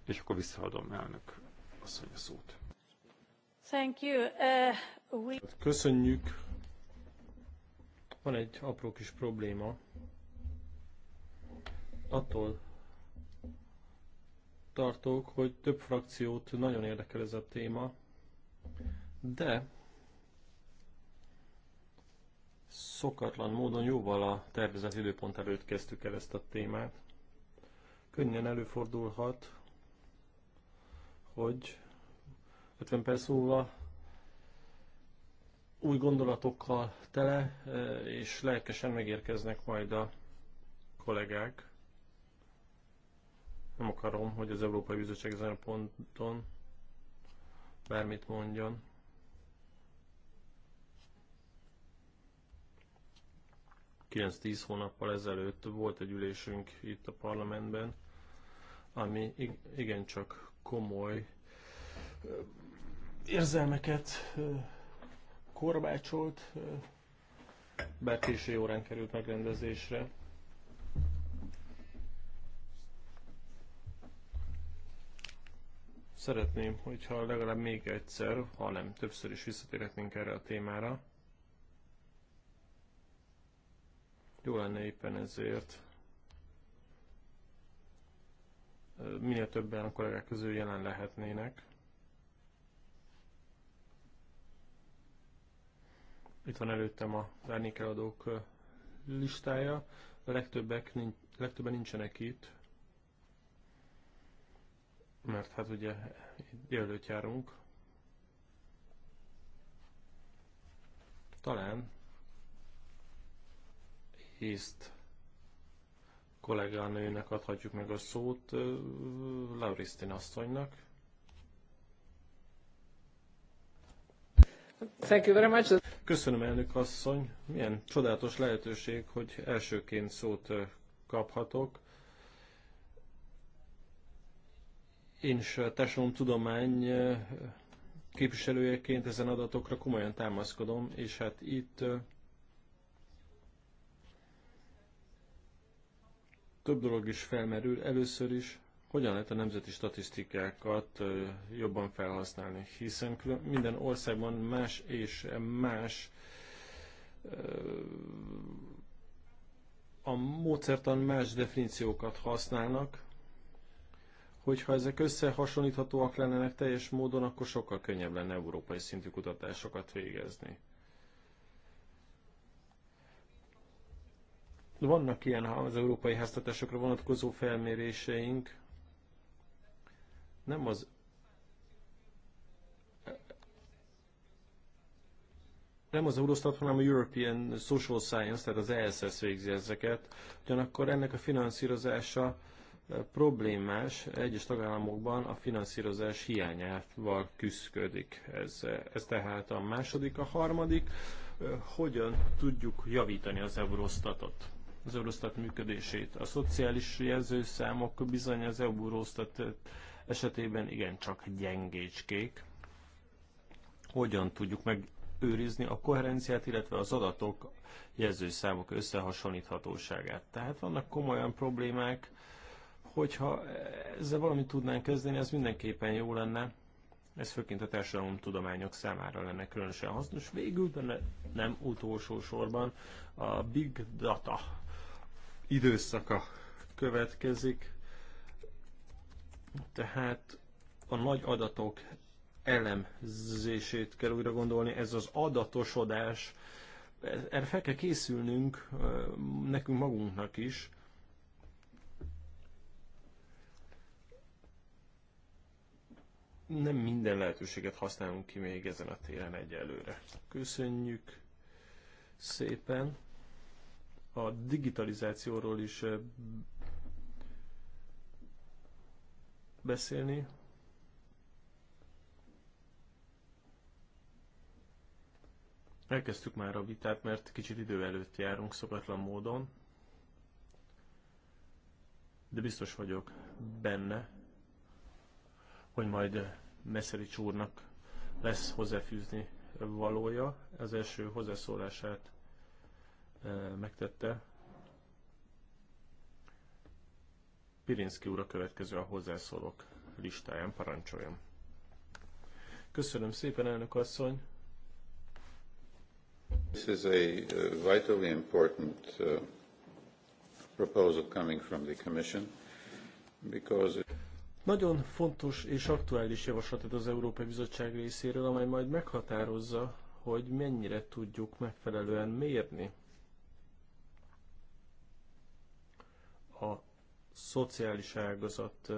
és akkor visszaadom elnök asszony a szót. Thank you. Uh, we... Köszönjük. Van egy apró kis probléma. Attól tartok, hogy több frakciót nagyon érdekel ez a téma, de szokatlan módon jóval a tervezett időpont előtt kezdtük el ezt a témát. Könnyen előfordulhat, hogy 50 perc múlva új gondolatokkal tele, eh, és lelkesen megérkeznek majd a kollégák. Nem akarom, hogy az Európai Bizottság ezen a ponton bármit mondjon. Kilenc-tíz hónappal ezelőtt volt egy ülésünk itt a parlamentben, ami igencsak komoly érzelmeket korbácsolt, bár késő órán került megrendezésre. Szeretném, hogyha legalább még egyszer, ha nem többször is visszatérhetnénk erre a témára. Jó lenne éppen ezért minél többen a kollégák közül jelen lehetnének. Itt van előttem a várnékeladók listája. A legtöbbek, legtöbben nincsenek itt, mert hát ugye délőtt járunk. Talán észt kolléganőnek adhatjuk meg a szót Laurisztin asszonynak. Thank you very much. Köszönöm, elnök asszony. Milyen csodálatos lehetőség, hogy elsőként szót kaphatok. Én is a tudomány képviselőjeként ezen adatokra komolyan támaszkodom, és hát itt több dolog is felmerül. Először is, hogyan lehet a nemzeti statisztikákat jobban felhasználni, hiszen minden országban más és más a módszertan más definíciókat használnak, Hogyha ezek összehasonlíthatóak lennének teljes módon, akkor sokkal könnyebb lenne európai szintű kutatásokat végezni. Vannak ilyen az európai háztartásokra vonatkozó felméréseink. Nem az nem az Eurostat, hanem a European Social Science, tehát az ESS végzi ezeket. Ugyanakkor ennek a finanszírozása problémás, egyes tagállamokban a finanszírozás hiányával küzdködik. Ez, ez tehát a második, a harmadik. Hogyan tudjuk javítani az Eurostatot? az Eurostat működését. A szociális jelzőszámok bizony az Eurostat esetében igencsak gyengécskék. Hogyan tudjuk megőrizni a koherenciát, illetve az adatok jelzőszámok összehasonlíthatóságát. Tehát vannak komolyan problémák, Hogyha ezzel valamit tudnánk kezdeni, az mindenképpen jó lenne. Ez főként a tudományok számára lenne különösen hasznos. Végül, de nem utolsó sorban, a Big Data időszaka következik. Tehát a nagy adatok elemzését kell újra gondolni, ez az adatosodás, erre fel kell készülnünk nekünk magunknak is, nem minden lehetőséget használunk ki még ezen a téren egyelőre. Köszönjük szépen. A digitalizációról is eh, beszélni. Elkezdtük már a vitát, mert kicsit idő előtt járunk szokatlan módon, de biztos vagyok benne, hogy majd Meszerics úrnak lesz hozzáfűzni valója. Az első hozzászólását e, megtette. Pirinszki úr a következő a hozzászólók listáján. Parancsoljon! Köszönöm szépen, elnök asszony! This is a uh, vitally important uh, proposal coming from the Commission because it nagyon fontos és aktuális javaslat az Európai Bizottság részéről, amely majd meghatározza, hogy mennyire tudjuk megfelelően mérni a szociális ágazat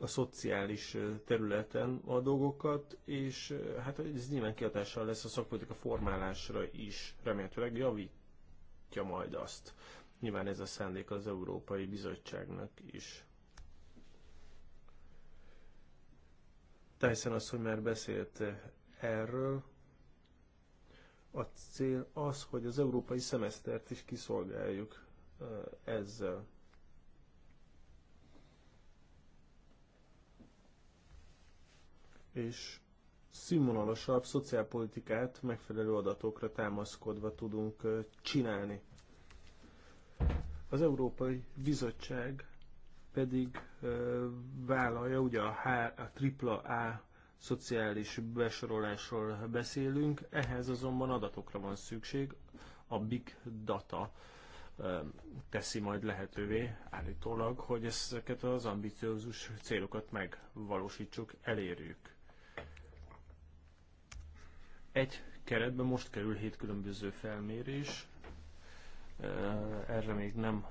a szociális területen a dolgokat, és hát ez nyilván kihatással lesz a szakpolitika formálásra is, remélhetőleg javítja majd azt. Nyilván ez a szándék az Európai Bizottságnak is. Tyson hogy már beszélt erről. A cél az, hogy az európai szemesztert is kiszolgáljuk eh, ezzel. És színvonalasabb szociálpolitikát megfelelő adatokra támaszkodva tudunk eh, csinálni. Az Európai Bizottság pedig vállalja, ugye a, H, a AAA szociális besorolásról beszélünk, ehhez azonban adatokra van szükség, a big data teszi majd lehetővé állítólag, hogy ezeket az ambiciózus célokat megvalósítsuk, elérjük. Egy keretben most kerül hét különböző felmérés, erre még nem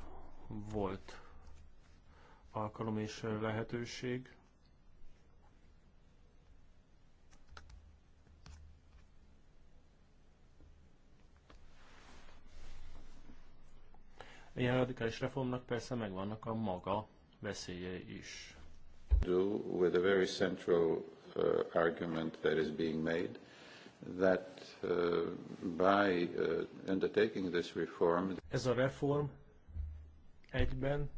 volt alkalom és lehetőség. Ilyen radikális reformnak persze megvannak a maga veszélyei is. Do with a very central uh, argument that is being made that uh, by uh, undertaking this reform... Ez a reform egyben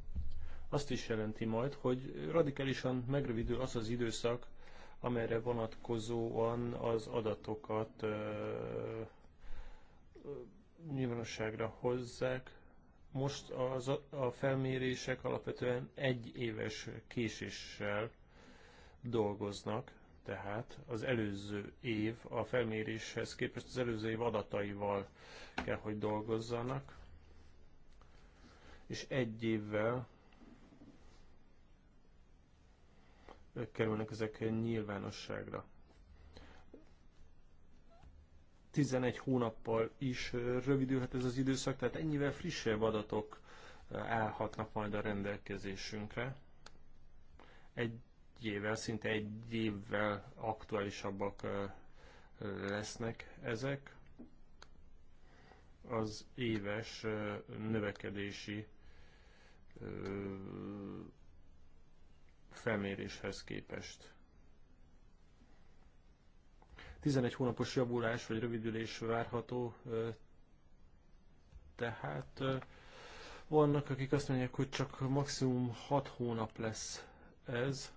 azt is jelenti majd, hogy radikálisan megrövidül az az időszak, amelyre vonatkozóan az adatokat uh, nyilvánosságra hozzák. Most az, a felmérések alapvetően egy éves késéssel dolgoznak, tehát az előző év, a felméréshez képest az előző év adataival kell, hogy dolgozzanak, és egy évvel kerülnek ezek nyilvánosságra. 11 hónappal is rövidülhet ez az időszak, tehát ennyivel frissebb adatok állhatnak majd a rendelkezésünkre. Egy évvel, szinte egy évvel aktuálisabbak lesznek ezek. Az éves növekedési felméréshez képest. 11 hónapos javulás vagy rövidülés várható, tehát vannak, akik azt mondják, hogy csak maximum 6 hónap lesz ez.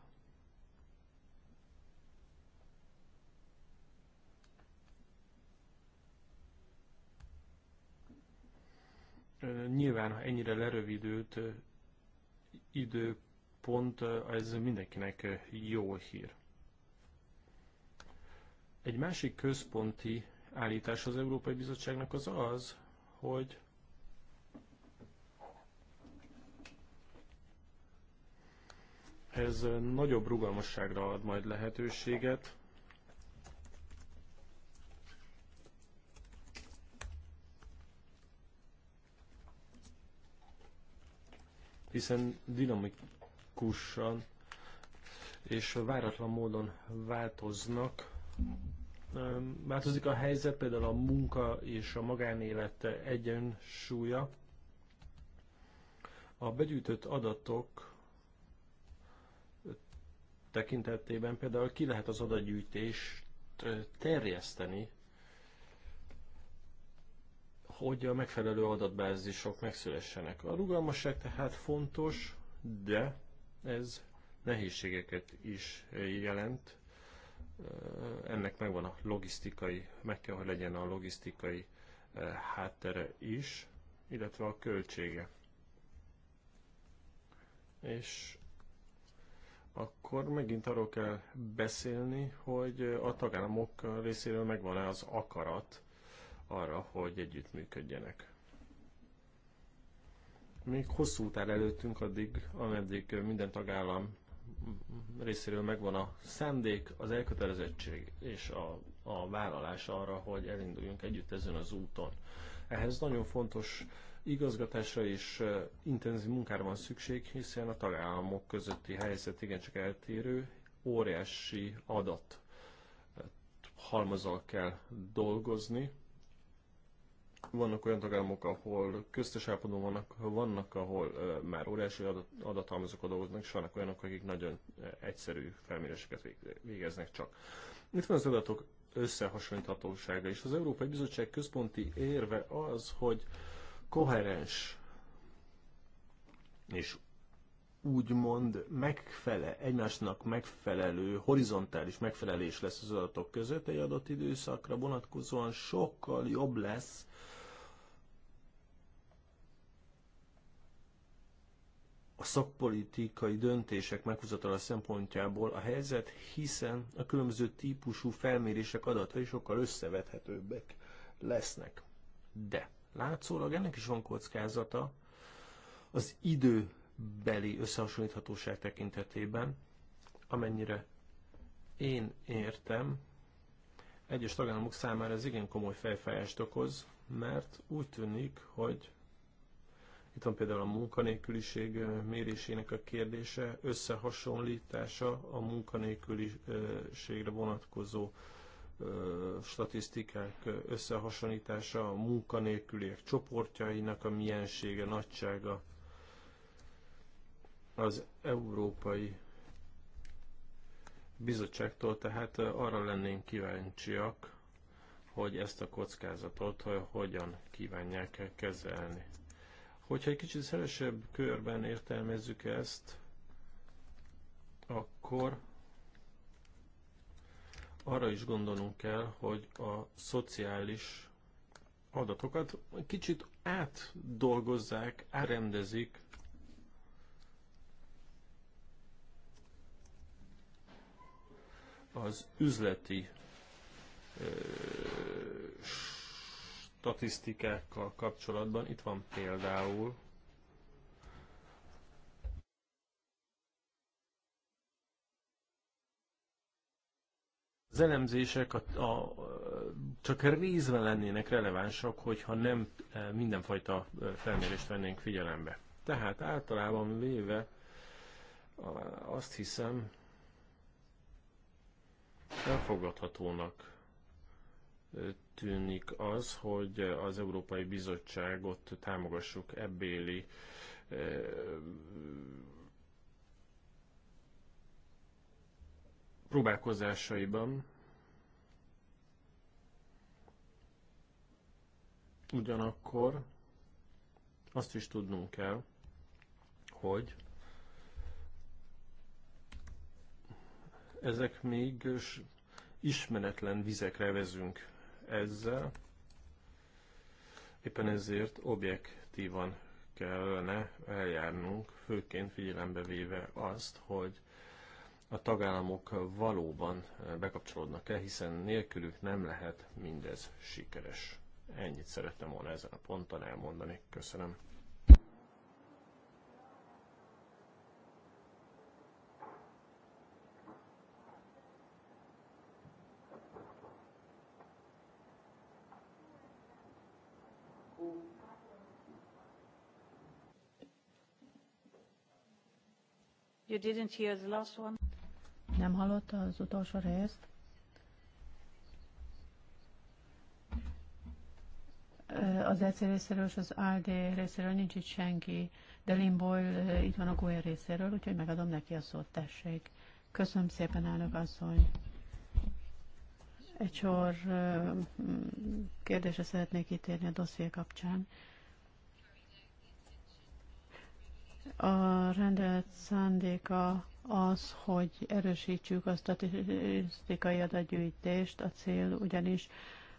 Nyilván ennyire lerövidült időpont, ez mindenkinek jó hír. Egy másik központi állítás az Európai Bizottságnak az az, hogy ez nagyobb rugalmasságra ad majd lehetőséget, hiszen dinamikusan és váratlan módon változnak. Változik a helyzet, például a munka és a magánélet egyensúlya. A begyűjtött adatok tekintetében például ki lehet az adatgyűjtést terjeszteni hogy a megfelelő adatbázisok megszülessenek. A rugalmasság tehát fontos, de ez nehézségeket is jelent. Ennek megvan a logisztikai, meg kell, hogy legyen a logisztikai háttere is, illetve a költsége. És akkor megint arról kell beszélni, hogy a tagállamok részéről megvan-e az akarat, arra, hogy együttműködjenek. Még hosszú út előttünk addig, ameddig minden tagállam részéről megvan a szándék, az elkötelezettség és a, a vállalás arra, hogy elinduljunk együtt ezen az úton. Ehhez nagyon fontos igazgatásra és intenzív munkára van szükség, hiszen a tagállamok közötti helyzet igencsak eltérő, óriási adat halmazal kell dolgozni, vannak olyan tagállamok, ahol köztes ápadon vannak, vannak, ahol uh, már óriási adat, dolgoznak, és vannak olyanok, akik nagyon egyszerű felméréseket végeznek csak. Itt van az adatok összehasonlíthatósága, és az Európai Bizottság központi érve az, hogy koherens és úgymond megfele, egymásnak megfelelő, horizontális megfelelés lesz az adatok között egy adott időszakra vonatkozóan sokkal jobb lesz, a szakpolitikai döntések meghozatala szempontjából a helyzet, hiszen a különböző típusú felmérések adatai sokkal összevethetőbbek lesznek. De látszólag ennek is van kockázata, az idő beli összehasonlíthatóság tekintetében, amennyire én értem, egyes tagállamok számára ez igen komoly fejfájást okoz, mert úgy tűnik, hogy itt van például a munkanélküliség mérésének a kérdése, összehasonlítása a munkanélküliségre vonatkozó statisztikák összehasonlítása, a munkanélküliek csoportjainak a miensége, nagysága, az Európai Bizottságtól, tehát arra lennénk kíváncsiak, hogy ezt a kockázatot hogy hogyan kívánják kezelni. Hogyha egy kicsit szélesebb körben értelmezzük ezt, akkor arra is gondolnunk kell, hogy a szociális adatokat kicsit átdolgozzák, árendezik az üzleti statisztikákkal kapcsolatban. Itt van például az elemzések a, a, csak részben lennének relevánsak, hogyha nem mindenfajta felmérést vennénk figyelembe. Tehát általában véve azt hiszem, Elfogadhatónak tűnik az, hogy az Európai Bizottságot támogassuk ebbéli próbálkozásaiban. Ugyanakkor azt is tudnunk kell, hogy ezek még ismeretlen vizekre vezünk ezzel. Éppen ezért objektívan kellene eljárnunk, főként figyelembe véve azt, hogy a tagállamok valóban bekapcsolódnak-e, hiszen nélkülük nem lehet mindez sikeres. Ennyit szerettem volna ezen a ponton elmondani. Köszönöm. didn't hear the last one. Nem hallotta az utolsó részt? Az EC részéről és az ALD részéről nincs itt senki, de limboil itt van a GUE részéről, úgyhogy megadom neki a szót, tessék. Köszönöm szépen, elnök asszony. Egy sor kérdésre szeretnék kitérni a dosszié kapcsán. A rendelet szándéka az, hogy erősítsük a statisztikai adatgyűjtést, a cél ugyanis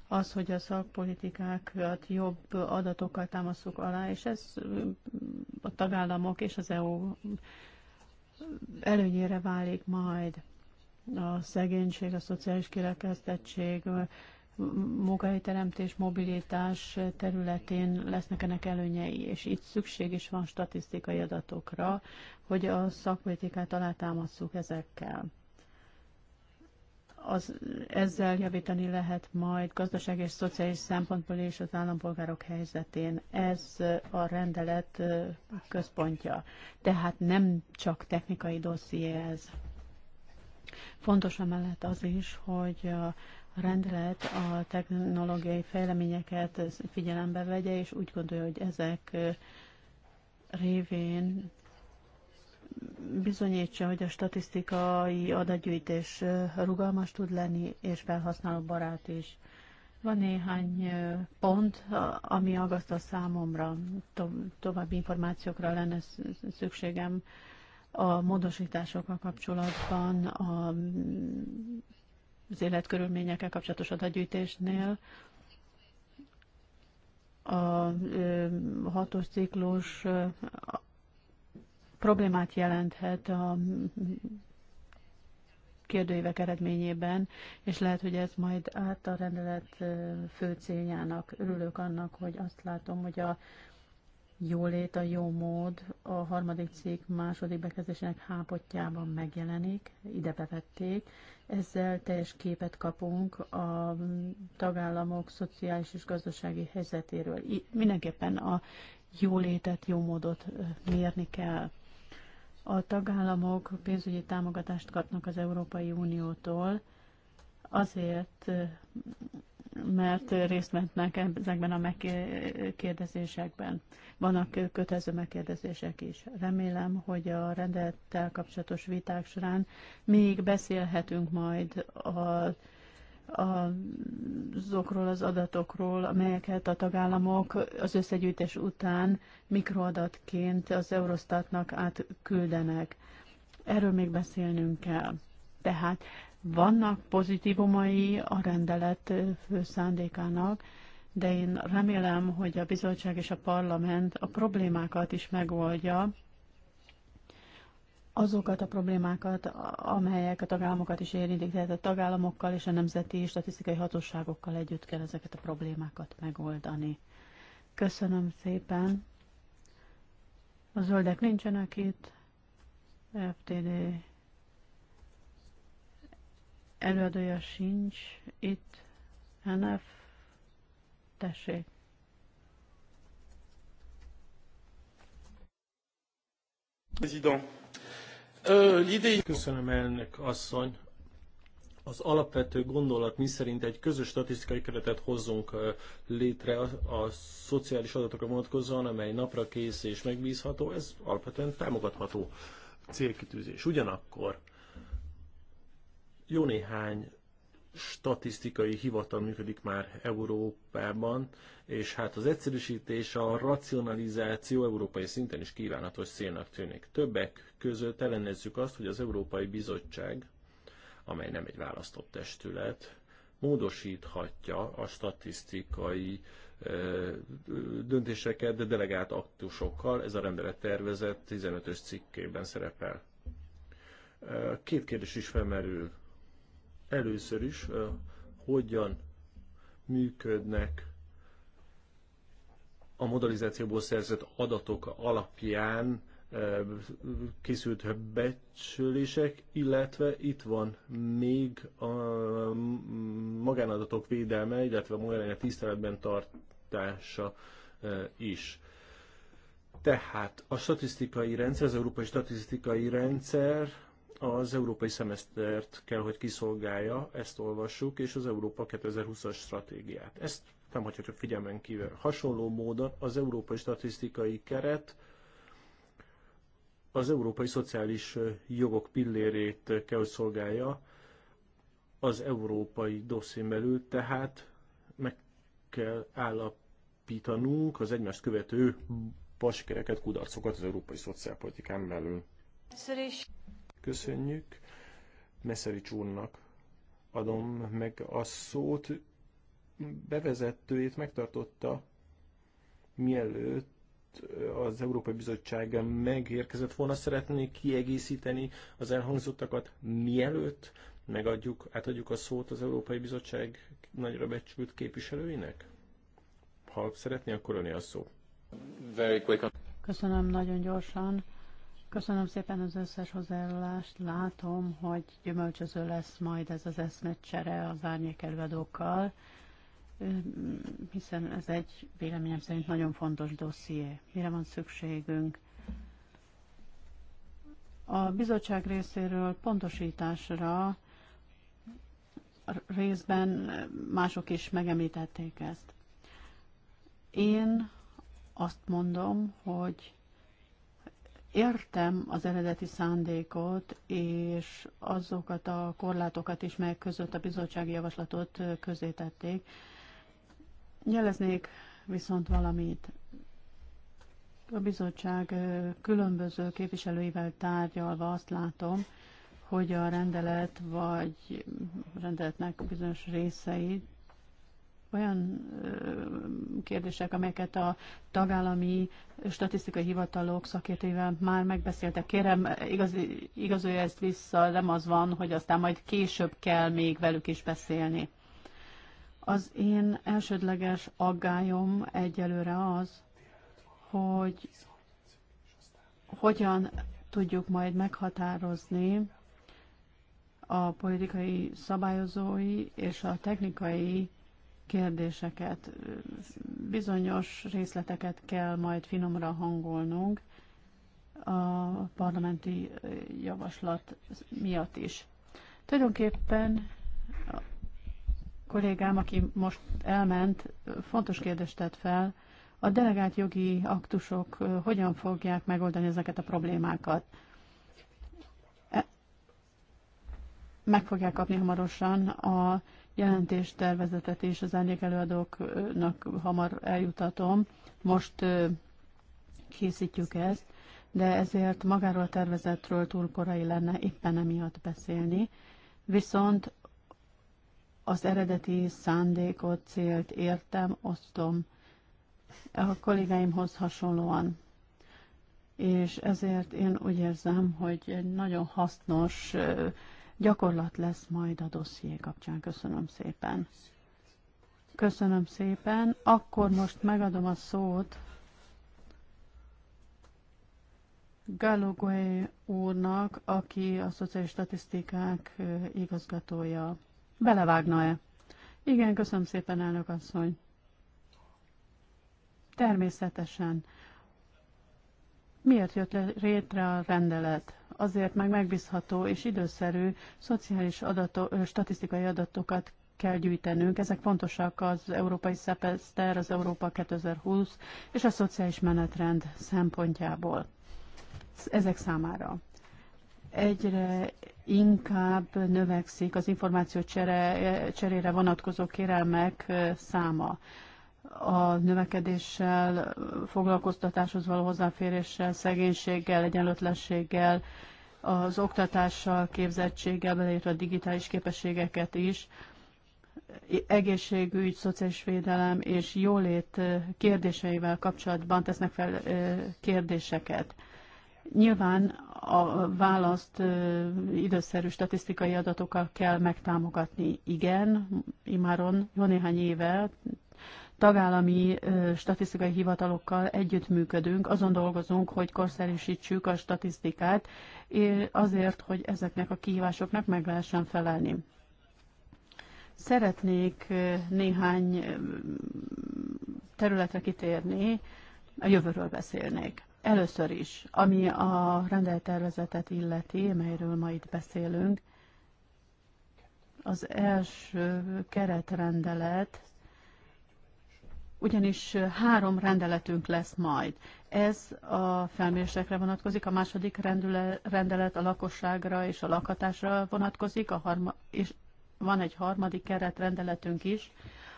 az, hogy a szakpolitikákat jobb adatokkal támaszuk alá, és ez a tagállamok és az EU előnyére válik majd. A szegénység, a szociális kirekesztettség, munkahelyteremtés, mobilitás területén lesznek ennek előnyei, és itt szükség is van statisztikai adatokra, hogy a szakpolitikát alátámasszuk ezekkel. Az, ezzel javítani lehet majd gazdaság és szociális szempontból és az állampolgárok helyzetén. Ez a rendelet központja. Tehát nem csak technikai dosszié ez. Fontos emellett az is, hogy a rendelet a technológiai fejleményeket figyelembe vegye, és úgy gondolja, hogy ezek révén bizonyítsa, hogy a statisztikai adatgyűjtés rugalmas tud lenni, és felhasználó barát is. Van néhány pont, ami agaszt a számomra. To további információkra lenne szükségem a módosításokkal kapcsolatban, a az életkörülményekkel kapcsolatos adatgyűjtésnél a hatos ciklus problémát jelenthet a kérdőívek eredményében, és lehet, hogy ez majd át a rendelet fő céljának. Örülök annak, hogy azt látom, hogy a jólét a jó mód a harmadik cikk második bekezdésének hápotjában megjelenik, ide bevették. Ezzel teljes képet kapunk a tagállamok szociális és gazdasági helyzetéről. Mindenképpen a jólétet, jó módot mérni kell. A tagállamok pénzügyi támogatást kapnak az Európai Uniótól, azért mert részt vettnek ezekben a megkérdezésekben. Vannak kötelező megkérdezések is. Remélem, hogy a rendelettel kapcsolatos viták során még beszélhetünk majd a azokról az adatokról, amelyeket a tagállamok az összegyűjtés után mikroadatként az Eurostatnak átküldenek. Erről még beszélnünk kell. Tehát vannak pozitívumai a rendelet fő szándékának, de én remélem, hogy a bizottság és a parlament a problémákat is megoldja, azokat a problémákat, amelyek a tagállamokat is érintik, tehát a tagállamokkal és a nemzeti statisztikai hatóságokkal együtt kell ezeket a problémákat megoldani. Köszönöm szépen. A zöldek nincsenek itt. FTD előadója sincs itt. NF, tessék. Euh, Köszönöm elnök asszony. Az alapvető gondolat miszerint egy közös statisztikai keretet hozzunk létre a, a szociális adatokra vonatkozóan, amely napra kész és megbízható, ez alapvetően támogatható célkitűzés. Ugyanakkor jó néhány statisztikai hivatal működik már Európában, és hát az egyszerűsítés, a racionalizáció európai szinten is kívánatos célnak tűnik. Többek között ellenezzük azt, hogy az Európai Bizottság, amely nem egy választott testület, módosíthatja a statisztikai ö, döntéseket de delegált aktusokkal, ez a rendelet tervezett 15-ös cikkében szerepel. Két kérdés is felmerül Először is, hogyan működnek a modalizációból szerzett adatok alapján készült becsülések, illetve itt van még a magánadatok védelme, illetve a magánadatok tiszteletben tartása is. Tehát a statisztikai rendszer, az európai statisztikai rendszer az európai szemesztert kell, hogy kiszolgálja, ezt olvassuk, és az Európa 2020-as stratégiát. Ezt nem hagyhatjuk figyelmen kívül. Hasonló módon az európai statisztikai keret az európai szociális jogok pillérét kell, hogy szolgálja az európai dosszín belül, tehát meg kell állapítanunk az egymást követő pasikereket, kudarcokat az európai szociálpolitikán belül. Először Köszönjük. Meszerics úrnak adom meg a szót. Bevezetőjét megtartotta, mielőtt az Európai Bizottság megérkezett volna. Szeretnék kiegészíteni az elhangzottakat, mielőtt megadjuk, átadjuk a szót az Európai Bizottság nagyra becsült képviselőinek? Ha szeretné, akkor öné a szó. Köszönöm nagyon gyorsan. Köszönöm szépen az összes hozzájárulást. Látom, hogy gyümölcsöző lesz majd ez az eszmecsere az árnyék hiszen ez egy véleményem szerint nagyon fontos dosszié. Mire van szükségünk? A bizottság részéről pontosításra részben mások is megemlítették ezt. Én azt mondom, hogy Értem az eredeti szándékot és azokat a korlátokat is, meg között a bizottsági javaslatot közé tették. Jeleznék viszont valamit. A bizottság különböző képviselőivel tárgyalva azt látom, hogy a rendelet vagy rendeletnek bizonyos részeit olyan kérdések, amelyeket a tagállami statisztikai hivatalok szakértőivel már megbeszéltek. Kérem, igaz, igazolja ezt vissza, nem az van, hogy aztán majd később kell még velük is beszélni. Az én elsődleges aggályom egyelőre az, hogy hogyan tudjuk majd meghatározni a politikai szabályozói és a technikai kérdéseket. Bizonyos részleteket kell majd finomra hangolnunk a parlamenti javaslat miatt is. Tulajdonképpen a kollégám, aki most elment, fontos kérdést tett fel, a delegált jogi aktusok hogyan fogják megoldani ezeket a problémákat? E- meg fogják kapni hamarosan a jelentéstervezetet is az előadóknak hamar eljutatom. Most készítjük ezt, de ezért magáról a tervezetről túl korai lenne éppen emiatt beszélni. Viszont az eredeti szándékot, célt értem, osztom a kollégáimhoz hasonlóan. És ezért én úgy érzem, hogy egy nagyon hasznos gyakorlat lesz majd a dosszié kapcsán. Köszönöm szépen. Köszönöm szépen. Akkor most megadom a szót Galogoé úrnak, aki a Szociális Statisztikák igazgatója. Belevágna-e? Igen, köszönöm szépen, elnök asszony. Természetesen. Miért jött létre a rendelet? Azért meg megbízható és időszerű szociális adato- statisztikai adatokat kell gyűjtenünk. Ezek fontosak az Európai Szepeszter, az Európa 2020 és a szociális menetrend szempontjából. Ezek számára. Egyre inkább növekszik az információ cserére vonatkozó kérelmek száma a növekedéssel, foglalkoztatáshoz való hozzáféréssel, szegénységgel, egyenlőtlenséggel, az oktatással, képzettséggel, beleértve a digitális képességeket is, egészségügy, szociális védelem és jólét kérdéseivel kapcsolatban tesznek fel kérdéseket. Nyilván a választ időszerű statisztikai adatokkal kell megtámogatni. Igen, imáron jó néhány éve, tagállami statisztikai hivatalokkal együttműködünk, azon dolgozunk, hogy korszerűsítsük a statisztikát, azért, hogy ezeknek a kihívásoknak meg lehessen felelni. Szeretnék néhány területre kitérni, a jövőről beszélnék. Először is, ami a rendeltervezetet illeti, melyről ma itt beszélünk, az első keretrendelet ugyanis három rendeletünk lesz majd. Ez a felmérésekre vonatkozik, a második rendelet a lakosságra és a lakhatásra vonatkozik, a harma, és van egy harmadik keretrendeletünk is,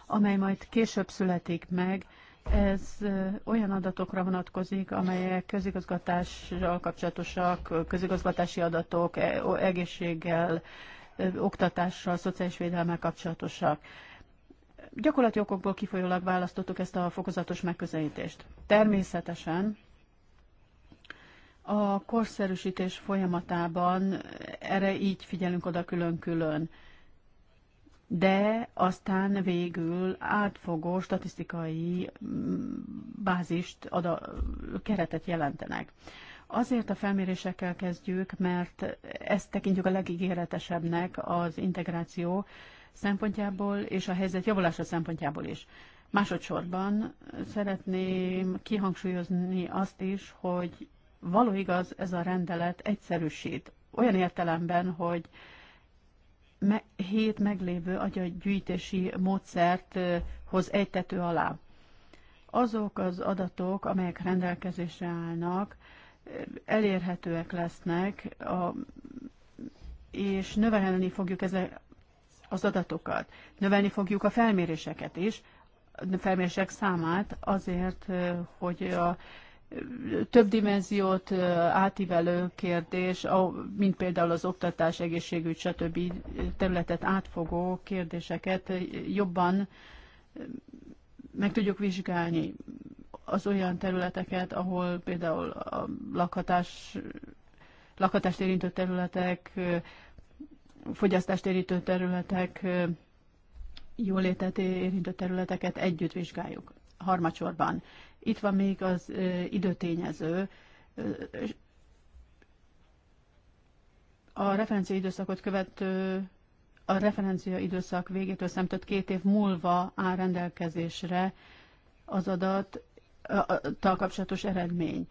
amely majd később születik meg. Ez olyan adatokra vonatkozik, amelyek közigazgatással kapcsolatosak, közigazgatási adatok, e, egészséggel, oktatással, szociális védelemmel kapcsolatosak gyakorlati okokból kifolyólag választottuk ezt a fokozatos megközelítést. Természetesen a korszerűsítés folyamatában erre így figyelünk oda külön-külön, de aztán végül átfogó statisztikai mm, bázist, a keretet jelentenek. Azért a felmérésekkel kezdjük, mert ezt tekintjük a legígéretesebbnek az integráció szempontjából és a helyzet javulása szempontjából is. Másodszorban szeretném kihangsúlyozni azt is, hogy való igaz, ez a rendelet egyszerűsít. Olyan értelemben, hogy me- hét meglévő agyagyűjtési módszert hoz egy tető alá. Azok az adatok, amelyek rendelkezésre állnak, elérhetőek lesznek, a, és növelni fogjuk ezek az adatokat. Növelni fogjuk a felméréseket is, a felmérések számát azért, hogy a több dimenziót átívelő kérdés, mint például az oktatás, egészségügy, stb. területet átfogó kérdéseket jobban meg tudjuk vizsgálni az olyan területeket, ahol például a lakhatás, lakhatást érintő területek, fogyasztást érintő területek, jólétet érintő területeket együtt vizsgáljuk. Harmadsorban. Itt van még az időtényező. A referencia időszakot követő a referencia időszak végétől szemtött két év múlva áll rendelkezésre az a kapcsolatos eredmény.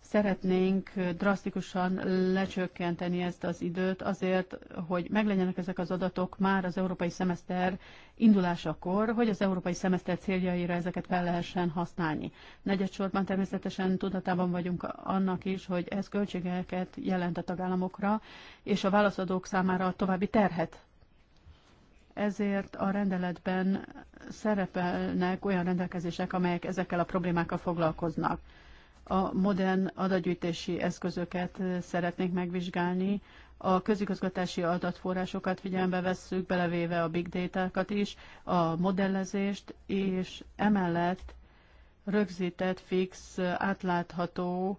Szeretnénk drasztikusan lecsökkenteni ezt az időt azért, hogy meglegyenek ezek az adatok már az európai szemeszter indulásakor, hogy az európai szemeszter céljaira ezeket fel lehessen használni. Negyedsorban természetesen tudatában vagyunk annak is, hogy ez költségeket jelent a tagállamokra, és a válaszadók számára további terhet ezért a rendeletben szerepelnek olyan rendelkezések, amelyek ezekkel a problémákkal foglalkoznak a modern adatgyűjtési eszközöket szeretnénk megvizsgálni, a közigazgatási adatforrásokat figyelembe vesszük, belevéve a big data-kat is, a modellezést, és emellett rögzített, fix, átlátható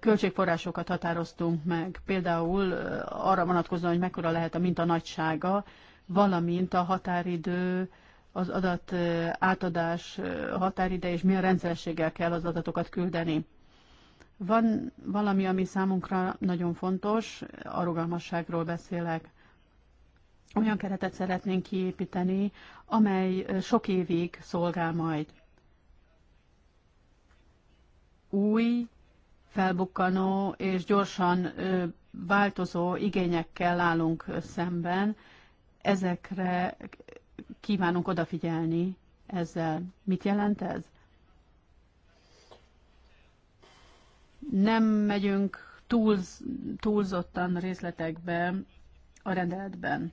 költségforrásokat határoztunk meg. Például arra vonatkozóan, hogy mekkora lehet a minta nagysága, valamint a határidő az adat átadás határide, és milyen rendszerességgel kell az adatokat küldeni. Van valami, ami számunkra nagyon fontos, a rugalmasságról beszélek. Olyan keretet szeretnénk kiépíteni, amely sok évig szolgál majd. Új, felbukkanó és gyorsan változó igényekkel állunk szemben, ezekre kívánunk odafigyelni ezzel. Mit jelent ez? Nem megyünk túl, túlzottan részletekbe a rendeletben.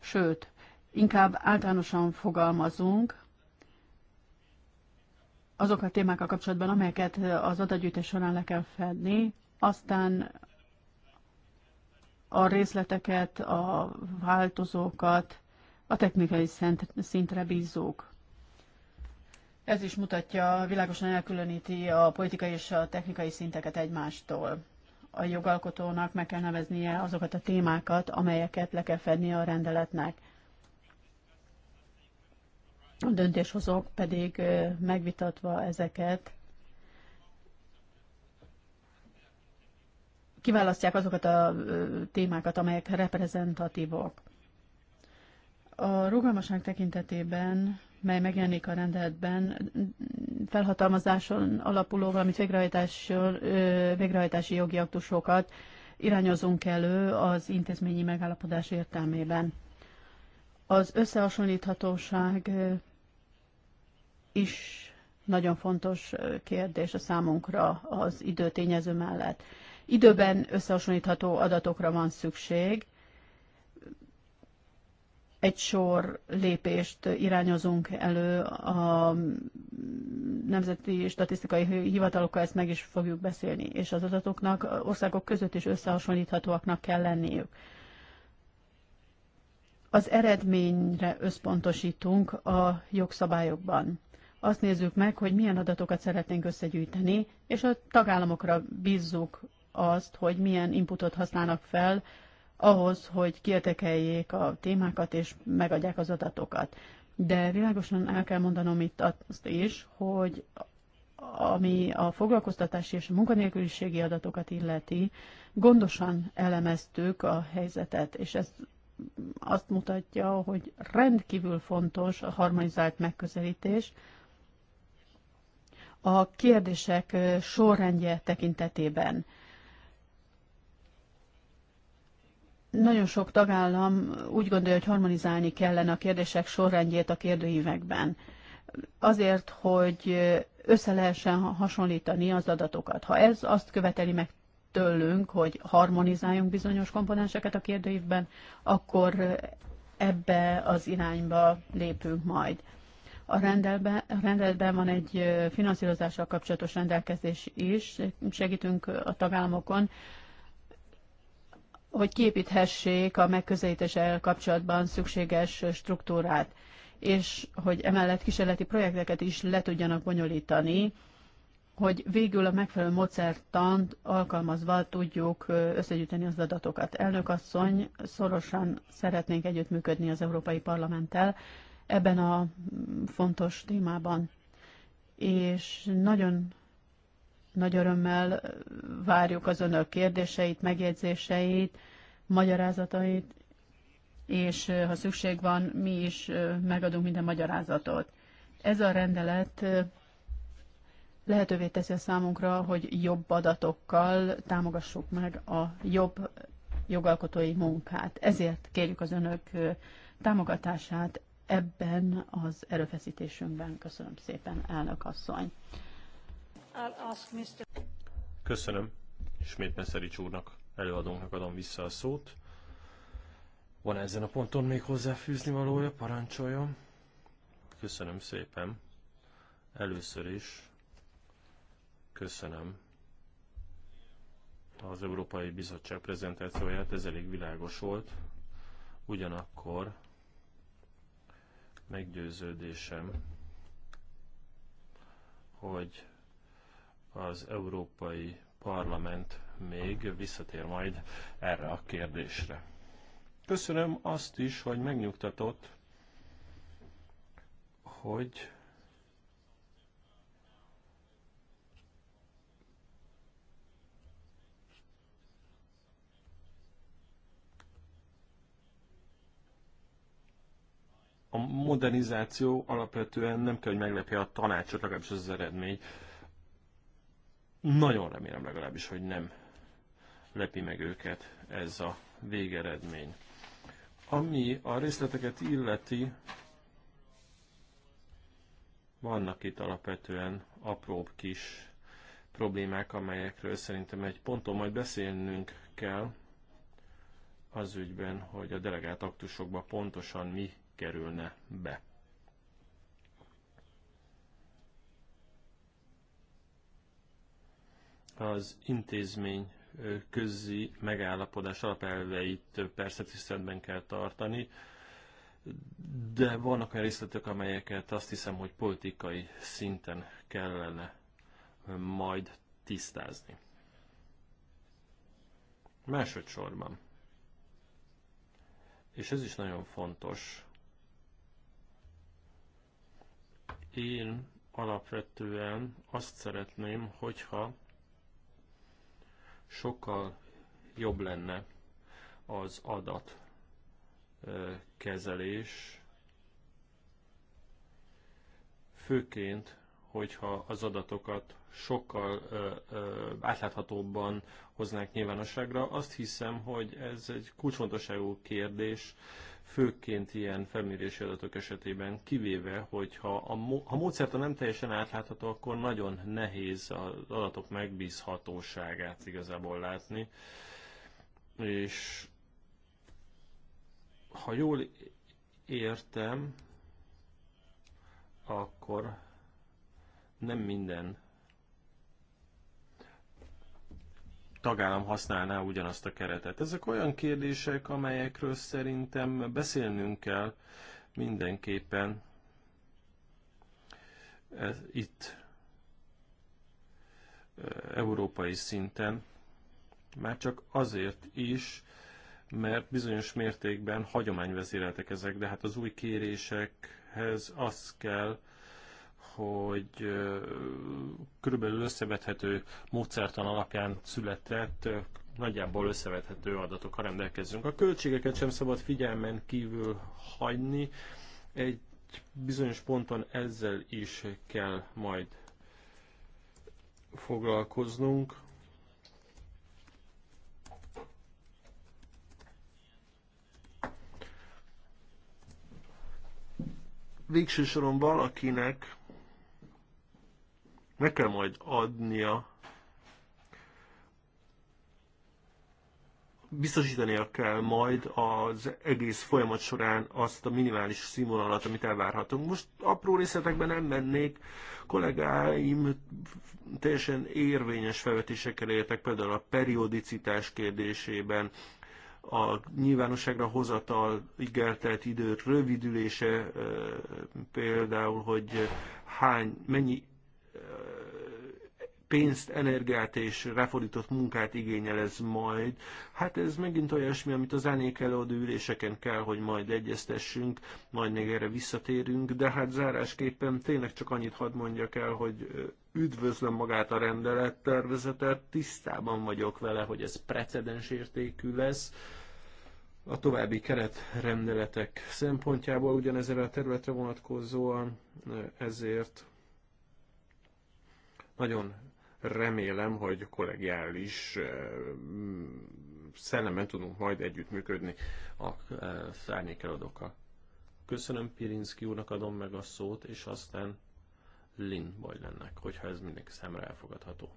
Sőt, inkább általánosan fogalmazunk azok a témákkal kapcsolatban, amelyeket az adatgyűjtés során le kell fedni, aztán a részleteket, a változókat a technikai szintre bízók. Ez is mutatja, világosan elkülöníti a politikai és a technikai szinteket egymástól. A jogalkotónak meg kell neveznie azokat a témákat, amelyeket le kell fednie a rendeletnek. A döntéshozók pedig megvitatva ezeket kiválasztják azokat a témákat, amelyek reprezentatívok. A rugalmasság tekintetében, mely megjelenik a rendeletben, felhatalmazáson alapuló, valamint végrehajtási jogi aktusokat irányozunk elő az intézményi megállapodás értelmében. Az összehasonlíthatóság is nagyon fontos kérdés a számunkra az időtényező mellett. Időben összehasonlítható adatokra van szükség, egy sor lépést irányozunk elő a nemzeti statisztikai hivatalokkal, ezt meg is fogjuk beszélni, és az adatoknak országok között is összehasonlíthatóaknak kell lenniük. Az eredményre összpontosítunk a jogszabályokban. Azt nézzük meg, hogy milyen adatokat szeretnénk összegyűjteni, és a tagállamokra bízzuk azt, hogy milyen inputot használnak fel ahhoz, hogy kiértekeljék a témákat és megadják az adatokat. De világosan el kell mondanom itt azt is, hogy ami a foglalkoztatási és a munkanélküliségi adatokat illeti, gondosan elemeztük a helyzetet, és ez azt mutatja, hogy rendkívül fontos a harmonizált megközelítés a kérdések sorrendje tekintetében. nagyon sok tagállam úgy gondolja, hogy harmonizálni kellene a kérdések sorrendjét a kérdőívekben. Azért, hogy össze lehessen hasonlítani az adatokat. Ha ez azt követeli meg tőlünk, hogy harmonizáljunk bizonyos komponenseket a kérdőívben, akkor ebbe az irányba lépünk majd. A rendelben, a rendeletben van egy finanszírozással kapcsolatos rendelkezés is, segítünk a tagállamokon, hogy képíthessék a megközelítéssel kapcsolatban szükséges struktúrát, és hogy emellett kísérleti projekteket is le tudjanak bonyolítani, hogy végül a megfelelő módszertant alkalmazva tudjuk összegyűjteni az adatokat. Elnök asszony, szorosan szeretnénk együttműködni az Európai Parlamenttel ebben a fontos témában. És nagyon nagy örömmel várjuk az önök kérdéseit, megjegyzéseit, magyarázatait, és ha szükség van, mi is megadunk minden magyarázatot. Ez a rendelet lehetővé teszi a számunkra, hogy jobb adatokkal támogassuk meg a jobb jogalkotói munkát. Ezért kérjük az önök támogatását ebben az erőfeszítésünkben. Köszönöm szépen, elnök asszony. Köszönöm. Ismét Meszerics úrnak, előadónknak adom vissza a szót. Van -e ezen a ponton még hozzáfűzni valója? Parancsoljon. Köszönöm szépen. Először is köszönöm az Európai Bizottság prezentációját, ez elég világos volt. Ugyanakkor meggyőződésem, hogy az Európai Parlament még visszatér majd erre a kérdésre. Köszönöm azt is, hogy megnyugtatott, hogy a modernizáció alapvetően nem kell, hogy meglepje a tanácsot, legalábbis az, az eredmény, nagyon remélem legalábbis, hogy nem lepi meg őket ez a végeredmény. Ami a részleteket illeti, vannak itt alapvetően apróbb kis problémák, amelyekről szerintem egy ponton majd beszélnünk kell az ügyben, hogy a delegált aktusokba pontosan mi kerülne be. az intézmény közi megállapodás alapelveit persze tiszteletben kell tartani, de vannak olyan részletek, amelyeket azt hiszem, hogy politikai szinten kellene majd tisztázni. Másodszorban, és ez is nagyon fontos, én alapvetően azt szeretném, hogyha sokkal jobb lenne az adat kezelés, főként, hogyha az adatokat sokkal átláthatóbban hoznák nyilvánosságra. Azt hiszem, hogy ez egy kulcsfontosságú kérdés főként ilyen felmérési adatok esetében, kivéve, hogyha a, ha módszerta nem teljesen átlátható, akkor nagyon nehéz az adatok megbízhatóságát igazából látni. És ha jól értem, akkor nem minden tagállam használná ugyanazt a keretet. Ezek olyan kérdések, amelyekről szerintem beszélnünk kell mindenképpen ez, itt európai szinten, már csak azért is, mert bizonyos mértékben hagyományvezéreltek ezek, de hát az új kérésekhez az kell, hogy körülbelül összevethető módszertan alapján született, nagyjából összevethető adatokkal rendelkezünk. A költségeket sem szabad figyelmen kívül hagyni, egy bizonyos ponton ezzel is kell majd foglalkoznunk. Végső soron valakinek meg kell majd adnia, biztosítania kell majd az egész folyamat során azt a minimális színvonalat, amit elvárhatunk. Most apró részletekben nem mennék, kollégáim teljesen érvényes felvetésekkel értek, például a periodicitás kérdésében, a nyilvánosságra hozatal igeltelt idő rövidülése, például, hogy hány, mennyi pénzt, energiát és ráfordított munkát igényel ez majd. Hát ez megint olyasmi, amit az zenék előadó üléseken kell, hogy majd egyeztessünk, majd még erre visszatérünk, de hát zárásképpen tényleg csak annyit hadd mondjak el, hogy üdvözlöm magát a rendelettervezetet, tisztában vagyok vele, hogy ez precedens értékű lesz, a további keretrendeletek szempontjából ugyanezzel a területre vonatkozóan, ezért nagyon remélem, hogy kollegiális szellemben tudunk majd együttműködni a szárnyékeladókkal. Köszönöm Pirinszki úrnak adom meg a szót, és aztán Lin Bajlennek, hogyha ez mindenki számára elfogadható.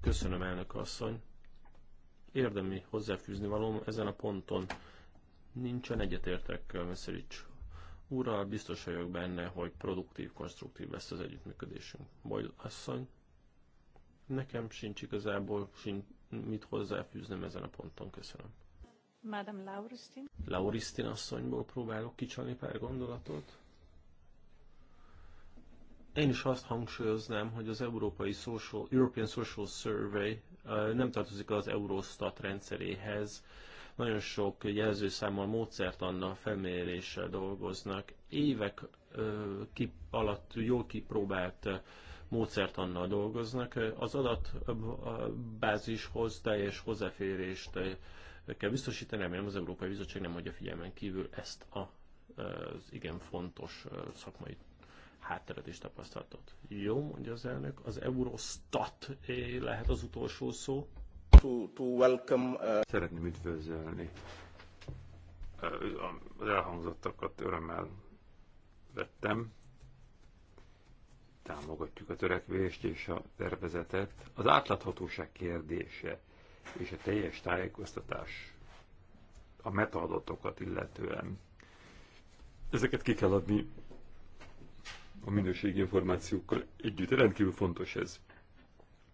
Köszönöm, elnök asszony. Érdemi hozzáfűzni való ezen a ponton nincsen egyetértek uh, Rich úrral, biztos vagyok benne, hogy produktív, konstruktív lesz az együttműködésünk. Boyd asszony, nekem sincs igazából sincs mit hozzáfűznem ezen a ponton, köszönöm. Madame Lauristin. Lauristin asszonyból próbálok kicsalni pár gondolatot. Én is azt hangsúlyoznám, hogy az Európai Social, European Social Survey nem tartozik az Eurostat rendszeréhez, nagyon sok jelzőszámmal, módszertannal, felméréssel dolgoznak. Évek alatt jól kipróbált módszertannal dolgoznak. Az adatbázishoz teljes hozzáférést kell biztosítani, remélem az Európai Bizottság nem adja figyelmen kívül ezt a, az igen fontos szakmai hátteret és tapasztalatot. Jó, mondja az elnök, az Eurostat lehet az utolsó szó. Uh, Szeretném üdvözölni uh, az elhangzottakat örömmel vettem. Támogatjuk a törekvést és a tervezetet. Az átláthatóság kérdése és a teljes tájékoztatás a metaadatokat illetően. Ezeket ki kell adni a minőségi információkkal együtt. Rendkívül fontos ez.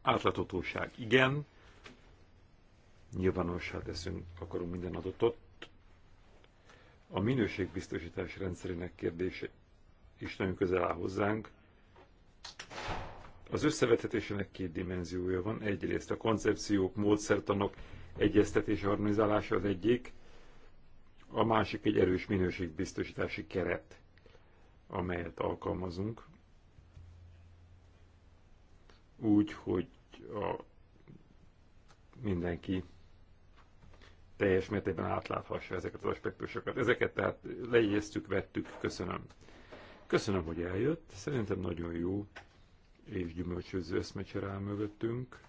Átláthatóság igen, nyilvánossá teszünk, akarunk minden adatot. A minőségbiztosítás rendszerének kérdése is nagyon közel áll hozzánk. Az összevethetésének két dimenziója van. Egyrészt a koncepciók, módszertanok egyeztetés harmonizálása az egyik, a másik egy erős minőségbiztosítási keret, amelyet alkalmazunk. Úgy, hogy a mindenki teljes mértékben átláthassa ezeket az aspektusokat. Ezeket tehát lejegyeztük, vettük, köszönöm. Köszönöm, hogy eljött, szerintem nagyon jó és gyümölcsöző eszmecsere áll mögöttünk.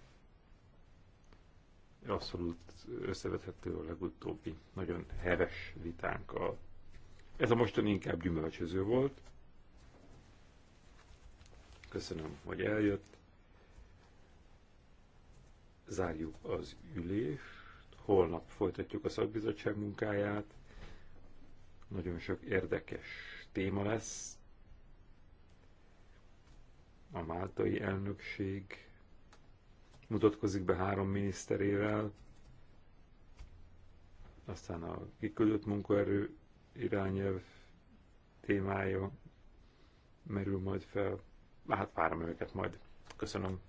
Abszolút összevethető a legutóbbi nagyon heves vitánkkal. Ez a mostani inkább gyümölcsöző volt. Köszönöm, hogy eljött. Zárjuk az ülést holnap folytatjuk a szakbizottság munkáját. Nagyon sok érdekes téma lesz. A máltai elnökség mutatkozik be három miniszterével, aztán a kiküldött munkaerő irányelv témája merül majd fel. Hát várom őket majd. Köszönöm.